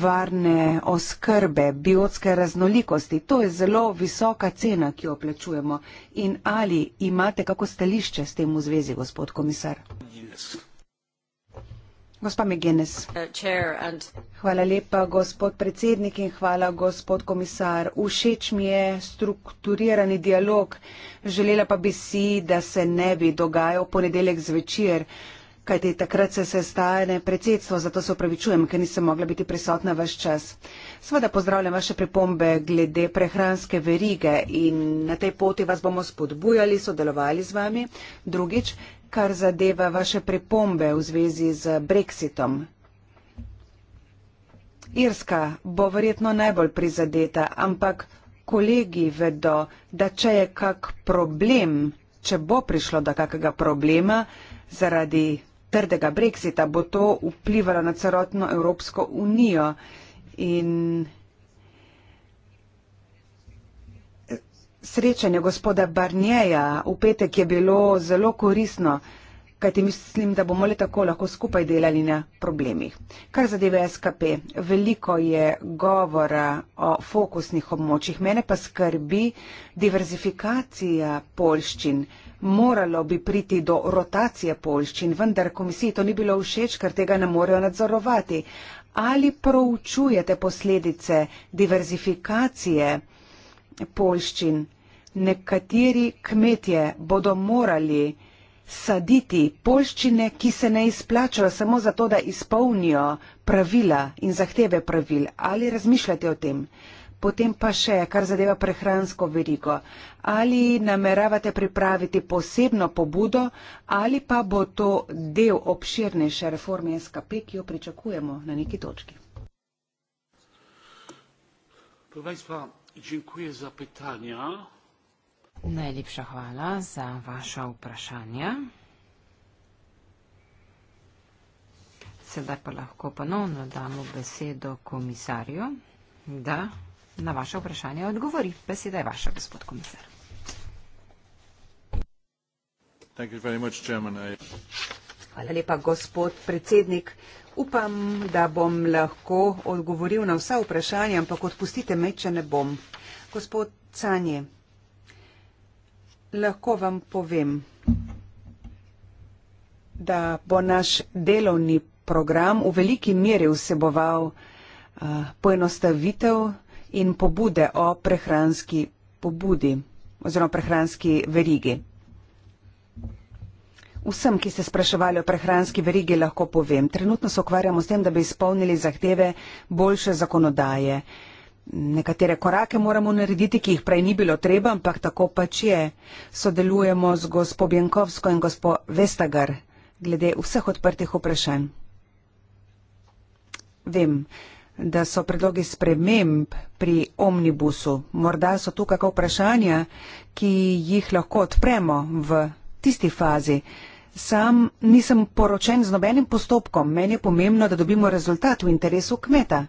varne oskrbe, biotske raznolikosti. To je zelo visoka cena, ki jo plačujemo. In ali imate kako stališče s tem v zvezi, gospod komisar? Yes. Gospa McGuinness. Uh, hvala lepa, gospod predsednik in hvala, gospod komisar. Všeč mi je strukturirani dialog. Želela pa bi si, da se ne bi dogajal ponedeljek zvečer, kajti takrat se sestane predsedstvo, zato se upravičujem, ker nisem mogla biti prisotna vaš čas. Sveda pozdravljam vaše pripombe glede prehranske verige in na tej poti vas bomo spodbujali, sodelovali z vami. Drugič, kar zadeva vaše pripombe v zvezi z brexitom. Irska bo verjetno najbolj prizadeta, ampak kolegi vedo, da če je kak problem, če bo prišlo do kakega problema zaradi trdega brexita, bo to vplivalo na celotno Evropsko unijo. In srečanje gospoda Barnjeja v petek je bilo zelo korisno, kajti mislim, da bomo le tako lahko skupaj delali na problemih. Kar zadeve SKP, veliko je govora o fokusnih območjih. Mene pa skrbi diverzifikacija polščin. Moralo bi priti do rotacije polščin, vendar komisiji to ni bilo všeč, ker tega ne morejo nadzorovati. Ali proučujete posledice diverzifikacije? polščin. Nekateri kmetje bodo morali saditi polščine, ki se ne izplačajo samo zato, da izpolnijo pravila in zahteve pravil. Ali razmišljate o tem? Potem pa še, kar zadeva prehransko verigo. Ali nameravate pripraviti posebno pobudo ali pa bo to del obširnejše reforme SKP, ki jo pričakujemo na neki točki? Proveč pa Dziękuję za pytania. Najlepsza chwala za Wasze wprašanje. Sedaj pa lahko ponovno damo besedo komisarju, da na vaše vprašanje odgovori. Beseda je vaša, gospod komisar. Hvala lepa, gospod predsednik. Upam, da bom lahko odgovoril na vsa vprašanja, ampak odpustite me, če ne bom. Gospod Canje, lahko vam povem, da bo naš delovni program v veliki meri vseboval uh, poenostavitev in pobude o prehranski pobudi oziroma prehranski verigi. Vsem, ki ste spraševali o prehranski verigi, lahko povem, trenutno se ukvarjamo s tem, da bi izpolnili zahteve boljše zakonodaje. Nekatere korake moramo narediti, ki jih prej ni bilo treba, ampak tako pač je. Sodelujemo z gospod Bjankovsko in gospod Vestagar glede vseh odprtih vprašanj. Vem, da so predlogi sprememb pri omnibusu. Morda so tu kakav vprašanja, ki jih lahko odpremo v tisti fazi, Sam nisem poročen z nobenim postopkom, meni je pomembno, da dobimo rezultat v interesu kmeta.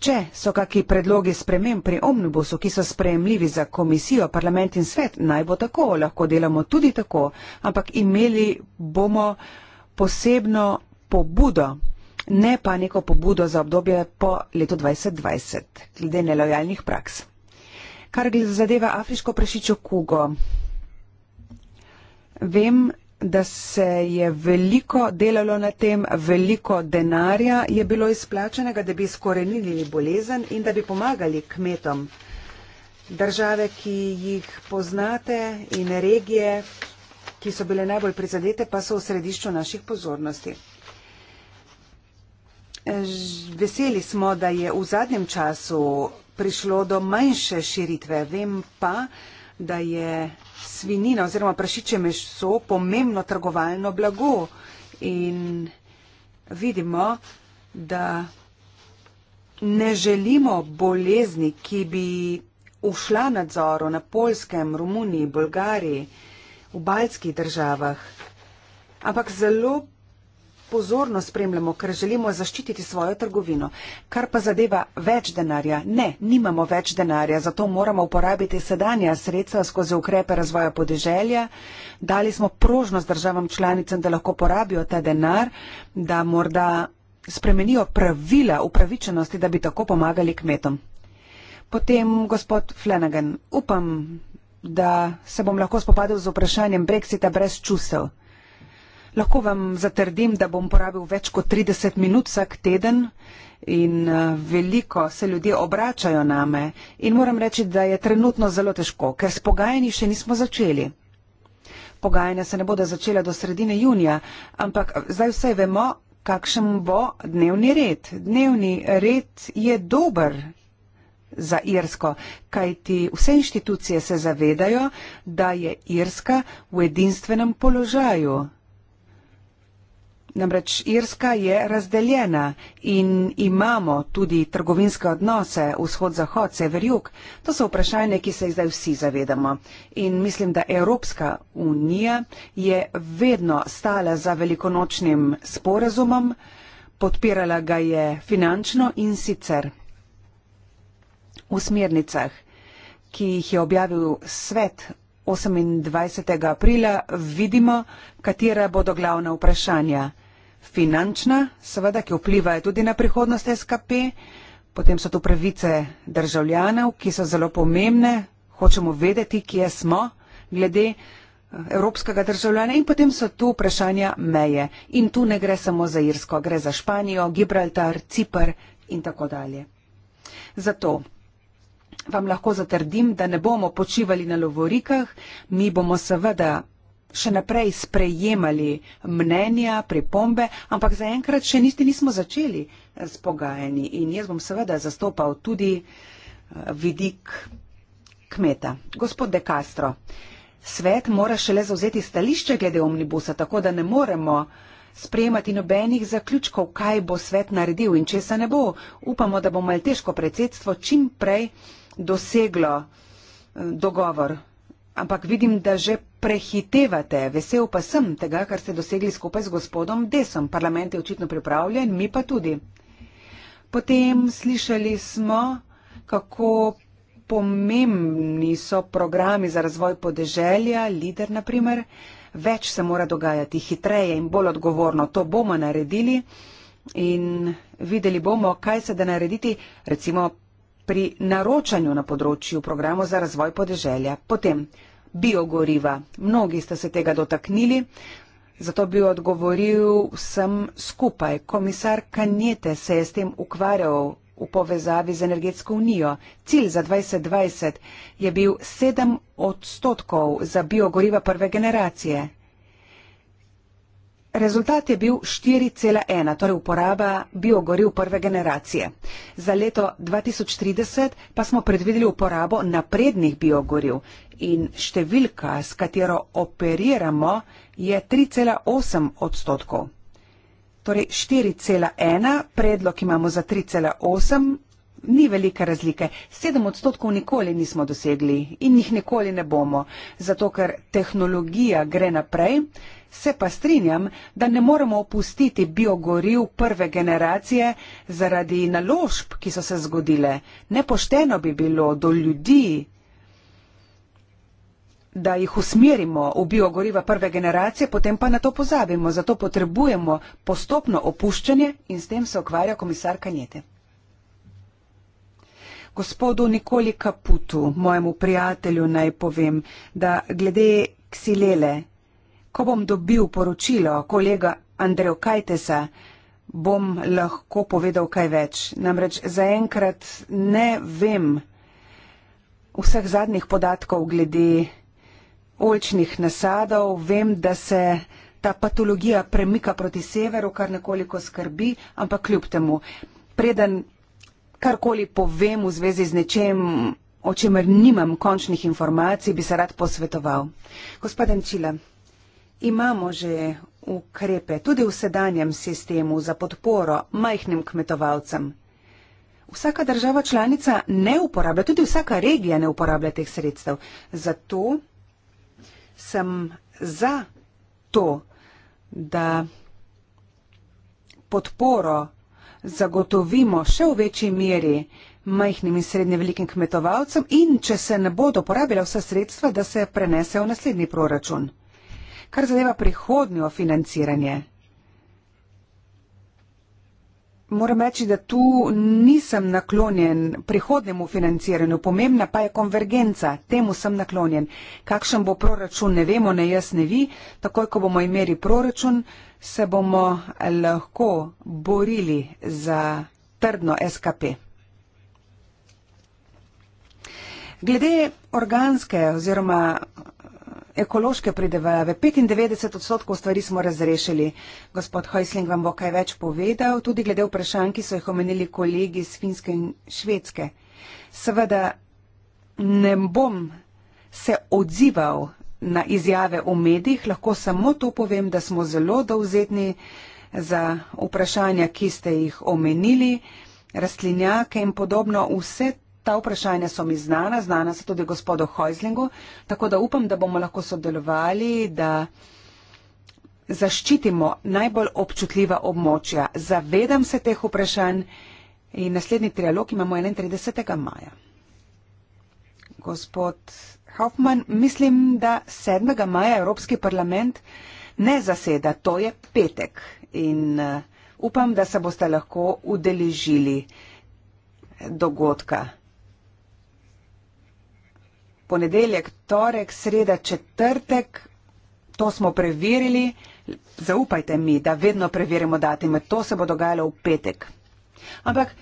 Če so kakšni predlogi spremem pri omnibusu, ki so sprejemljivi za komisijo, parlament in svet, naj bo tako, lahko delamo tudi tako, ampak imeli bomo posebno pobudo, ne pa neko pobudo za obdobje po letu 2020, glede nelojalnih praks. Kar glede zadeva afriško prešičo kugo. Vem, da se je veliko delalo na tem, veliko denarja je bilo izplačenega, da bi izkorenili bolezen in da bi pomagali kmetom. Države, ki jih poznate in regije, ki so bile najbolj prizadete, pa so v središču naših pozornosti. Veseli smo, da je v zadnjem času prišlo do manjše širitve. Vem pa, da je svinina oziroma prašiče meso pomembno trgovalno blago. In vidimo, da ne želimo bolezni, ki bi ušla nadzoru na Polskem, Romuniji, Bolgariji, v baljskih državah, ampak zelo pozorno spremljamo, ker želimo zaščititi svojo trgovino. Kar pa zadeva več denarja, ne, nimamo več denarja, zato moramo uporabiti sedanja sredstva skozi ukrepe razvoja podeželja. Dali smo prožnost državam članicam, da lahko porabijo ta denar, da morda spremenijo pravila upravičenosti, da bi tako pomagali kmetom. Potem, gospod Flanagan, upam, da se bom lahko spopadel z vprašanjem Brexita brez čustev. Lahko vam zatrdim, da bom porabil več kot 30 minut vsak teden in eh, veliko se ljudje obračajo name in moram reči, da je trenutno zelo težko, ker s pogajanji še nismo začeli. Pogajanja se ne bodo začela do sredine junija, ampak eh, zdaj vse vemo, kakšen bo dnevni red. Dnevni red je dober za Irsko, kajti vse inštitucije se zavedajo, da je Irska v edinstvenem položaju. Namreč Irska je razdeljena in imamo tudi trgovinske odnose vzhod-zahod, sever-jug. To so vprašanja, ki se jih zdaj vsi zavedamo. In mislim, da Evropska unija je vedno stala za velikonočnim sporazumom, podpirala ga je finančno in sicer v smernicah, ki jih je objavil svet 28. aprila vidimo, katera bodo glavna vprašanja. Finančna, seveda, ki vplivajo tudi na prihodnost SKP, potem so tu pravice državljanov, ki so zelo pomembne, hočemo vedeti, kje smo glede eh, evropskega državljana in potem so tu vprašanja meje. In tu ne gre samo za Irsko, gre za Španijo, Gibraltar, Cipr in tako dalje. Zato vam lahko zatrdim, da ne bomo počivali na lovorikah, mi bomo seveda še naprej sprejemali mnenja, pripombe, ampak zaenkrat še niste nismo začeli eh, s pogajanji in jaz bom seveda zastopal tudi eh, vidik kmeta. Gospod De Castro, svet mora šele zauzeti stališče glede omnibusa, tako da ne moremo sprejemati nobenih zaključkov, kaj bo svet naredil in če se ne bo. Upamo, da bo malteško predsedstvo čim prej doseglo eh, dogovor. Ampak vidim, da že prehitevate. Vesel pa sem tega, kar ste dosegli skupaj z gospodom Desom. Parlament je očitno pripravljen, mi pa tudi. Potem slišali smo, kako pomembni so programi za razvoj podeželja, lider naprimer. Več se mora dogajati, hitreje in bolj odgovorno. To bomo naredili in videli bomo, kaj se da narediti, recimo pri naročanju na področju programov za razvoj podeželja. Potem biogoriva. Mnogi ste se tega dotaknili, zato bi odgovoril vsem skupaj. Komisar Kanjete se je s tem ukvarjal v povezavi z energetsko unijo. Cilj za 2020 je bil 7 odstotkov za biogoriva prve generacije. Rezultat je bil 4,1, torej uporaba biogoriv prve generacije. Za leto 2030 pa smo predvideli uporabo naprednih biogoriv in številka, s katero operiramo, je 3,8 odstotkov. Torej 4,1, predlog imamo za 3,8 odstotkov ni velike razlike. Sedem odstotkov nikoli nismo dosegli in jih nikoli ne bomo, zato ker tehnologija gre naprej. Se pa strinjam, da ne moremo opustiti biogoriv prve generacije zaradi naložb, ki so se zgodile. Nepošteno bi bilo do ljudi, da jih usmerimo v biogoriva prve generacije, potem pa na to pozabimo. Zato potrebujemo postopno opuščanje in s tem se ukvarja komisar Kanjete gospodu Nikoli Kaputu, mojemu prijatelju, naj povem, da glede ksilele, ko bom dobil poročilo kolega Andreja Kajtesa, bom lahko povedal kaj več. Namreč zaenkrat ne vem vseh zadnjih podatkov glede oljčnih nasadov, vem, da se ta patologija premika proti severu, kar nekoliko skrbi, ampak kljub temu. Preden karkoli povem v zvezi z nečem, o čemer nimam končnih informacij, bi se rad posvetoval. Gospod Denčila, imamo že ukrepe tudi v sedanjem sistemu za podporo majhnim kmetovalcem. Vsaka država članica ne uporablja, tudi vsaka regija ne uporablja teh sredstev. Zato sem za to, da podporo zagotovimo še v večji meri majhnim in srednje velikim kmetovalcem in če se ne bodo porabila vsa sredstva, da se prenesejo v naslednji proračun. Kar zadeva prihodnjo financiranje. Moram reči, da tu nisem naklonjen prihodnemu financiranju, pomembna pa je konvergenca, temu sem naklonjen. Kakšen bo proračun, ne vemo, ne jaz, ne vi. Takoj, ko bomo imeli proračun, se bomo lahko borili za trdno SKP. Glede organske oziroma ekološke pridevajave. 95 odstotkov stvari smo razrešili. Gospod Hojsling vam bo kaj več povedal, tudi glede vprašanj, ki so jih omenili kolegi iz Finske in Švedske. Seveda ne bom se odzival na izjave v medijih, lahko samo to povem, da smo zelo dovzetni za vprašanja, ki ste jih omenili, rastlinjake in podobno, vse to. Ta vprašanja so mi znana, znana so tudi gospodu Hojzlingu, tako da upam, da bomo lahko sodelovali, da zaščitimo najbolj občutljiva območja. Zavedam se teh vprašanj in naslednji trialog imamo 31. maja. Gospod Hoffman, mislim, da 7. maja Evropski parlament ne zaseda, to je petek in uh, upam, da se boste lahko udeležili dogodka ponedeljek, torek, sreda, četrtek, to smo preverili, zaupajte mi, da vedno preverimo datume, to se bo dogajalo v petek. Ampak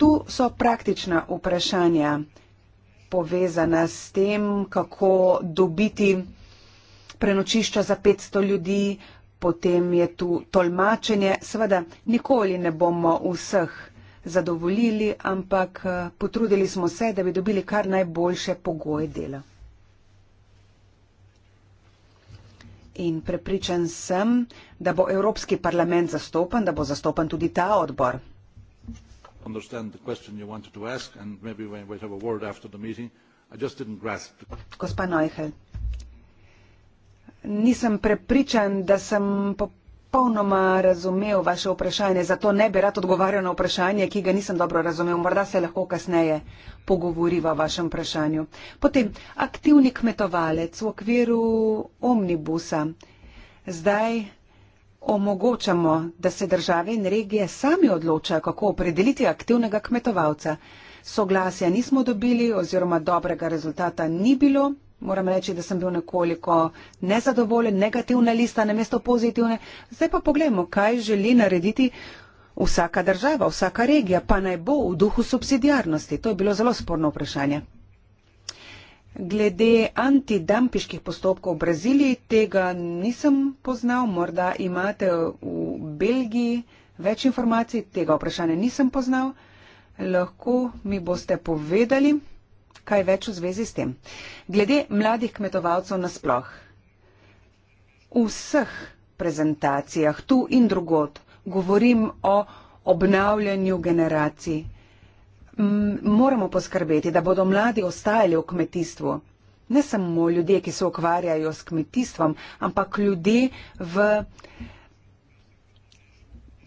tu so praktična vprašanja povezana s tem, kako dobiti prenočišča za 500 ljudi, potem je tu tolmačenje, seveda nikoli ne bomo vseh zadovoljili, ampak eh, potrudili smo se, da bi dobili kar najboljše pogoje dela. In prepričan sem, da bo Evropski parlament zastopan, da bo zastopan tudi ta odbor. Gospa Neuchel, nisem prepričan, da sem popolnoma Popolnoma razumev vaše vprašanje, zato ne bi rad odgovarjal na vprašanje, ki ga nisem dobro razumev. Morda se lahko kasneje pogovoriva o vašem vprašanju. Potem, aktivni kmetovalec v okviru omnibusa. Zdaj omogočamo, da se države in regije sami odločajo, kako opredeliti aktivnega kmetovalca. Soglasja nismo dobili oziroma dobrega rezultata ni bilo, moram reči, da sem bil nekoliko nezadovoljen, negativna lista na mesto pozitivne. Zdaj pa pogledamo, kaj želi narediti vsaka država, vsaka regija, pa naj bo v duhu subsidijarnosti. To je bilo zelo sporno vprašanje. Glede antidampiških postopkov v Braziliji, tega nisem poznal, morda imate v Belgiji več informacij, tega vprašanja nisem poznal. Lahko mi boste povedali kaj več v zvezi s tem. Glede mladih kmetovalcev nasploh. V vseh prezentacijah, tu in drugod, govorim o obnavljanju generacij. Moramo poskrbeti, da bodo mladi ostajali v kmetijstvu. Ne samo ljudje, ki se ukvarjajo s kmetijstvom, ampak ljudje v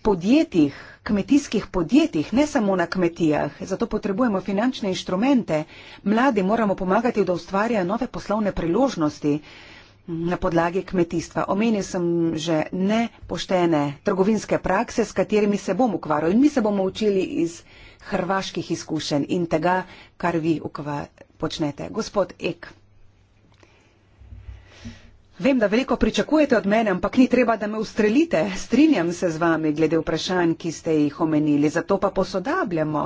podjetjih, kmetijskih podjetjih, ne samo na kmetijah. Zato potrebujemo finančne inštrumente. Mladi moramo pomagati, da ustvarjajo nove poslovne priložnosti na podlagi kmetijstva. Omenil sem že nepoštene trgovinske prakse, s katerimi se bomo ukvarjali in mi se bomo učili iz hrvaških izkušenj in tega, kar vi počnete. Gospod Ek. Vem, da veliko pričakujete od mene, ampak ni treba, da me ustrelite. Strinjam se z vami glede vprašanj, ki ste jih omenili. Zato pa posodabljamo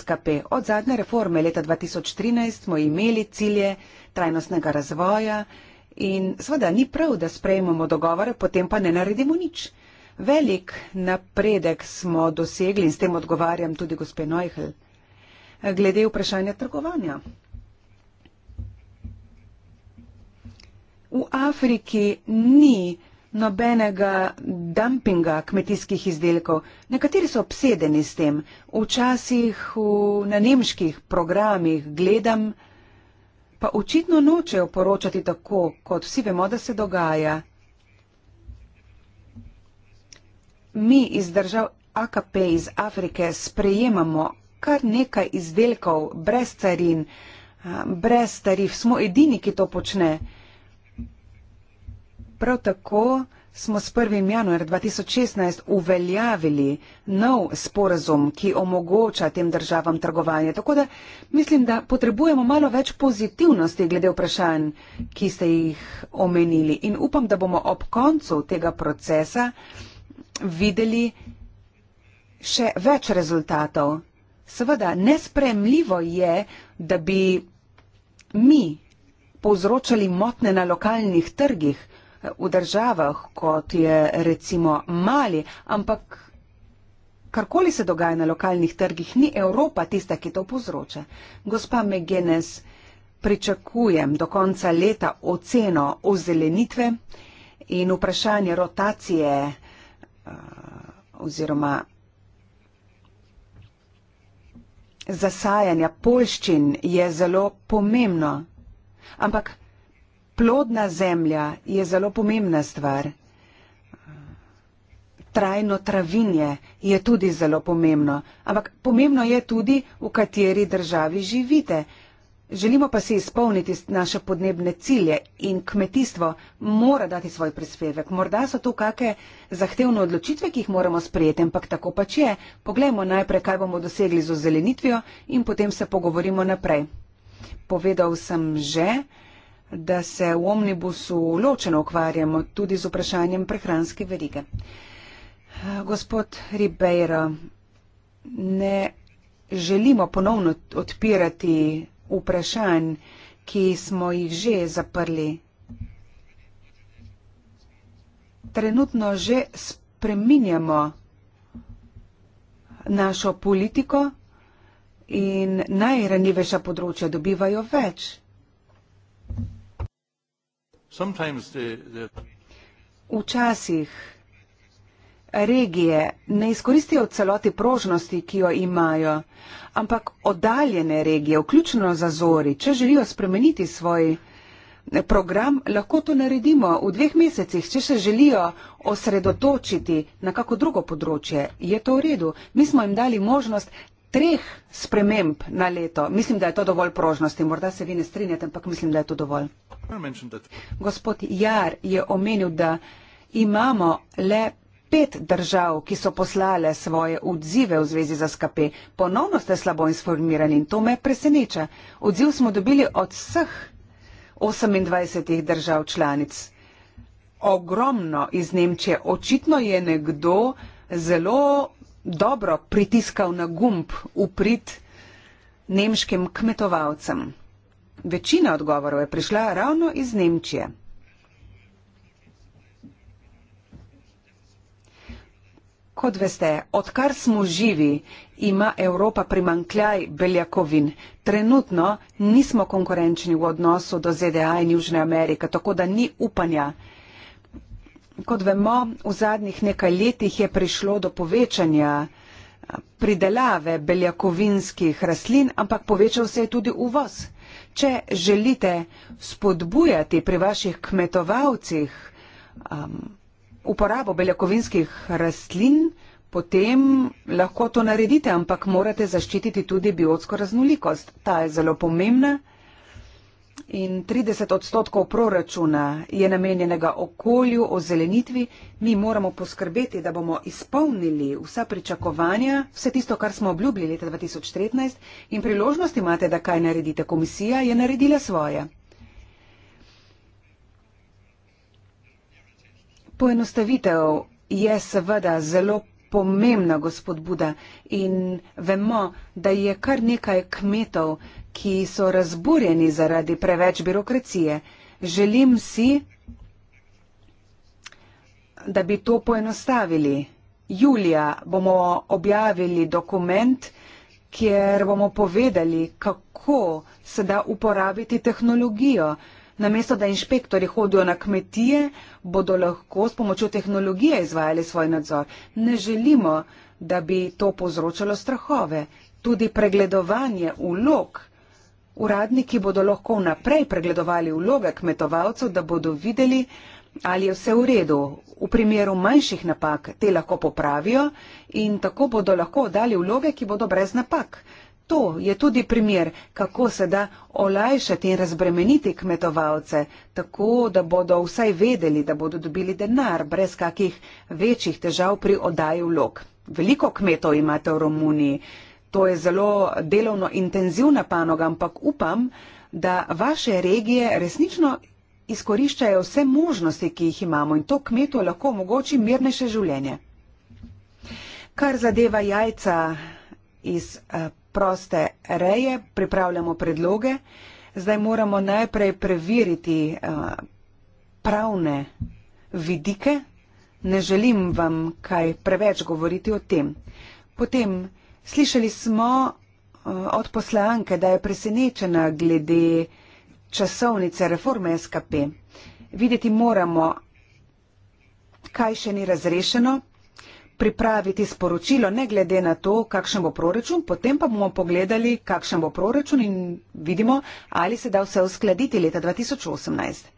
SKP. Od zadnje reforme leta 2013 smo imeli cilje trajnostnega razvoja in seveda ni prav, da sprejmemo dogovore, potem pa ne naredimo nič. Velik napredek smo dosegli in s tem odgovarjam tudi gospe Neuhl. Glede vprašanja trgovanja. V Afriki ni nobenega dumpinga kmetijskih izdelkov. Nekateri so obsedeni s tem. Včasih v, na nemških programih gledam, pa očitno nočejo poročati tako, kot vsi vemo, da se dogaja. Mi iz držav AKP iz Afrike sprejemamo kar nekaj izdelkov brez carin, brez tarif. Smo edini, ki to počnejo. Prav tako smo s 1. januar 2016 uveljavili nov sporazum, ki omogoča tem državam trgovanje. Tako da mislim, da potrebujemo malo več pozitivnosti glede vprašanj, ki ste jih omenili. In upam, da bomo ob koncu tega procesa videli še več rezultatov. Seveda, nespremljivo je, da bi mi povzročali motne na lokalnih trgih, v državah, kot je recimo Mali, ampak karkoli se dogaja na lokalnih trgih, ni Evropa tista, ki to povzroča. Gospa Megenes, pričakujem do konca leta oceno o zelenitve in vprašanje rotacije eh, oziroma zasajanja polščin je zelo pomembno. Ampak Plodna zemlja je zelo pomembna stvar. Trajno travinje je tudi zelo pomembno, ampak pomembno je tudi, v kateri državi živite. Želimo pa se izpolniti naše podnebne cilje in kmetijstvo mora dati svoj prispevek. Morda so to kakšne zahtevne odločitve, ki jih moramo sprejeti, ampak tako pač je. Poglejmo najprej, kaj bomo dosegli z ozelenitvijo in potem se pogovorimo naprej. Povedal sem že da se v omnibusu ločeno ukvarjamo tudi z vprašanjem prehranske verige. Gospod Ribeiro, ne želimo ponovno odpirati vprašanj, ki smo jih že zaprli. Trenutno že spreminjamo našo politiko in najranjivejša področja dobivajo več. Včasih regije ne izkoristijo celoti prožnosti, ki jo imajo, ampak oddaljene regije, vključno za Zori, če želijo spremeniti svoj eh, program, lahko to naredimo v dveh mesecih, če se želijo osredotočiti na kako drugo področje. Je to v redu? Mi smo jim dali možnost, treh sprememb na leto. Mislim, da je to dovolj prožnosti. Morda se vi ne strinjate, ampak mislim, da je to dovolj. Gospod Jar je omenil, da imamo le pet držav, ki so poslale svoje odzive v zvezi z SKP. Ponovno ste slabo informirani in to me preseneča. Odziv smo dobili od vseh 28 držav članic. Ogromno iz Nemčije. Očitno je nekdo zelo dobro pritiskal na gumb v prid nemškim kmetovalcem. Večina odgovorov je prišla ravno iz Nemčije. Kot veste, odkar smo živi, ima Evropa primankljaj beljakovin. Trenutno nismo konkurenčni v odnosu do ZDA in Južne Amerike, tako da ni upanja, kot vemo, v zadnjih nekaj letih je prišlo do povečanja eh, pridelave beljakovinskih rastlin, ampak povečal se je tudi uvoz. Če želite spodbujati pri vaših kmetovalcih um, uporabo beljakovinskih rastlin, potem lahko to naredite, ampak morate zaščititi tudi biotsko raznolikost. Ta je zelo pomembna in 30 odstotkov proračuna je namenjenega okolju o zelenitvi, mi moramo poskrbeti, da bomo izpolnili vsa pričakovanja, vse tisto, kar smo obljubili leta 2013 in priložnost imate, da kaj naredite. Komisija je naredila svoje. Poenostavitev je seveda zelo pomembna, gospod Buda, in vemo, da je kar nekaj kmetov, ki so razburjeni zaradi preveč birokracije. Želim si, da bi to poenostavili. Julija bomo objavili dokument, kjer bomo povedali, kako se da uporabiti tehnologijo. Namesto, da inšpektori hodijo na kmetije, bodo lahko s pomočjo tehnologije izvajali svoj nadzor. Ne želimo, da bi to povzročalo strahove. Tudi pregledovanje ulog Uradniki bodo lahko naprej pregledovali vloge kmetovalcev, da bodo videli, ali je vse v redu. V primeru manjših napak te lahko popravijo in tako bodo lahko dali vloge, ki bodo brez napak. To je tudi primer, kako se da olajšati in razbremeniti kmetovalce, tako da bodo vsaj vedeli, da bodo dobili denar brez kakih večjih težav pri odaji vlog. Veliko kmetov imate v Romuniji. To je zelo delovno intenzivna panoga, ampak upam, da vaše regije resnično izkoriščajo vse možnosti, ki jih imamo in to kmetu lahko omogoči mirnejše življenje. Kar zadeva jajca iz eh, proste reje, pripravljamo predloge. Zdaj moramo najprej preveriti eh, pravne vidike. Ne želim vam kaj preveč govoriti o tem. Potem Slišali smo eh, od poslanke, da je presenečena glede časovnice reforme SKP. Videti moramo, kaj še ni razrešeno, pripraviti sporočilo, ne glede na to, kakšen bo proračun, potem pa bomo pogledali, kakšen bo proračun in vidimo, ali se da vse uskladiti leta 2018.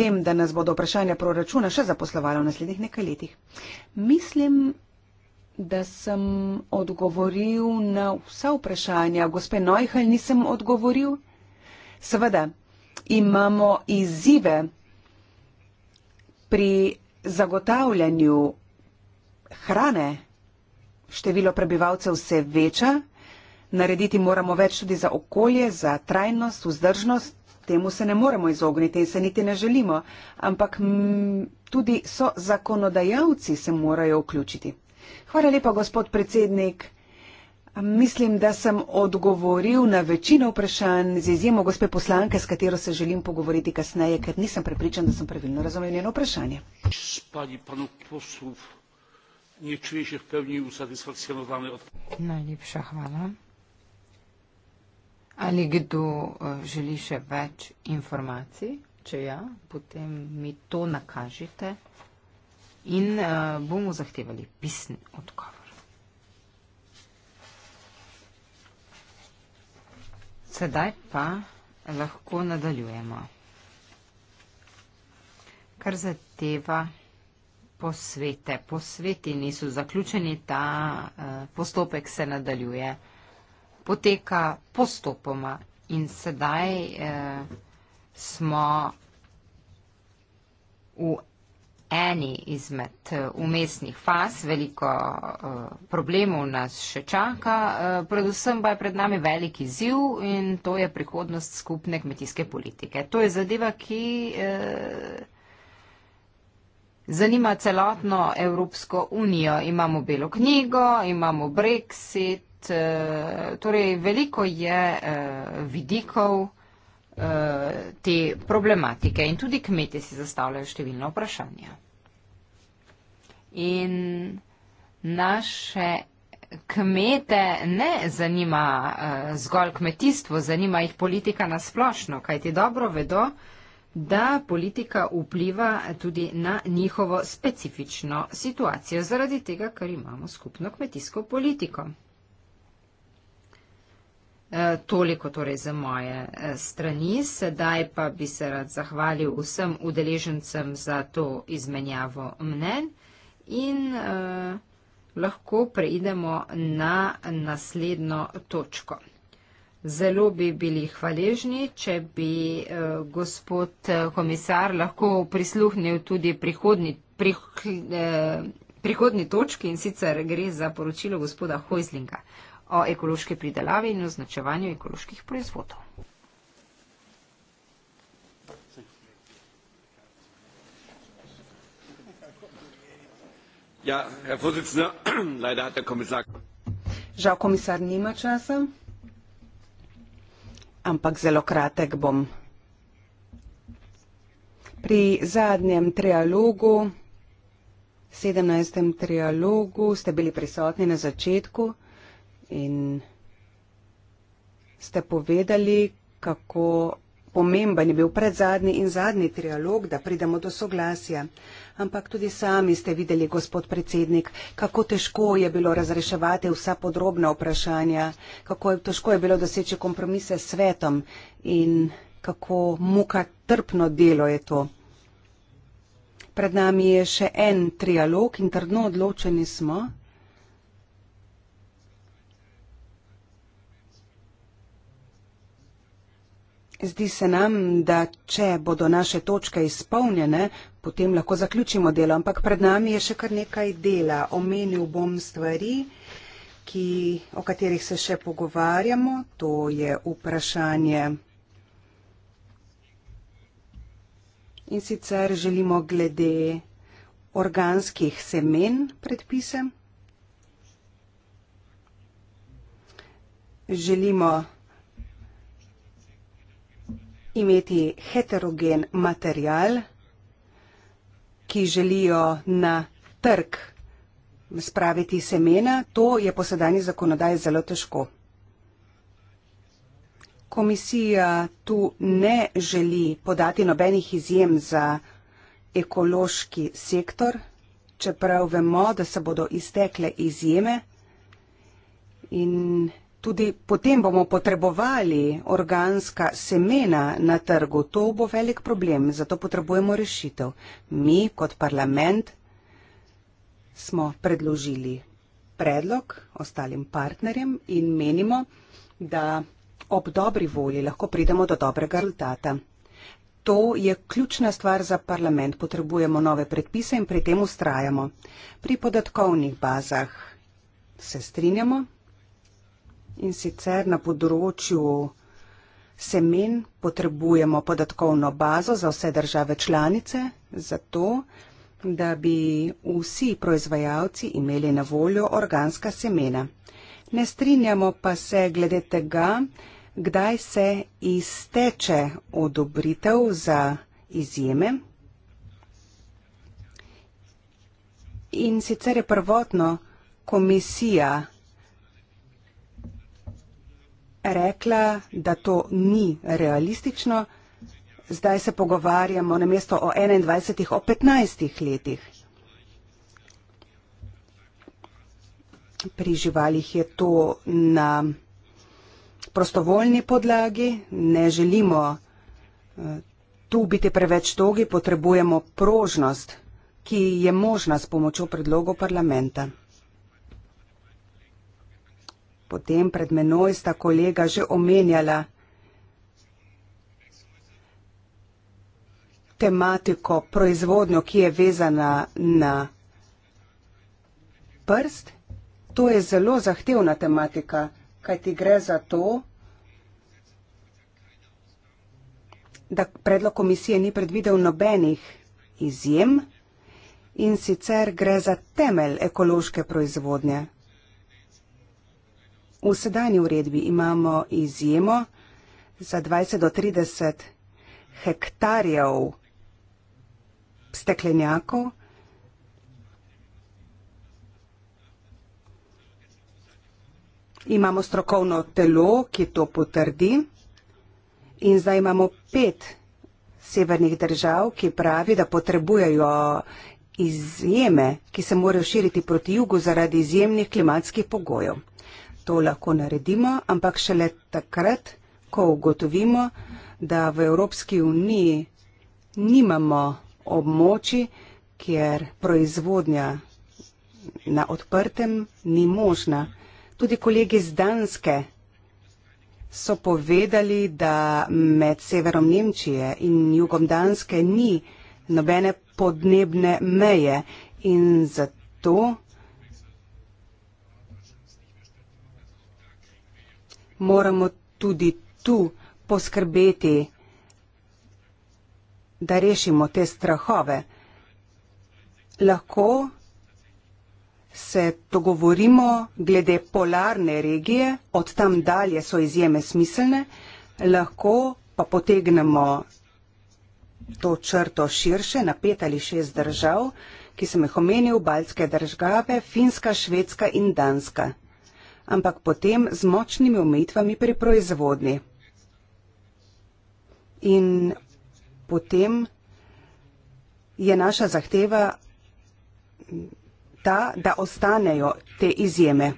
Vem, da nas bodo vprašanja proračuna še zaposlovalo v naslednjih nekaj letih. Mislim, da sem odgovoril na vsa vprašanja. Gospe Neuhal nisem odgovoril. Seveda, imamo izzive pri zagotavljanju hrane. Število prebivalcev se veča, narediti moramo več tudi za okolje, za trajnost, vzdržnost. Temu se ne moremo izogniti in se niti ne želimo. Ampak m, tudi so zakonodajalci se morajo vključiti. Hvala lepa, gospod predsednik. Mislim, da sem odgovoril na večino vprašanj z izjemo gospe poslanke, s katero se želim pogovoriti kasneje, ker nisem prepričan, da sem pravilno razumel njeno vprašanje. Najlepša hvala. Ali kdo e, želi še več informacij? Če ja, potem mi to nakažite in uh, bomo zahtevali pisni odgovor. Sedaj pa lahko nadaljujemo. Kar zadeva posvete. Posveti niso zaključeni, ta uh, postopek se nadaljuje. Poteka postopoma in sedaj uh, smo v eni izmed eh, umestnih faz, veliko eh, problemov nas še čaka, eh, predvsem pa je pred nami veliki ziv in to je prihodnost skupne kmetijske politike. To je zadeva, ki zanima celotno Evropsko unijo. Imamo Belo knjigo, imamo Brexit, torej veliko je vidikov, Eh, te problematike in tudi kmetje si zastavljajo številna vprašanja. In naše kmete ne zanima uh, zgolj kmetijstvo, zanima jih politika nasplošno, kaj ti dobro vedo, da politika vpliva tudi na njihovo specifično situacijo zaradi tega, ker imamo skupno kmetijsko politiko. Eh, toliko torej za moje eh, strani, sedaj pa bi se rad zahvalil vsem udeležencem za to izmenjavo mnen in eh, lahko preidemo na naslednjo točko. Zelo bi bili hvaležni, če bi eh, gospod eh, komisar lahko prisluhnil tudi prihodni, prih, eh, prihodni točki in sicer gre za poročilo gospoda Hojzlinga o ekološki pridelavi in označevanju ekoloških proizvodov. Ja, herr Vorsitzender, leider hat der Kommissar. Žal komisar nima časa, ampak zelo kratek bom. Pri zadnjem trialogu, 17. trialogu, ste bili prisotni na začetku in ste povedali, kako pomemben je bil pred zadnji in zadnji trialog, da pridemo do soglasja. Ampak tudi sami ste videli, gospod predsednik, kako težko je bilo razreševati vsa podrobna vprašanja, kako je težko je bilo doseči kompromise s svetom in kako muka trpno delo je to. Pred nami je še en trialog in trdno odločeni smo, Zdi se nam, da če bodo naše točke izpolnjene, potem lahko zaključimo delo, ampak pred nami je še kar nekaj dela. Omenil bom stvari, ki, o katerih se še pogovarjamo. To je vprašanje. In sicer želimo glede organskih semen predpise. Želimo imeti heterogen material, ki želijo na trg spraviti semena, to je po sedanji zakonodaji zelo težko. Komisija tu ne želi podati nobenih izjem za ekološki sektor, čeprav vemo, da se bodo iztekle izjeme in tudi potem bomo potrebovali organska semena na trgu. To bo velik problem, zato potrebujemo rešitev. Mi kot parlament smo predložili predlog ostalim partnerjem in menimo, da ob dobri volji lahko pridemo do dobrega rezultata. To je ključna stvar za parlament. Potrebujemo nove predpise in pri tem ustrajamo. Pri podatkovnih bazah se strinjamo, in sicer na področju semen potrebujemo podatkovno bazo za vse države članice, zato da bi vsi proizvajalci imeli na voljo organska semena. Ne strinjamo pa se glede tega, kdaj se izteče odobritev za izjeme. In sicer je prvotno komisija rekla, da to ni realistično. Zdaj se pogovarjamo na mesto o 21, o 15 letih. Pri živalih je to na prostovoljni podlagi. Ne želimo eh, tu biti preveč dolgi, potrebujemo prožnost, ki je možna s pomočjo predlogov parlamenta potem pred menoj sta kolega že omenjala tematiko proizvodnjo, ki je vezana na prst. To je zelo zahtevna tematika, kaj ti gre za to, da predlog komisije ni predvidel nobenih izjem in sicer gre za temelj ekološke proizvodnje. V sedajni uredbi imamo izjemo za 20 do 30 hektarjev steklenjakov. Imamo strokovno telo, ki to potrdi. In zdaj imamo pet severnih držav, ki pravi, da potrebujejo izjeme, ki se morajo širiti proti jugu zaradi izjemnih klimatskih pogojev to lahko naredimo, ampak šele takrat, ko ugotovimo, da v Evropski uniji nimamo območi, kjer proizvodnja na odprtem ni možna. Tudi kolegi z Danske so povedali, da med severom Nemčije in jugom Danske ni nobene podnebne meje in zato moramo tudi tu poskrbeti, da rešimo te strahove. Lahko se dogovorimo glede polarne regije, od tam dalje so izjeme smiselne, lahko pa potegnemo to črto širše na pet ali šest držav, ki sem jih omenil, baltske države, finska, švedska in danska ampak potem z močnimi omejitvami pri proizvodni. In potem je naša zahteva ta, da ostanejo te izjeme.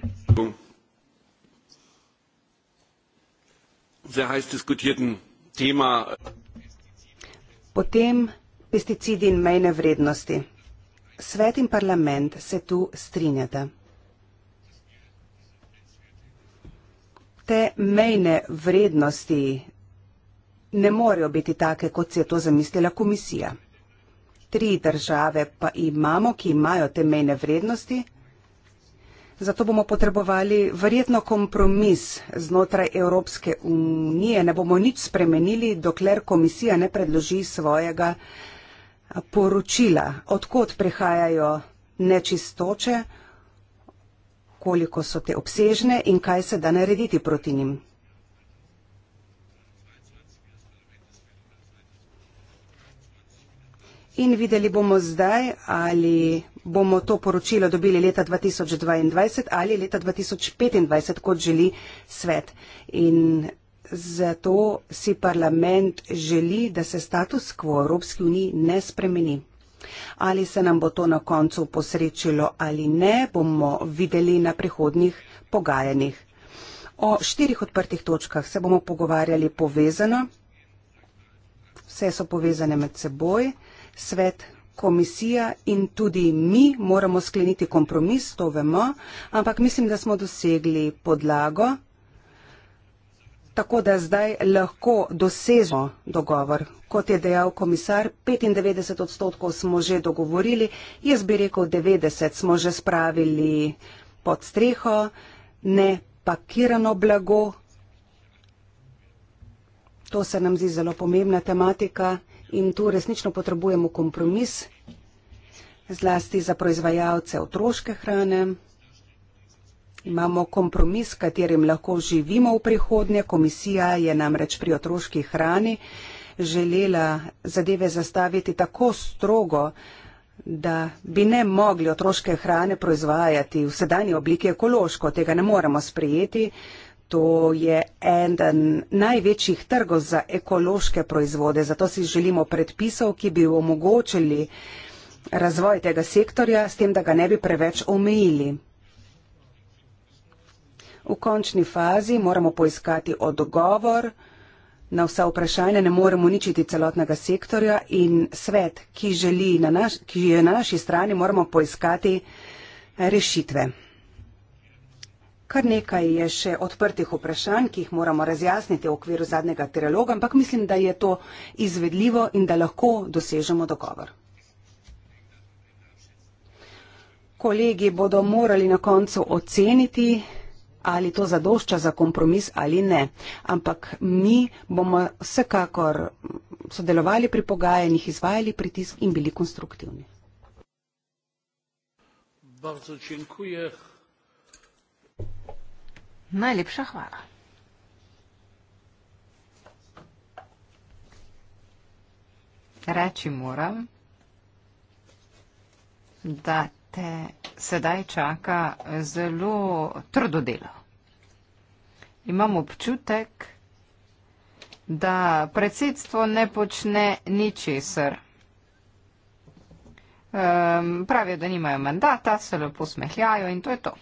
Potem pesticidi in mejne vrednosti. Svet in parlament se tu strinjata. te mejne vrednosti ne morejo biti take, kot si je to zamislila komisija. Tri države pa imamo, ki imajo te mejne vrednosti. Zato bomo potrebovali verjetno kompromis znotraj Evropske unije. Ne bomo nič spremenili, dokler komisija ne predloži svojega poročila, odkot prihajajo nečistoče koliko so te obsežne in kaj se da narediti proti njim. In videli bomo zdaj, ali bomo to poročilo dobili leta 2022 ali leta 2025, kot želi svet. In zato si parlament želi, da se status quo Evropski uniji ne spremeni. Ali se nam bo to na koncu posrečilo ali ne, bomo videli na prihodnih pogajanjih. O štirih odprtih točkah se bomo pogovarjali povezano. Vse so povezane med seboj. Svet, komisija in tudi mi moramo skleniti kompromis, to vemo, ampak mislim, da smo dosegli podlago tako da zdaj lahko dosežemo dogovor. Kot je dejal komisar, 95 odstotkov smo že dogovorili, jaz bi rekel 90 smo že spravili pod streho, nepakirano blago. To se nam zdi zelo pomembna tematika in tu resnično potrebujemo kompromis, zlasti za proizvajalce otroške hrane. Imamo kompromis, s katerim lahko živimo v prihodnje. Komisija je namreč pri otroški hrani želela zadeve zastaviti tako strogo, da bi ne mogli otroške hrane proizvajati v sedanji obliki ekološko. Tega ne moremo sprejeti. To je eden največjih trgov za ekološke proizvode. Zato si želimo predpisov, ki bi omogočili razvoj tega sektorja, s tem, da ga ne bi preveč omejili. V končni fazi moramo poiskati odgovor na vsa vprašanja, ne moremo ničiti celotnega sektorja in svet, ki, želi na naš, ki je na naši strani, moramo poiskati rešitve. Kar nekaj je še odprtih vprašanj, ki jih moramo razjasniti v okviru zadnjega trialoga, ampak mislim, da je to izvedljivo in da lahko dosežemo dogovor. Kolegi bodo morali na koncu oceniti, ali to zadošča za kompromis ali ne. Ampak mi bomo vsekakor sodelovali pri pogajanjih, izvajali pritisk in bili konstruktivni. Bardzo dziękuję. Najlepša hvala. Reči moram, da te sedaj čaka zelo trdo delo. Imam občutek, da predsedstvo ne počne ničesar. Um, pravijo, da nimajo mandata, se lepo smehljajo in to je to.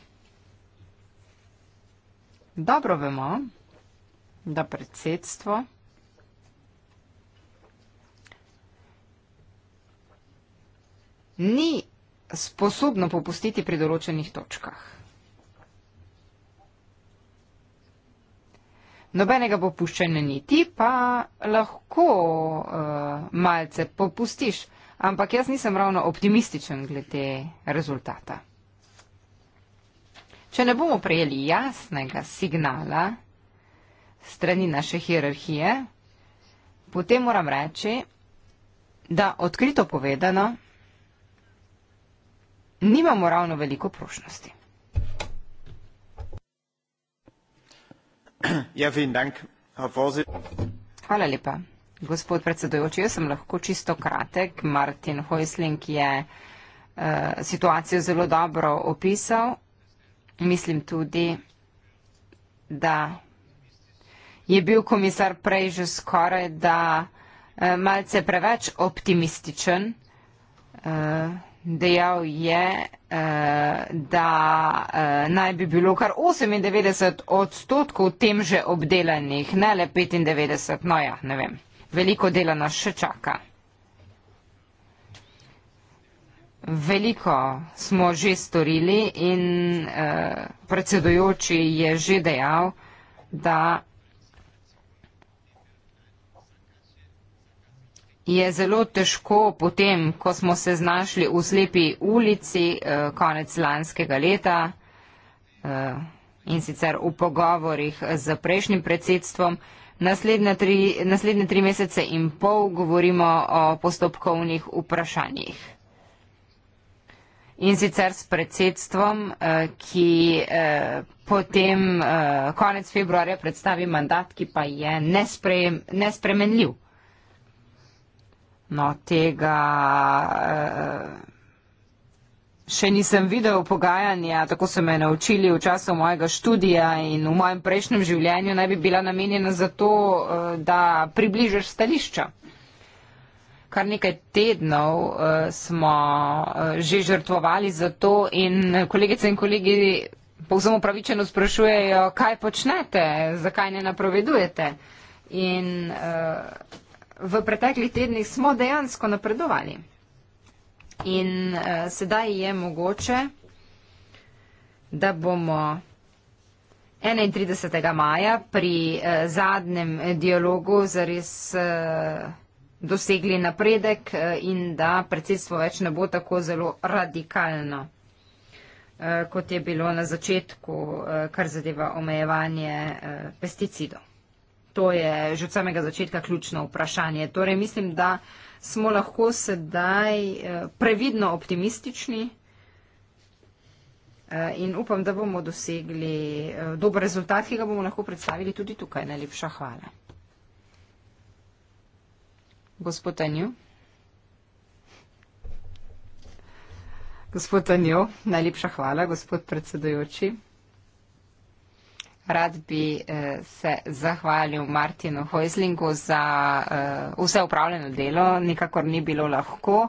Dobro vemo, da predsedstvo ni sposobno popustiti pri določenih točkah. Nobenega popuščanja niti, pa lahko uh, malce popustiš, ampak jaz nisem ravno optimističen glede rezultata. Če ne bomo prejeli jasnega signala strani naše hierarhije, potem moram reči, da odkrito povedano, nimamo ravno veliko prošnosti. Ja, dank, Hvala lepa. Gospod predsedojoči, jaz sem lahko čisto kratek. Martin Hoisling je uh, situacijo zelo dobro opisal. Mislim tudi, da je bil komisar prej že skoraj, da uh, malce preveč optimističen. Uh, Dejal je, eh, da eh, naj bi bilo kar 98 odstotkov tem že obdelanih, ne le 95. No ja, ne vem. Veliko dela nas še čaka. Veliko smo že storili in eh, predsedojoči je že dejal, da je zelo težko potem, ko smo se znašli v slepi ulici eh, konec lanskega leta eh, in sicer v pogovorih z prejšnjim predsedstvom, naslednje tri, naslednje tri mesece in pol govorimo o postopkovnih vprašanjih. In sicer s predsedstvom, eh, ki potem konec februarja predstavi mandat, ki pa je nesprejem, nespremenljiv. No, tega eh, še nisem videl pogajanja, tako so me naučili v času mojega študija in v mojem prejšnjem življenju naj bi bila namenjena za to, eh, da približaš stališča. Kar nekaj tednov eh, smo že žrtvovali za to in kolegice in kolegi povsem upravičeno sprašujejo, kaj počnete, zakaj ne napovedujete. In uh, v preteklih tednih smo dejansko napredovali. In uh, sedaj je mogoče, da bomo 31. maja pri uh, zadnjem dialogu zares uh, dosegli napredek uh, in da predsedstvo več ne bo tako zelo radikalno, uh, kot je bilo na začetku, uh, kar zadeva omejevanje uh, pesticidov to je že od samega začetka ključno vprašanje. Torej, mislim, da smo lahko sedaj eh, previdno optimistični eh, in upam, da bomo dosegli eh, dober rezultat, ki ga bomo lahko predstavili tudi tukaj. Najlepša hvala. Gospod Tanju. Gospod Tanju, najlepša hvala, gospod predsedujoči. Rad bi eh, se zahvalil Martinu Hojzlingu za eh, vse upravljeno delo, nikakor ni bilo lahko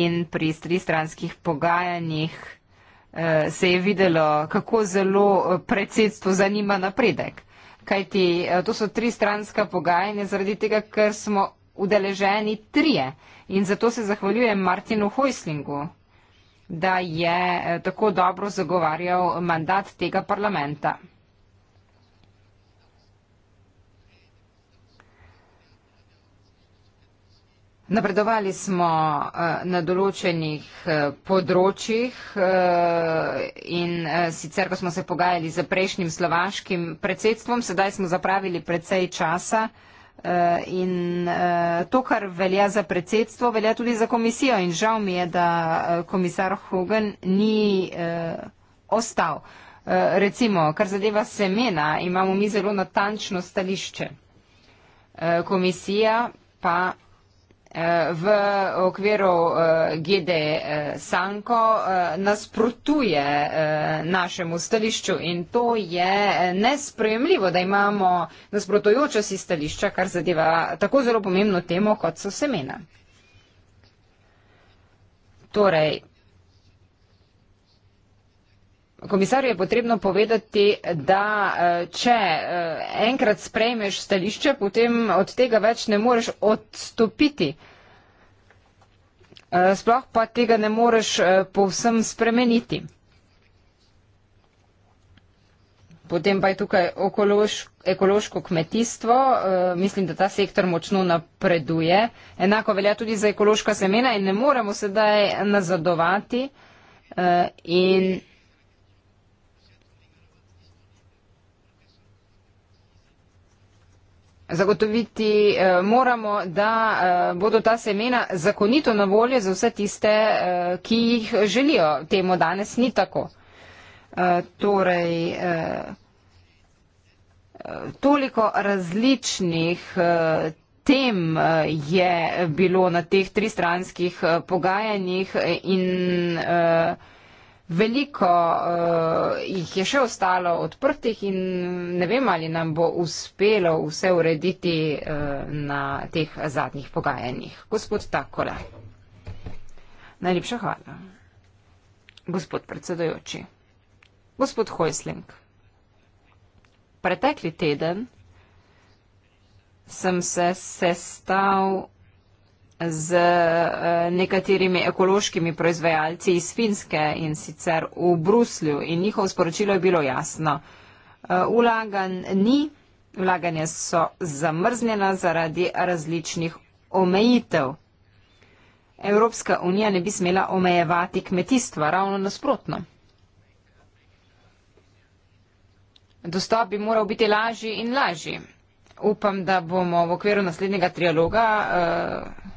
in pri tristranskih pogajanjih eh, se je videlo, kako zelo predsedstvo zanima napredek. Kajti to so tristranska pogajanja zaradi tega, ker smo udeleženi trije in zato se zahvaljujem Martinu Hojslingu, da je tako dobro zagovarjal mandat tega parlamenta. Napredovali smo eh, na določenih eh, področjih eh, in sicer, ko smo se pogajali za prejšnjim slovaškim predsedstvom, sedaj smo zapravili precej časa in to, kar velja za predsedstvo, velja tudi za komisijo in žal mi je, da komisar Hogan ni ostal. Recimo, kar zadeva semena, imamo mi zelo natančno stališče. Komisija pa Eh, v okviru eh, GD eh, Sanko nasprotuje našemu stališču in to je nesprejemljivo, da imamo nasprotujoče si stališča, kar zadeva tako zelo pomembno temo, kot so semena. Torej, Komisar je potrebno povedati, da eh, če eh, enkrat sprejmeš stališče, potem od tega več ne moreš odstopiti. Eh, sploh pa tega ne moreš povsem spremeniti. Potem pa je tukaj okološko, ekološko kmetijstvo. Mislim, da ta sektor močno napreduje. Enako velja tudi za ekološka semena in ne moremo sedaj nazadovati. In zagotoviti eh, moramo, da eh, bodo ta semena zakonito na voljo za vse tiste, eh, ki jih želijo. Temu danes ni tako. Torej, toliko različnih tem je bilo na teh tristranskih pogajanjih in veliko uh, jih je še ostalo odprtih in ne vem, ali nam bo uspelo vse urediti uh, na teh zadnjih pogajanjih. Gospod Takola. Najlepša hvala. Gospod predsedojoči. Gospod Hojsling. Pretekli teden sem se sestal z uh, nekaterimi ekološkimi proizvajalci iz Finske in sicer v Bruslju. In njihovo sporočilo je bilo jasno. Uh, vlagan ni, vlaganje so zamrznjena zaradi različnih omejitev. Evropska unija ne bi smela omejevati kmetijstva, ravno nasprotno. Dostop bi moral biti lažji in lažji. Upam, da bomo v okviru naslednjega trialoga uh,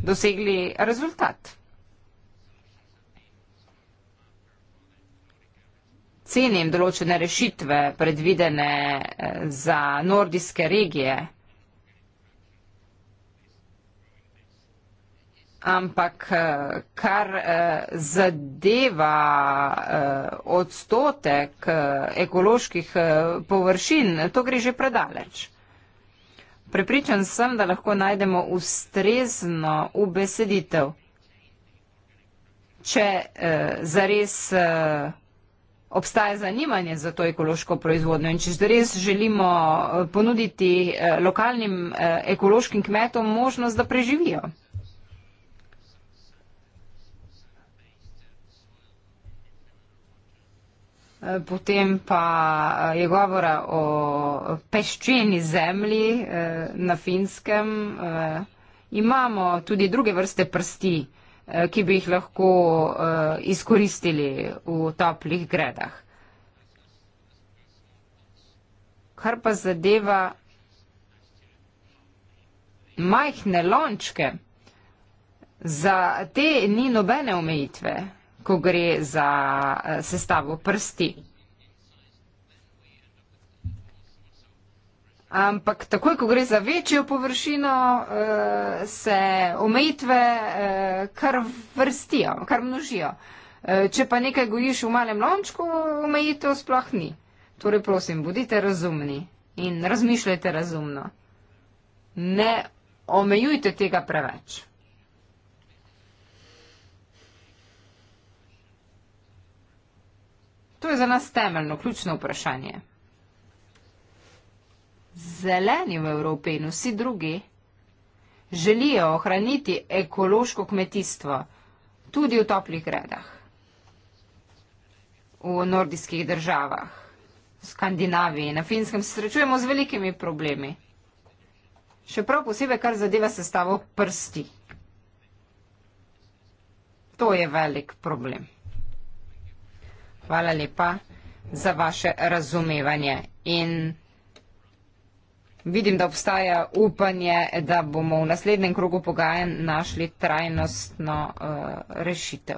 dosegli rezultat. Cenim določene rešitve predvidene eh, za nordijske regije, ampak eh, kar eh, zadeva odstotek ekoloških površin, to gre že predaleč. Prepričan sem, da lahko najdemo ustrezno ubeseditev, če eh, zares eh, obstaja zanimanje za to ekološko proizvodnjo in če zares želimo eh, ponuditi eh, lokalnim eh, ekološkim kmetom možnost, da preživijo. potem pa eh, je govora o peščeni zemlji eh, na finskem. Eh, imamo tudi druge vrste prsti, ki bi jih lahko izkoristili v toplih gredah. Kar pa zadeva majhne lončke, za te ni nobene omejitve ko gre za eh, sestavo prsti. Ampak takoj, ko gre za večjo površino, eh, se omejitve eh, kar vrstijo, kar množijo. Če pa nekaj gojiš v malem lončku, omejitev sploh ni. Torej, prosim, bodite razumni in razmišljajte razumno. Ne omejujte tega preveč. To je za nas temeljno, ključno vprašanje. Zeleni v Evropi in vsi drugi želijo ohraniti ekološko kmetijstvo tudi v toplih gredah, v nordijskih državah, v Skandinaviji, na finskem se srečujemo z velikimi problemi. Še prav posebej, kar zadeva sestavo prsti. To je velik problem hvala lepa za vaše razumevanje. In vidim, da obstaja upanje, da bomo v naslednjem krogu pogajanj našli trajnostno uh, rešitev.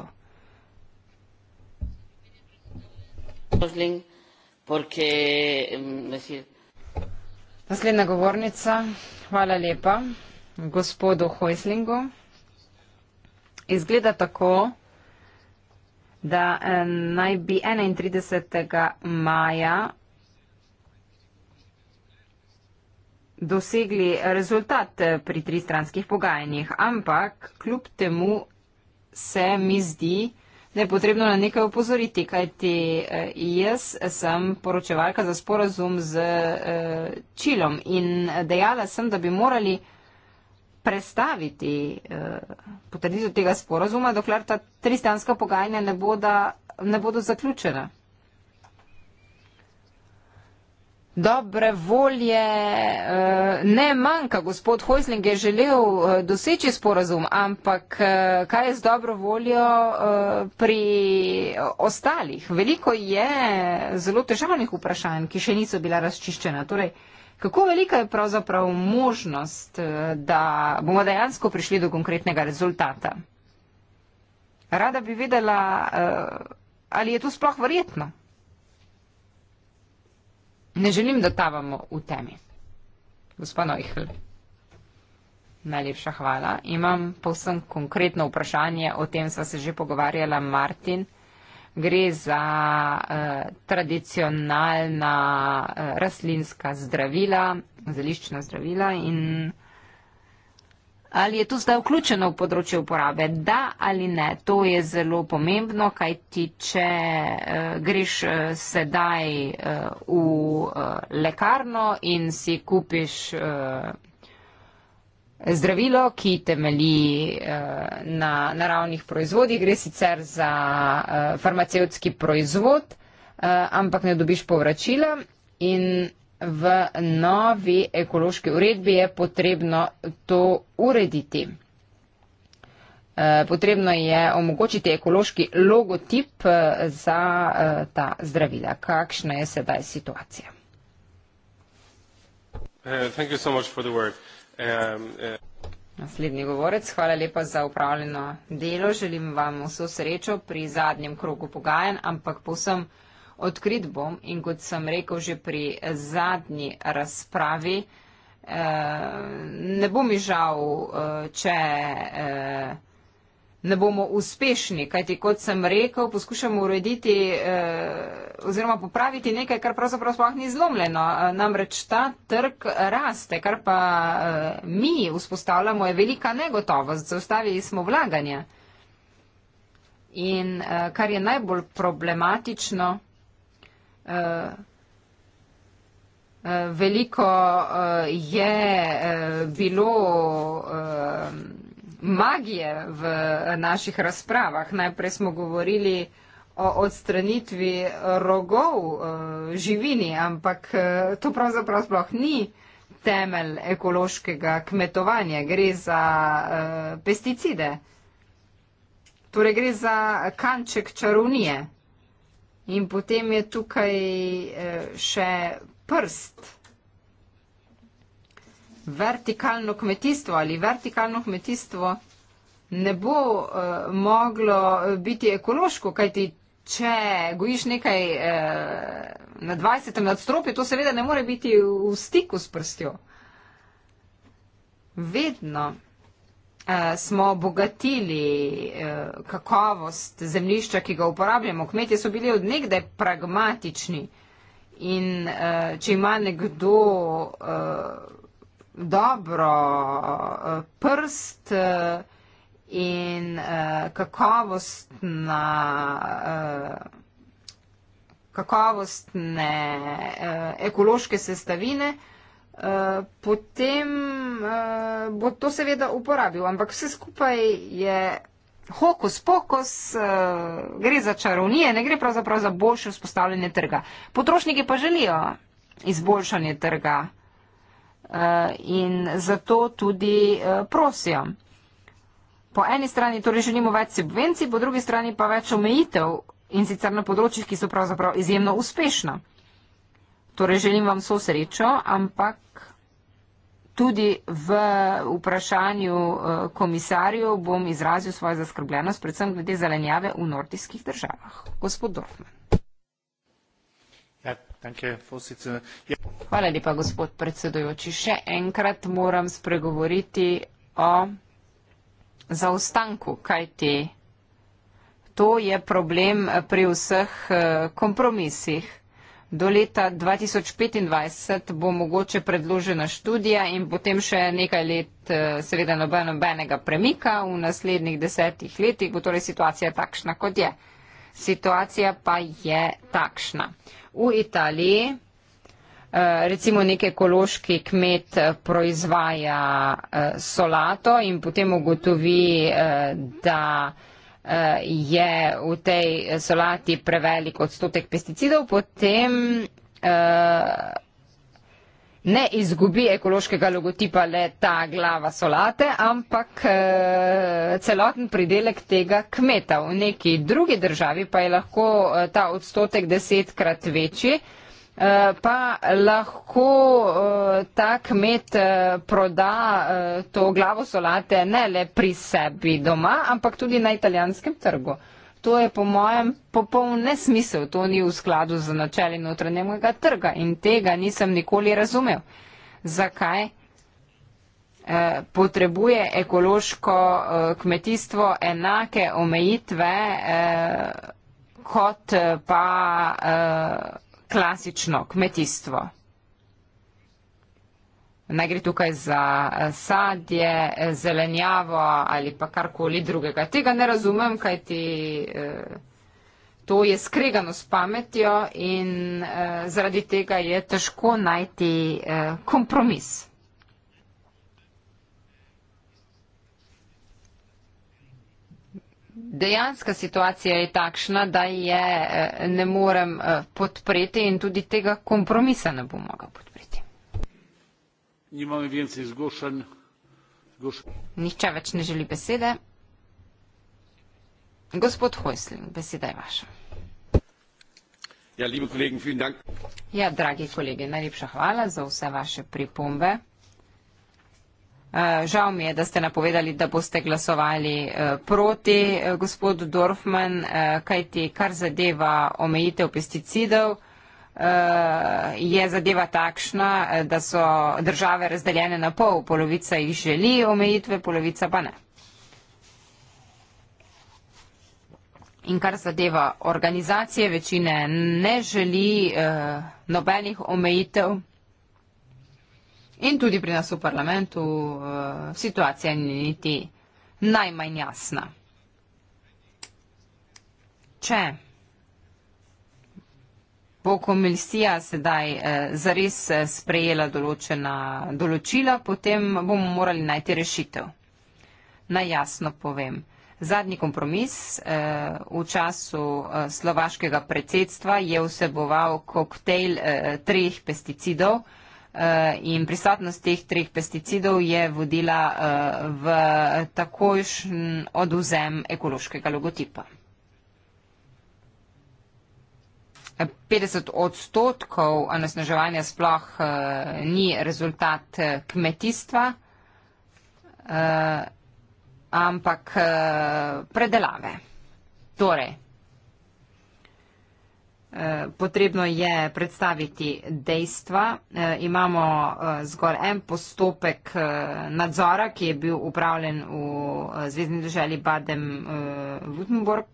Naslednja govornica, hvala lepa gospodu Hojslingu. Izgleda tako, da eh, naj bi 31. maja dosegli rezultat eh, pri tristranskih pogajanjih, ampak kljub temu se mi zdi, da je potrebno na nekaj upozoriti, kajti eh, jaz sem poročevalka za sporazum z Čilom in dejala sem, da bi morali prestaviti uh, potrditev tega sporazuma, dokler ta tristanska pogajanja ne, ne bodo zaključena. Dobre volje eh, ne manjka, gospod Hojsling je želel eh, doseči sporazum, ampak kaj je z dobro voljo pri ostalih? Veliko je zelo težavnih vprašanj, ki še niso bila razčiščena. Torej, Kako velika je pravzaprav možnost, eh, da bomo dejansko prišli do konkretnega rezultata? Rada bi vedela, eh, ali je to sploh verjetno. Ne želim, da tavamo v temi. Gospa Neuhl, najlepša hvala. Imam povsem konkretno vprašanje, o tem sva se že pogovarjala, Martin gre za eh, tradicionalna eh, rastlinska zdravila, zeliščna zdravila in ali je to zdaj vključeno v področje uporabe? Da ali ne, to je zelo pomembno, kaj ti, če eh, greš eh, sedaj eh, v eh, lekarno in si kupiš eh, zdravilo, ki temeli eh, na naravnih proizvodih, gre sicer za eh, farmacevtski proizvod, eh, ampak ne dobiš povračila in v novi ekološki uredbi je potrebno to urediti. Potrebno je omogočiti ekološki logotip za ta zdravila. Kakšna je sedaj situacija? Uh, thank you so much for the word. Uh, Um, um. Naslednji govorec, hvala lepa za upravljeno delo. Želim vam vso srečo pri zadnjem krogu pogajanj, ampak posem odkrit bom in kot sem rekel že pri zadnji razpravi, uh, ne bo mi žal, uh, če. Uh, ne bomo uspešni, kajti kot sem rekel, poskušamo urediti eh, oziroma popraviti nekaj, kar pravzaprav sploh ni zlomljeno. Eh, namreč ta trg raste, kar pa eh, mi vzpostavljamo, je velika negotovost. Zaustavili smo vlaganje. In eh, kar je najbolj problematično, eh, eh, veliko eh, je eh, bilo. Eh, magije v naših razpravah. Najprej smo govorili o odstranitvi eh, rogov eh, živini, ampak eh, to pravzaprav sploh ni temelj ekološkega kmetovanja, gre za pesticide. Torej gre za kanček čarovnije. In potem je tukaj še prst vertikalno kmetijstvo ali vertikalno kmetijstvo ne bo uh, moglo eh, biti ekološko, kajti če gojiš nekaj uh, na 20. nadstropju, to seveda ne more biti v stiku s prstjo. Vedno uh, smo obogatili uh, kakovost zemljišča, ki ga uporabljamo. Kmetje so bili odnegde pragmatični in uh, če ima nekdo uh, dobro eh, prst eh, in eh, kakovostna, kakovostne ekološke sestavine, potem bo to seveda uporabil. Ampak vse skupaj je hokus pokus, gre za čarovnije, ne gre pravzaprav za boljše vzpostavljanje trga. Potrošniki pa želijo izboljšanje trga. Eh, in zato tudi eh, prosijo. Po eni strani torej želimo več subvencij, po drugi strani pa več omejitev in sicer na področjih, ki so pravzaprav izjemno uspešna. Torej želim vam vso srečo, ampak tudi v vprašanju eh, komisarju bom izrazil svojo zaskrbljenost, predvsem glede zelenjave v nordijskih državah. Gospod Dorfman. Ja. Hvala lepa, gospod predsedujoči. Še enkrat moram spregovoriti o zaostanku, kaj ti. To je problem pri vseh eh, kompromisih. Do leta 2025 bo mogoče predložena študija in potem še nekaj let eh, seveda nobenega premika v naslednjih desetih letih, bo torej situacija takšna, kot je. Situacija pa je takšna v Italiji eh, recimo nek ekološki kmet eh, proizvaja eh, solato in potem ugotovi, da je v tej solati prevelik odstotek pesticidov, potem ne izgubi ekološkega logotipa le ta glava solate, ampak e, celoten pridelek tega kmeta. V neki drugi državi pa je lahko eh, ta odstotek desetkrat večji, e, pa lahko e, ta kmet e, proda e, to glavo solate ne le pri sebi doma, ampak tudi na italijanskem trgu. To je po mojem popoln nesmisel, to ni v skladu z načeli notranjega trga in tega nisem nikoli razumel. Zakaj eh, potrebuje ekološko eh, kmetijstvo enake omejitve eh, kot pa eh, klasično kmetijstvo? Naj gre tukaj za eh, sadje, eh, zelenjavo ali pa karkoli drugega. Tega ne razumem, kaj ti. Eh, to je skregano s pametjo in eh, zaradi tega je težko najti eh, kompromis. Dejanska situacija je takšna, da je eh, ne morem eh, podpreti in tudi tega kompromisa ne bom mogla podpreti nihče več ne želi besede gospod hojsl beseda je vaša ja, ja, dragi kolegi, najlepša hvala za vse vaše pripombe. Eh, žal mi je, da ste napovedali, da boste glasovali eh, proti eh, gospodu Dorfman, kajti kar zadeva omejitev pesticidov. Eh, je zadeva takšna, eh, da so države razdeljene na pol, polovica jih želi omejitve, polovica pa ne. In kar zadeva organizacije, večine ne želi uh, nobenih omejitev. In tudi pri nas v parlamentu uh, situacija ni niti najmanj jasna. Če bo komisija sedaj eh, zares eh, sprejela določena določila, potem bomo morali najti rešitev. Najjasno povem. Zadnji kompromis eh, v času slovaškega predsedstva je vseboval koktejl treh pesticidov in prisotnost teh treh pesticidov je vodila v takojšen oduzem ekološkega logotipa. 50 odstotkov onesnaževanja sploh uh, ni rezultat uh, kmetijstva, uh, ampak uh, predelave. Torej, Potrebno je predstaviti dejstva. Imamo zgolj en postopek nadzora, ki je bil upravljen v Zvezdni državi Badem-Württemberg,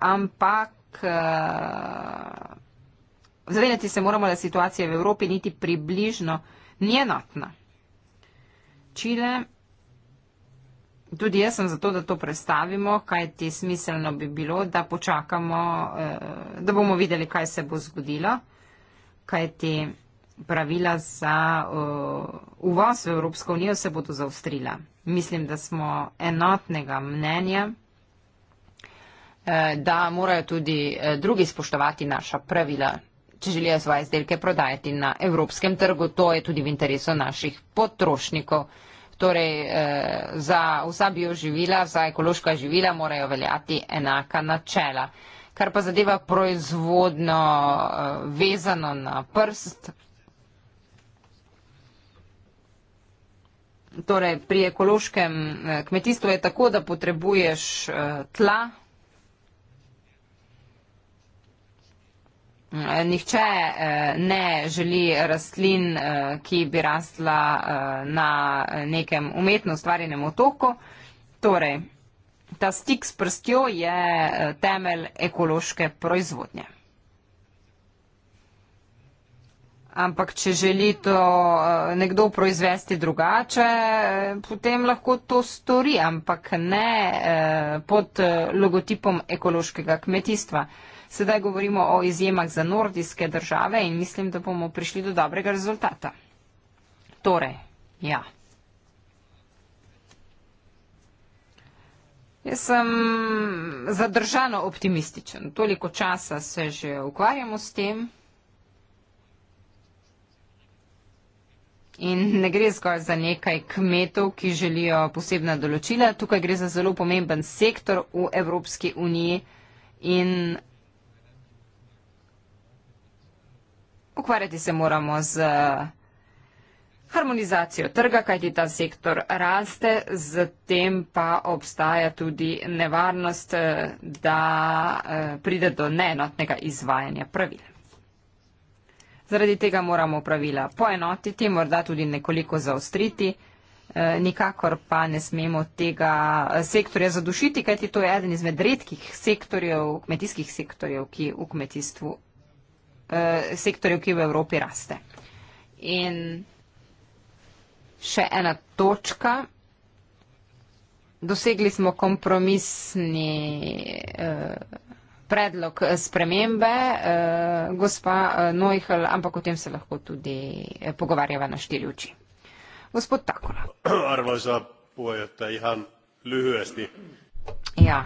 ampak ampak uh, zavedati se moramo, da situacija v Evropi niti približno ni enotna. Čile, tudi jaz sem zato, da to predstavimo, kaj ti smiselno bi bilo, da počakamo, uh, da bomo videli, kaj se bo zgodilo, kaj ti pravila za uh, uvoz v Evropsko unijo se bodo zaustrila. Mislim, da smo enotnega mnenja. Eh, da morajo tudi eh, drugi spoštovati naša pravila, če želijo svoje izdelke prodajati na evropskem trgu. To je tudi v interesu naših potrošnikov. Torej, eh, za vsa bioživila, za ekološka živila morajo veljati enaka načela. Kar pa zadeva proizvodno vezano na prst, torej pri ekološkem kmetijstvu je tako, da potrebuješ tla, Eh, nihče eh, ne želi rastlin, eh, ki bi rastla na nekem umetno ustvarjenem otoku. Torej, ta stik s prstjo je temelj ekološke proizvodnje. Ampak, če želi to nekdo proizvesti drugače, potem lahko to stori, ampak ne pod logotipom ekološkega kmetijstva. Sedaj govorimo o izjemah za nordijske države in mislim, da bomo prišli do dobrega rezultata. Torej, ja. Jaz sem zadržano optimističen. Toliko časa se že ukvarjamo s tem. In ne gre zgolj za nekaj kmetov, ki želijo posebna določila. Tukaj gre za zelo pomemben sektor v Evropski uniji in Ukvarjati se moramo z eh, harmonizacijo trga, kajti ta sektor raste, zatem pa obstaja tudi nevarnost, eh, da eh, pride do neenotnega izvajanja pravil. Zaradi tega moramo pravila poenotiti, morda tudi nekoliko zaostriti, nikakor pa ne smemo tega sektorja zadušiti, kajti to je eden izmed redkih sektorjev, kmetijskih sektorjev, ki v kmetijstvu Eh, sektorjev, ki v Evropi raste. In še ena točka. Dosegli smo kompromisni eh, predlog spremembe, eh, gospa Nojhel, ampak o tem se lahko tudi pogovarjava na štiri oči. Gospod Takola. Arvoisa puhujatta, ihan lühyesti. Ja,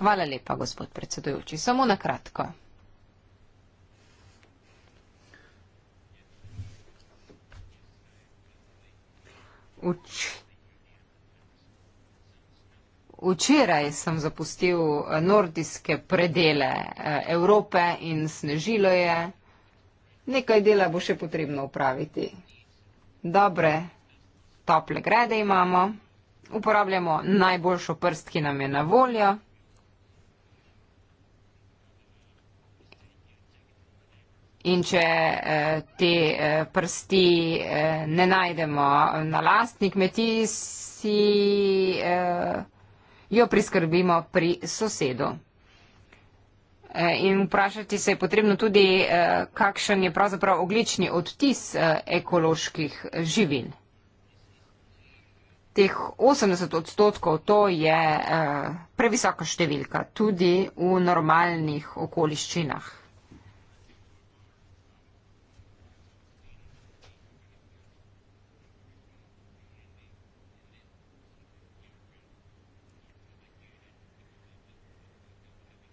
hvala lepa, gospod predsedujoči. Samo na kratko. Uč... Včeraj sem zapustil eh, nordijske predele eh, Evrope in snežilo je. Nekaj dela bo še potrebno upraviti. Dobre, tople grede imamo. Uporabljamo najboljšo prst, ki nam je na voljo. in če eh, te eh, prsti eh, ne najdemo na lastni kmetiji, si jo priskrbimo pri sosedu. In vprašati se je potrebno tudi, kakšen je pravzaprav oglični odtis ekoloških živin. Teh 80 odstotkov to je previsoka številka, tudi v normalnih okoliščinah.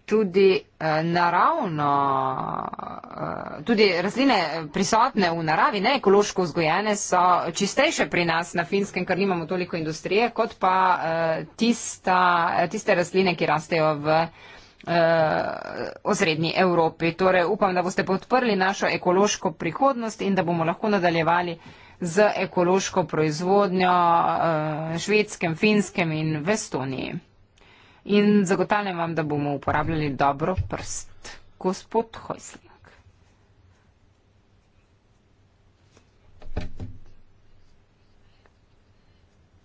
tudi eh, naravno, eh, tudi rastline eh, prisotne v naravi, ne ekološko vzgojene, so čistejše pri nas na finskem, ker nimamo toliko industrije, kot pa tista, tiste rastline, ki rastejo v osrednji Evropi. Torej upam, da boste podprli našo ekološko prihodnost in da bomo lahko nadaljevali z ekološko proizvodnjo švedskem, finskem in v Estoniji. In zagotavljam vam, da bomo uporabljali dobro prst. Gospod Hojsling.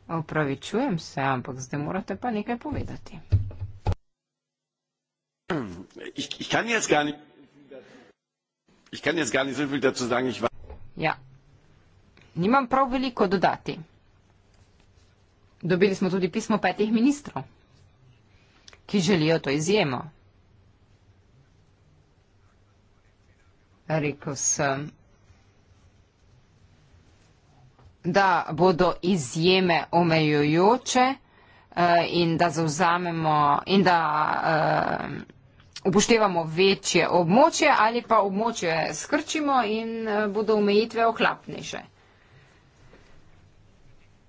Opravičujem se, ampak zdaj morate pa nekaj povedati. Ja, nimam prav veliko dodati. Dobili smo tudi pismo petih ministrov ki želijo to izjemo. Rekl sem, da bodo izjeme omejujoče eh, in da zauzamemo in da eh, upoštevamo večje območje ali pa območje skrčimo in eh, bodo omejitve ohlapnejše.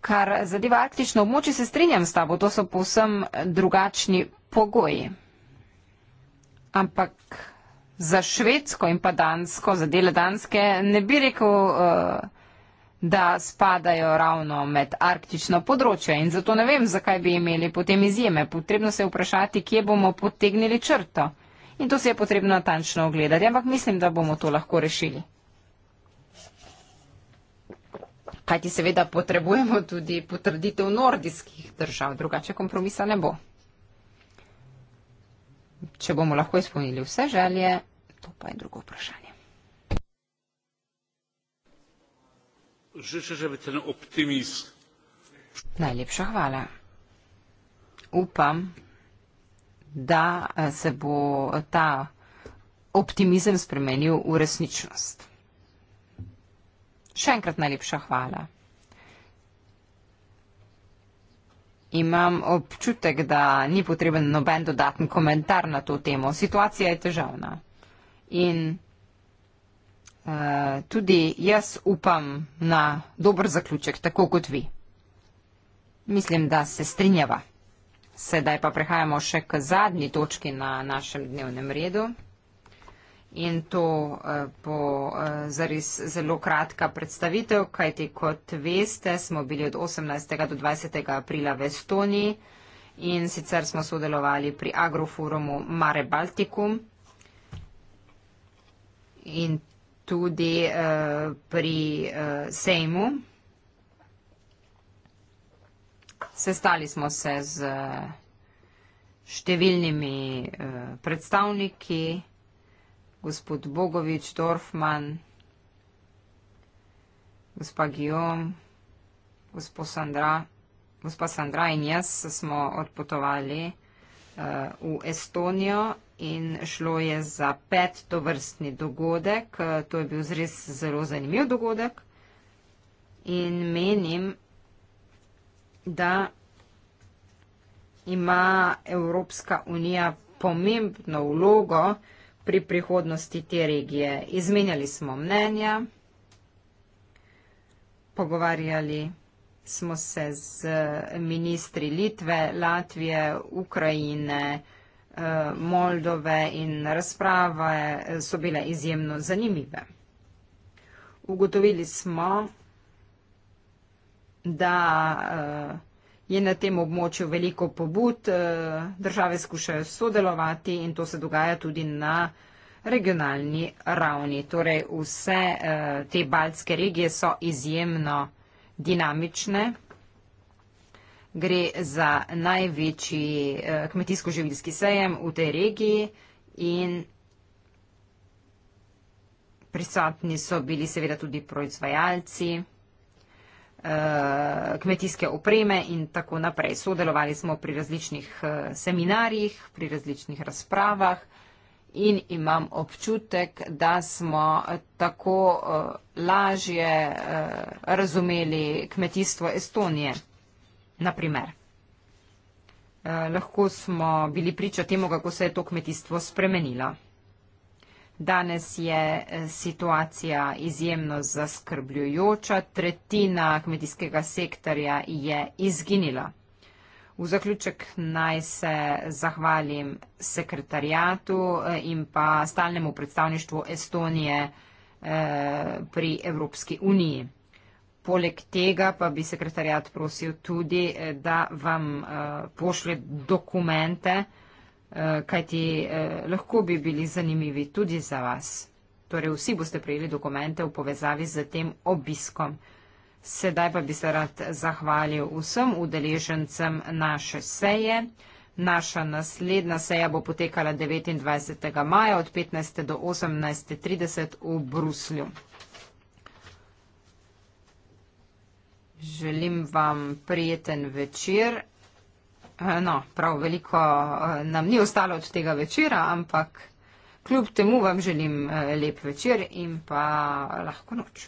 Kar zadeva arktično območje, se strinjam s tabo, to so povsem drugačni pogoji. Ampak za Švedsko in pa Dansko, za dele Danske, ne bi rekel, eh, da spadajo ravno med arktično področje in zato ne vem, zakaj bi imeli potem izjeme. Potrebno se je vprašati, kje bomo potegnili črto. In to se je potrebno natančno ogledati, ampak mislim, da bomo to lahko rešili. Kajti seveda potrebujemo tudi potrditev nordijskih držav, drugače kompromisa ne bo. Če bomo lahko izpolnili vse želje, to pa je drugo vprašanje. Najlepša hvala. Upam, da eh, se bo ta optimizem spremenil v resničnost. Še enkrat najlepša hvala. Imam občutek, da ni potreben noben dodatni komentar na to temo. Situacija je težavna. In uh, tudi jaz upam na dober zaključek, tako kot vi. Mislim, da se strinjava. Sedaj pa prehajamo še k zadnji točki na našem dnevnem redu in to eh, bo eh, zares zelo kratka predstavitev, kajti kot veste, smo bili od 18. do 20. aprila v Estoniji in sicer smo sodelovali pri agroforumu Mare Baltikum in tudi eh, pri sejmu. Sestali smo se z številnimi predstavniki, gospod Bogovič, Dorfman, gospa Gijom, gospod Sandra, gospa Sandra in jaz smo odpotovali uh, v Estonijo in šlo je za pet tovrstni dogodek. Eh, to je bil zres zelo zanimiv dogodek in menim, da ima Evropska unija pomembno vlogo, pri prihodnosti te regije. Izmenjali smo mnenja, pogovarjali smo se z ministri Litve, Latvije, Ukrajine, eh, Moldove in razprave so bile izjemno zanimive. Ugotovili smo, da uh, je na tem območju veliko pobud, eh, države skušajo sodelovati in to se dogaja tudi na regionalni ravni. Torej vse eh, te baltske regije so izjemno dinamične. Gre za največji eh, kmetijsko-življski sejem v tej regiji in prisotni so bili seveda tudi proizvajalci. Eh, kmetijske opreme in tako naprej. Sodelovali smo pri različnih eh, seminarjih, pri različnih razpravah in imam občutek, da smo eh, tako lažje razumeli kmetijstvo Estonije, naprimer. Lahko smo bili priča temu, kako se je to kmetijstvo spremenilo. Danes je eh, situacija izjemno zaskrbljujoča, tretjina kmetijskega sektorja je izginila. V zaključek naj se zahvalim sekretarijatu eh, in pa stalnemu predstavništvu Estonije eh, pri Evropski uniji. Poleg tega pa bi sekretarijat prosil tudi, da vam pošlje dokumente, Eh, kajti eh, lahko bi bili zanimivi tudi za vas. Torej, vsi boste prejeli dokumente v povezavi z tem obiskom. Sedaj pa bi se rad zahvalil vsem udeležencem naše seje. Naša naslednja seja bo potekala 29. maja od 15. do 18.30 v Bruslju. Želim vam prijeten večer. Eh, no, prav veliko eh, nam ni ostalo od tega večera, ampak kljub temu vam želim eh, lep večer in pa lahko noč.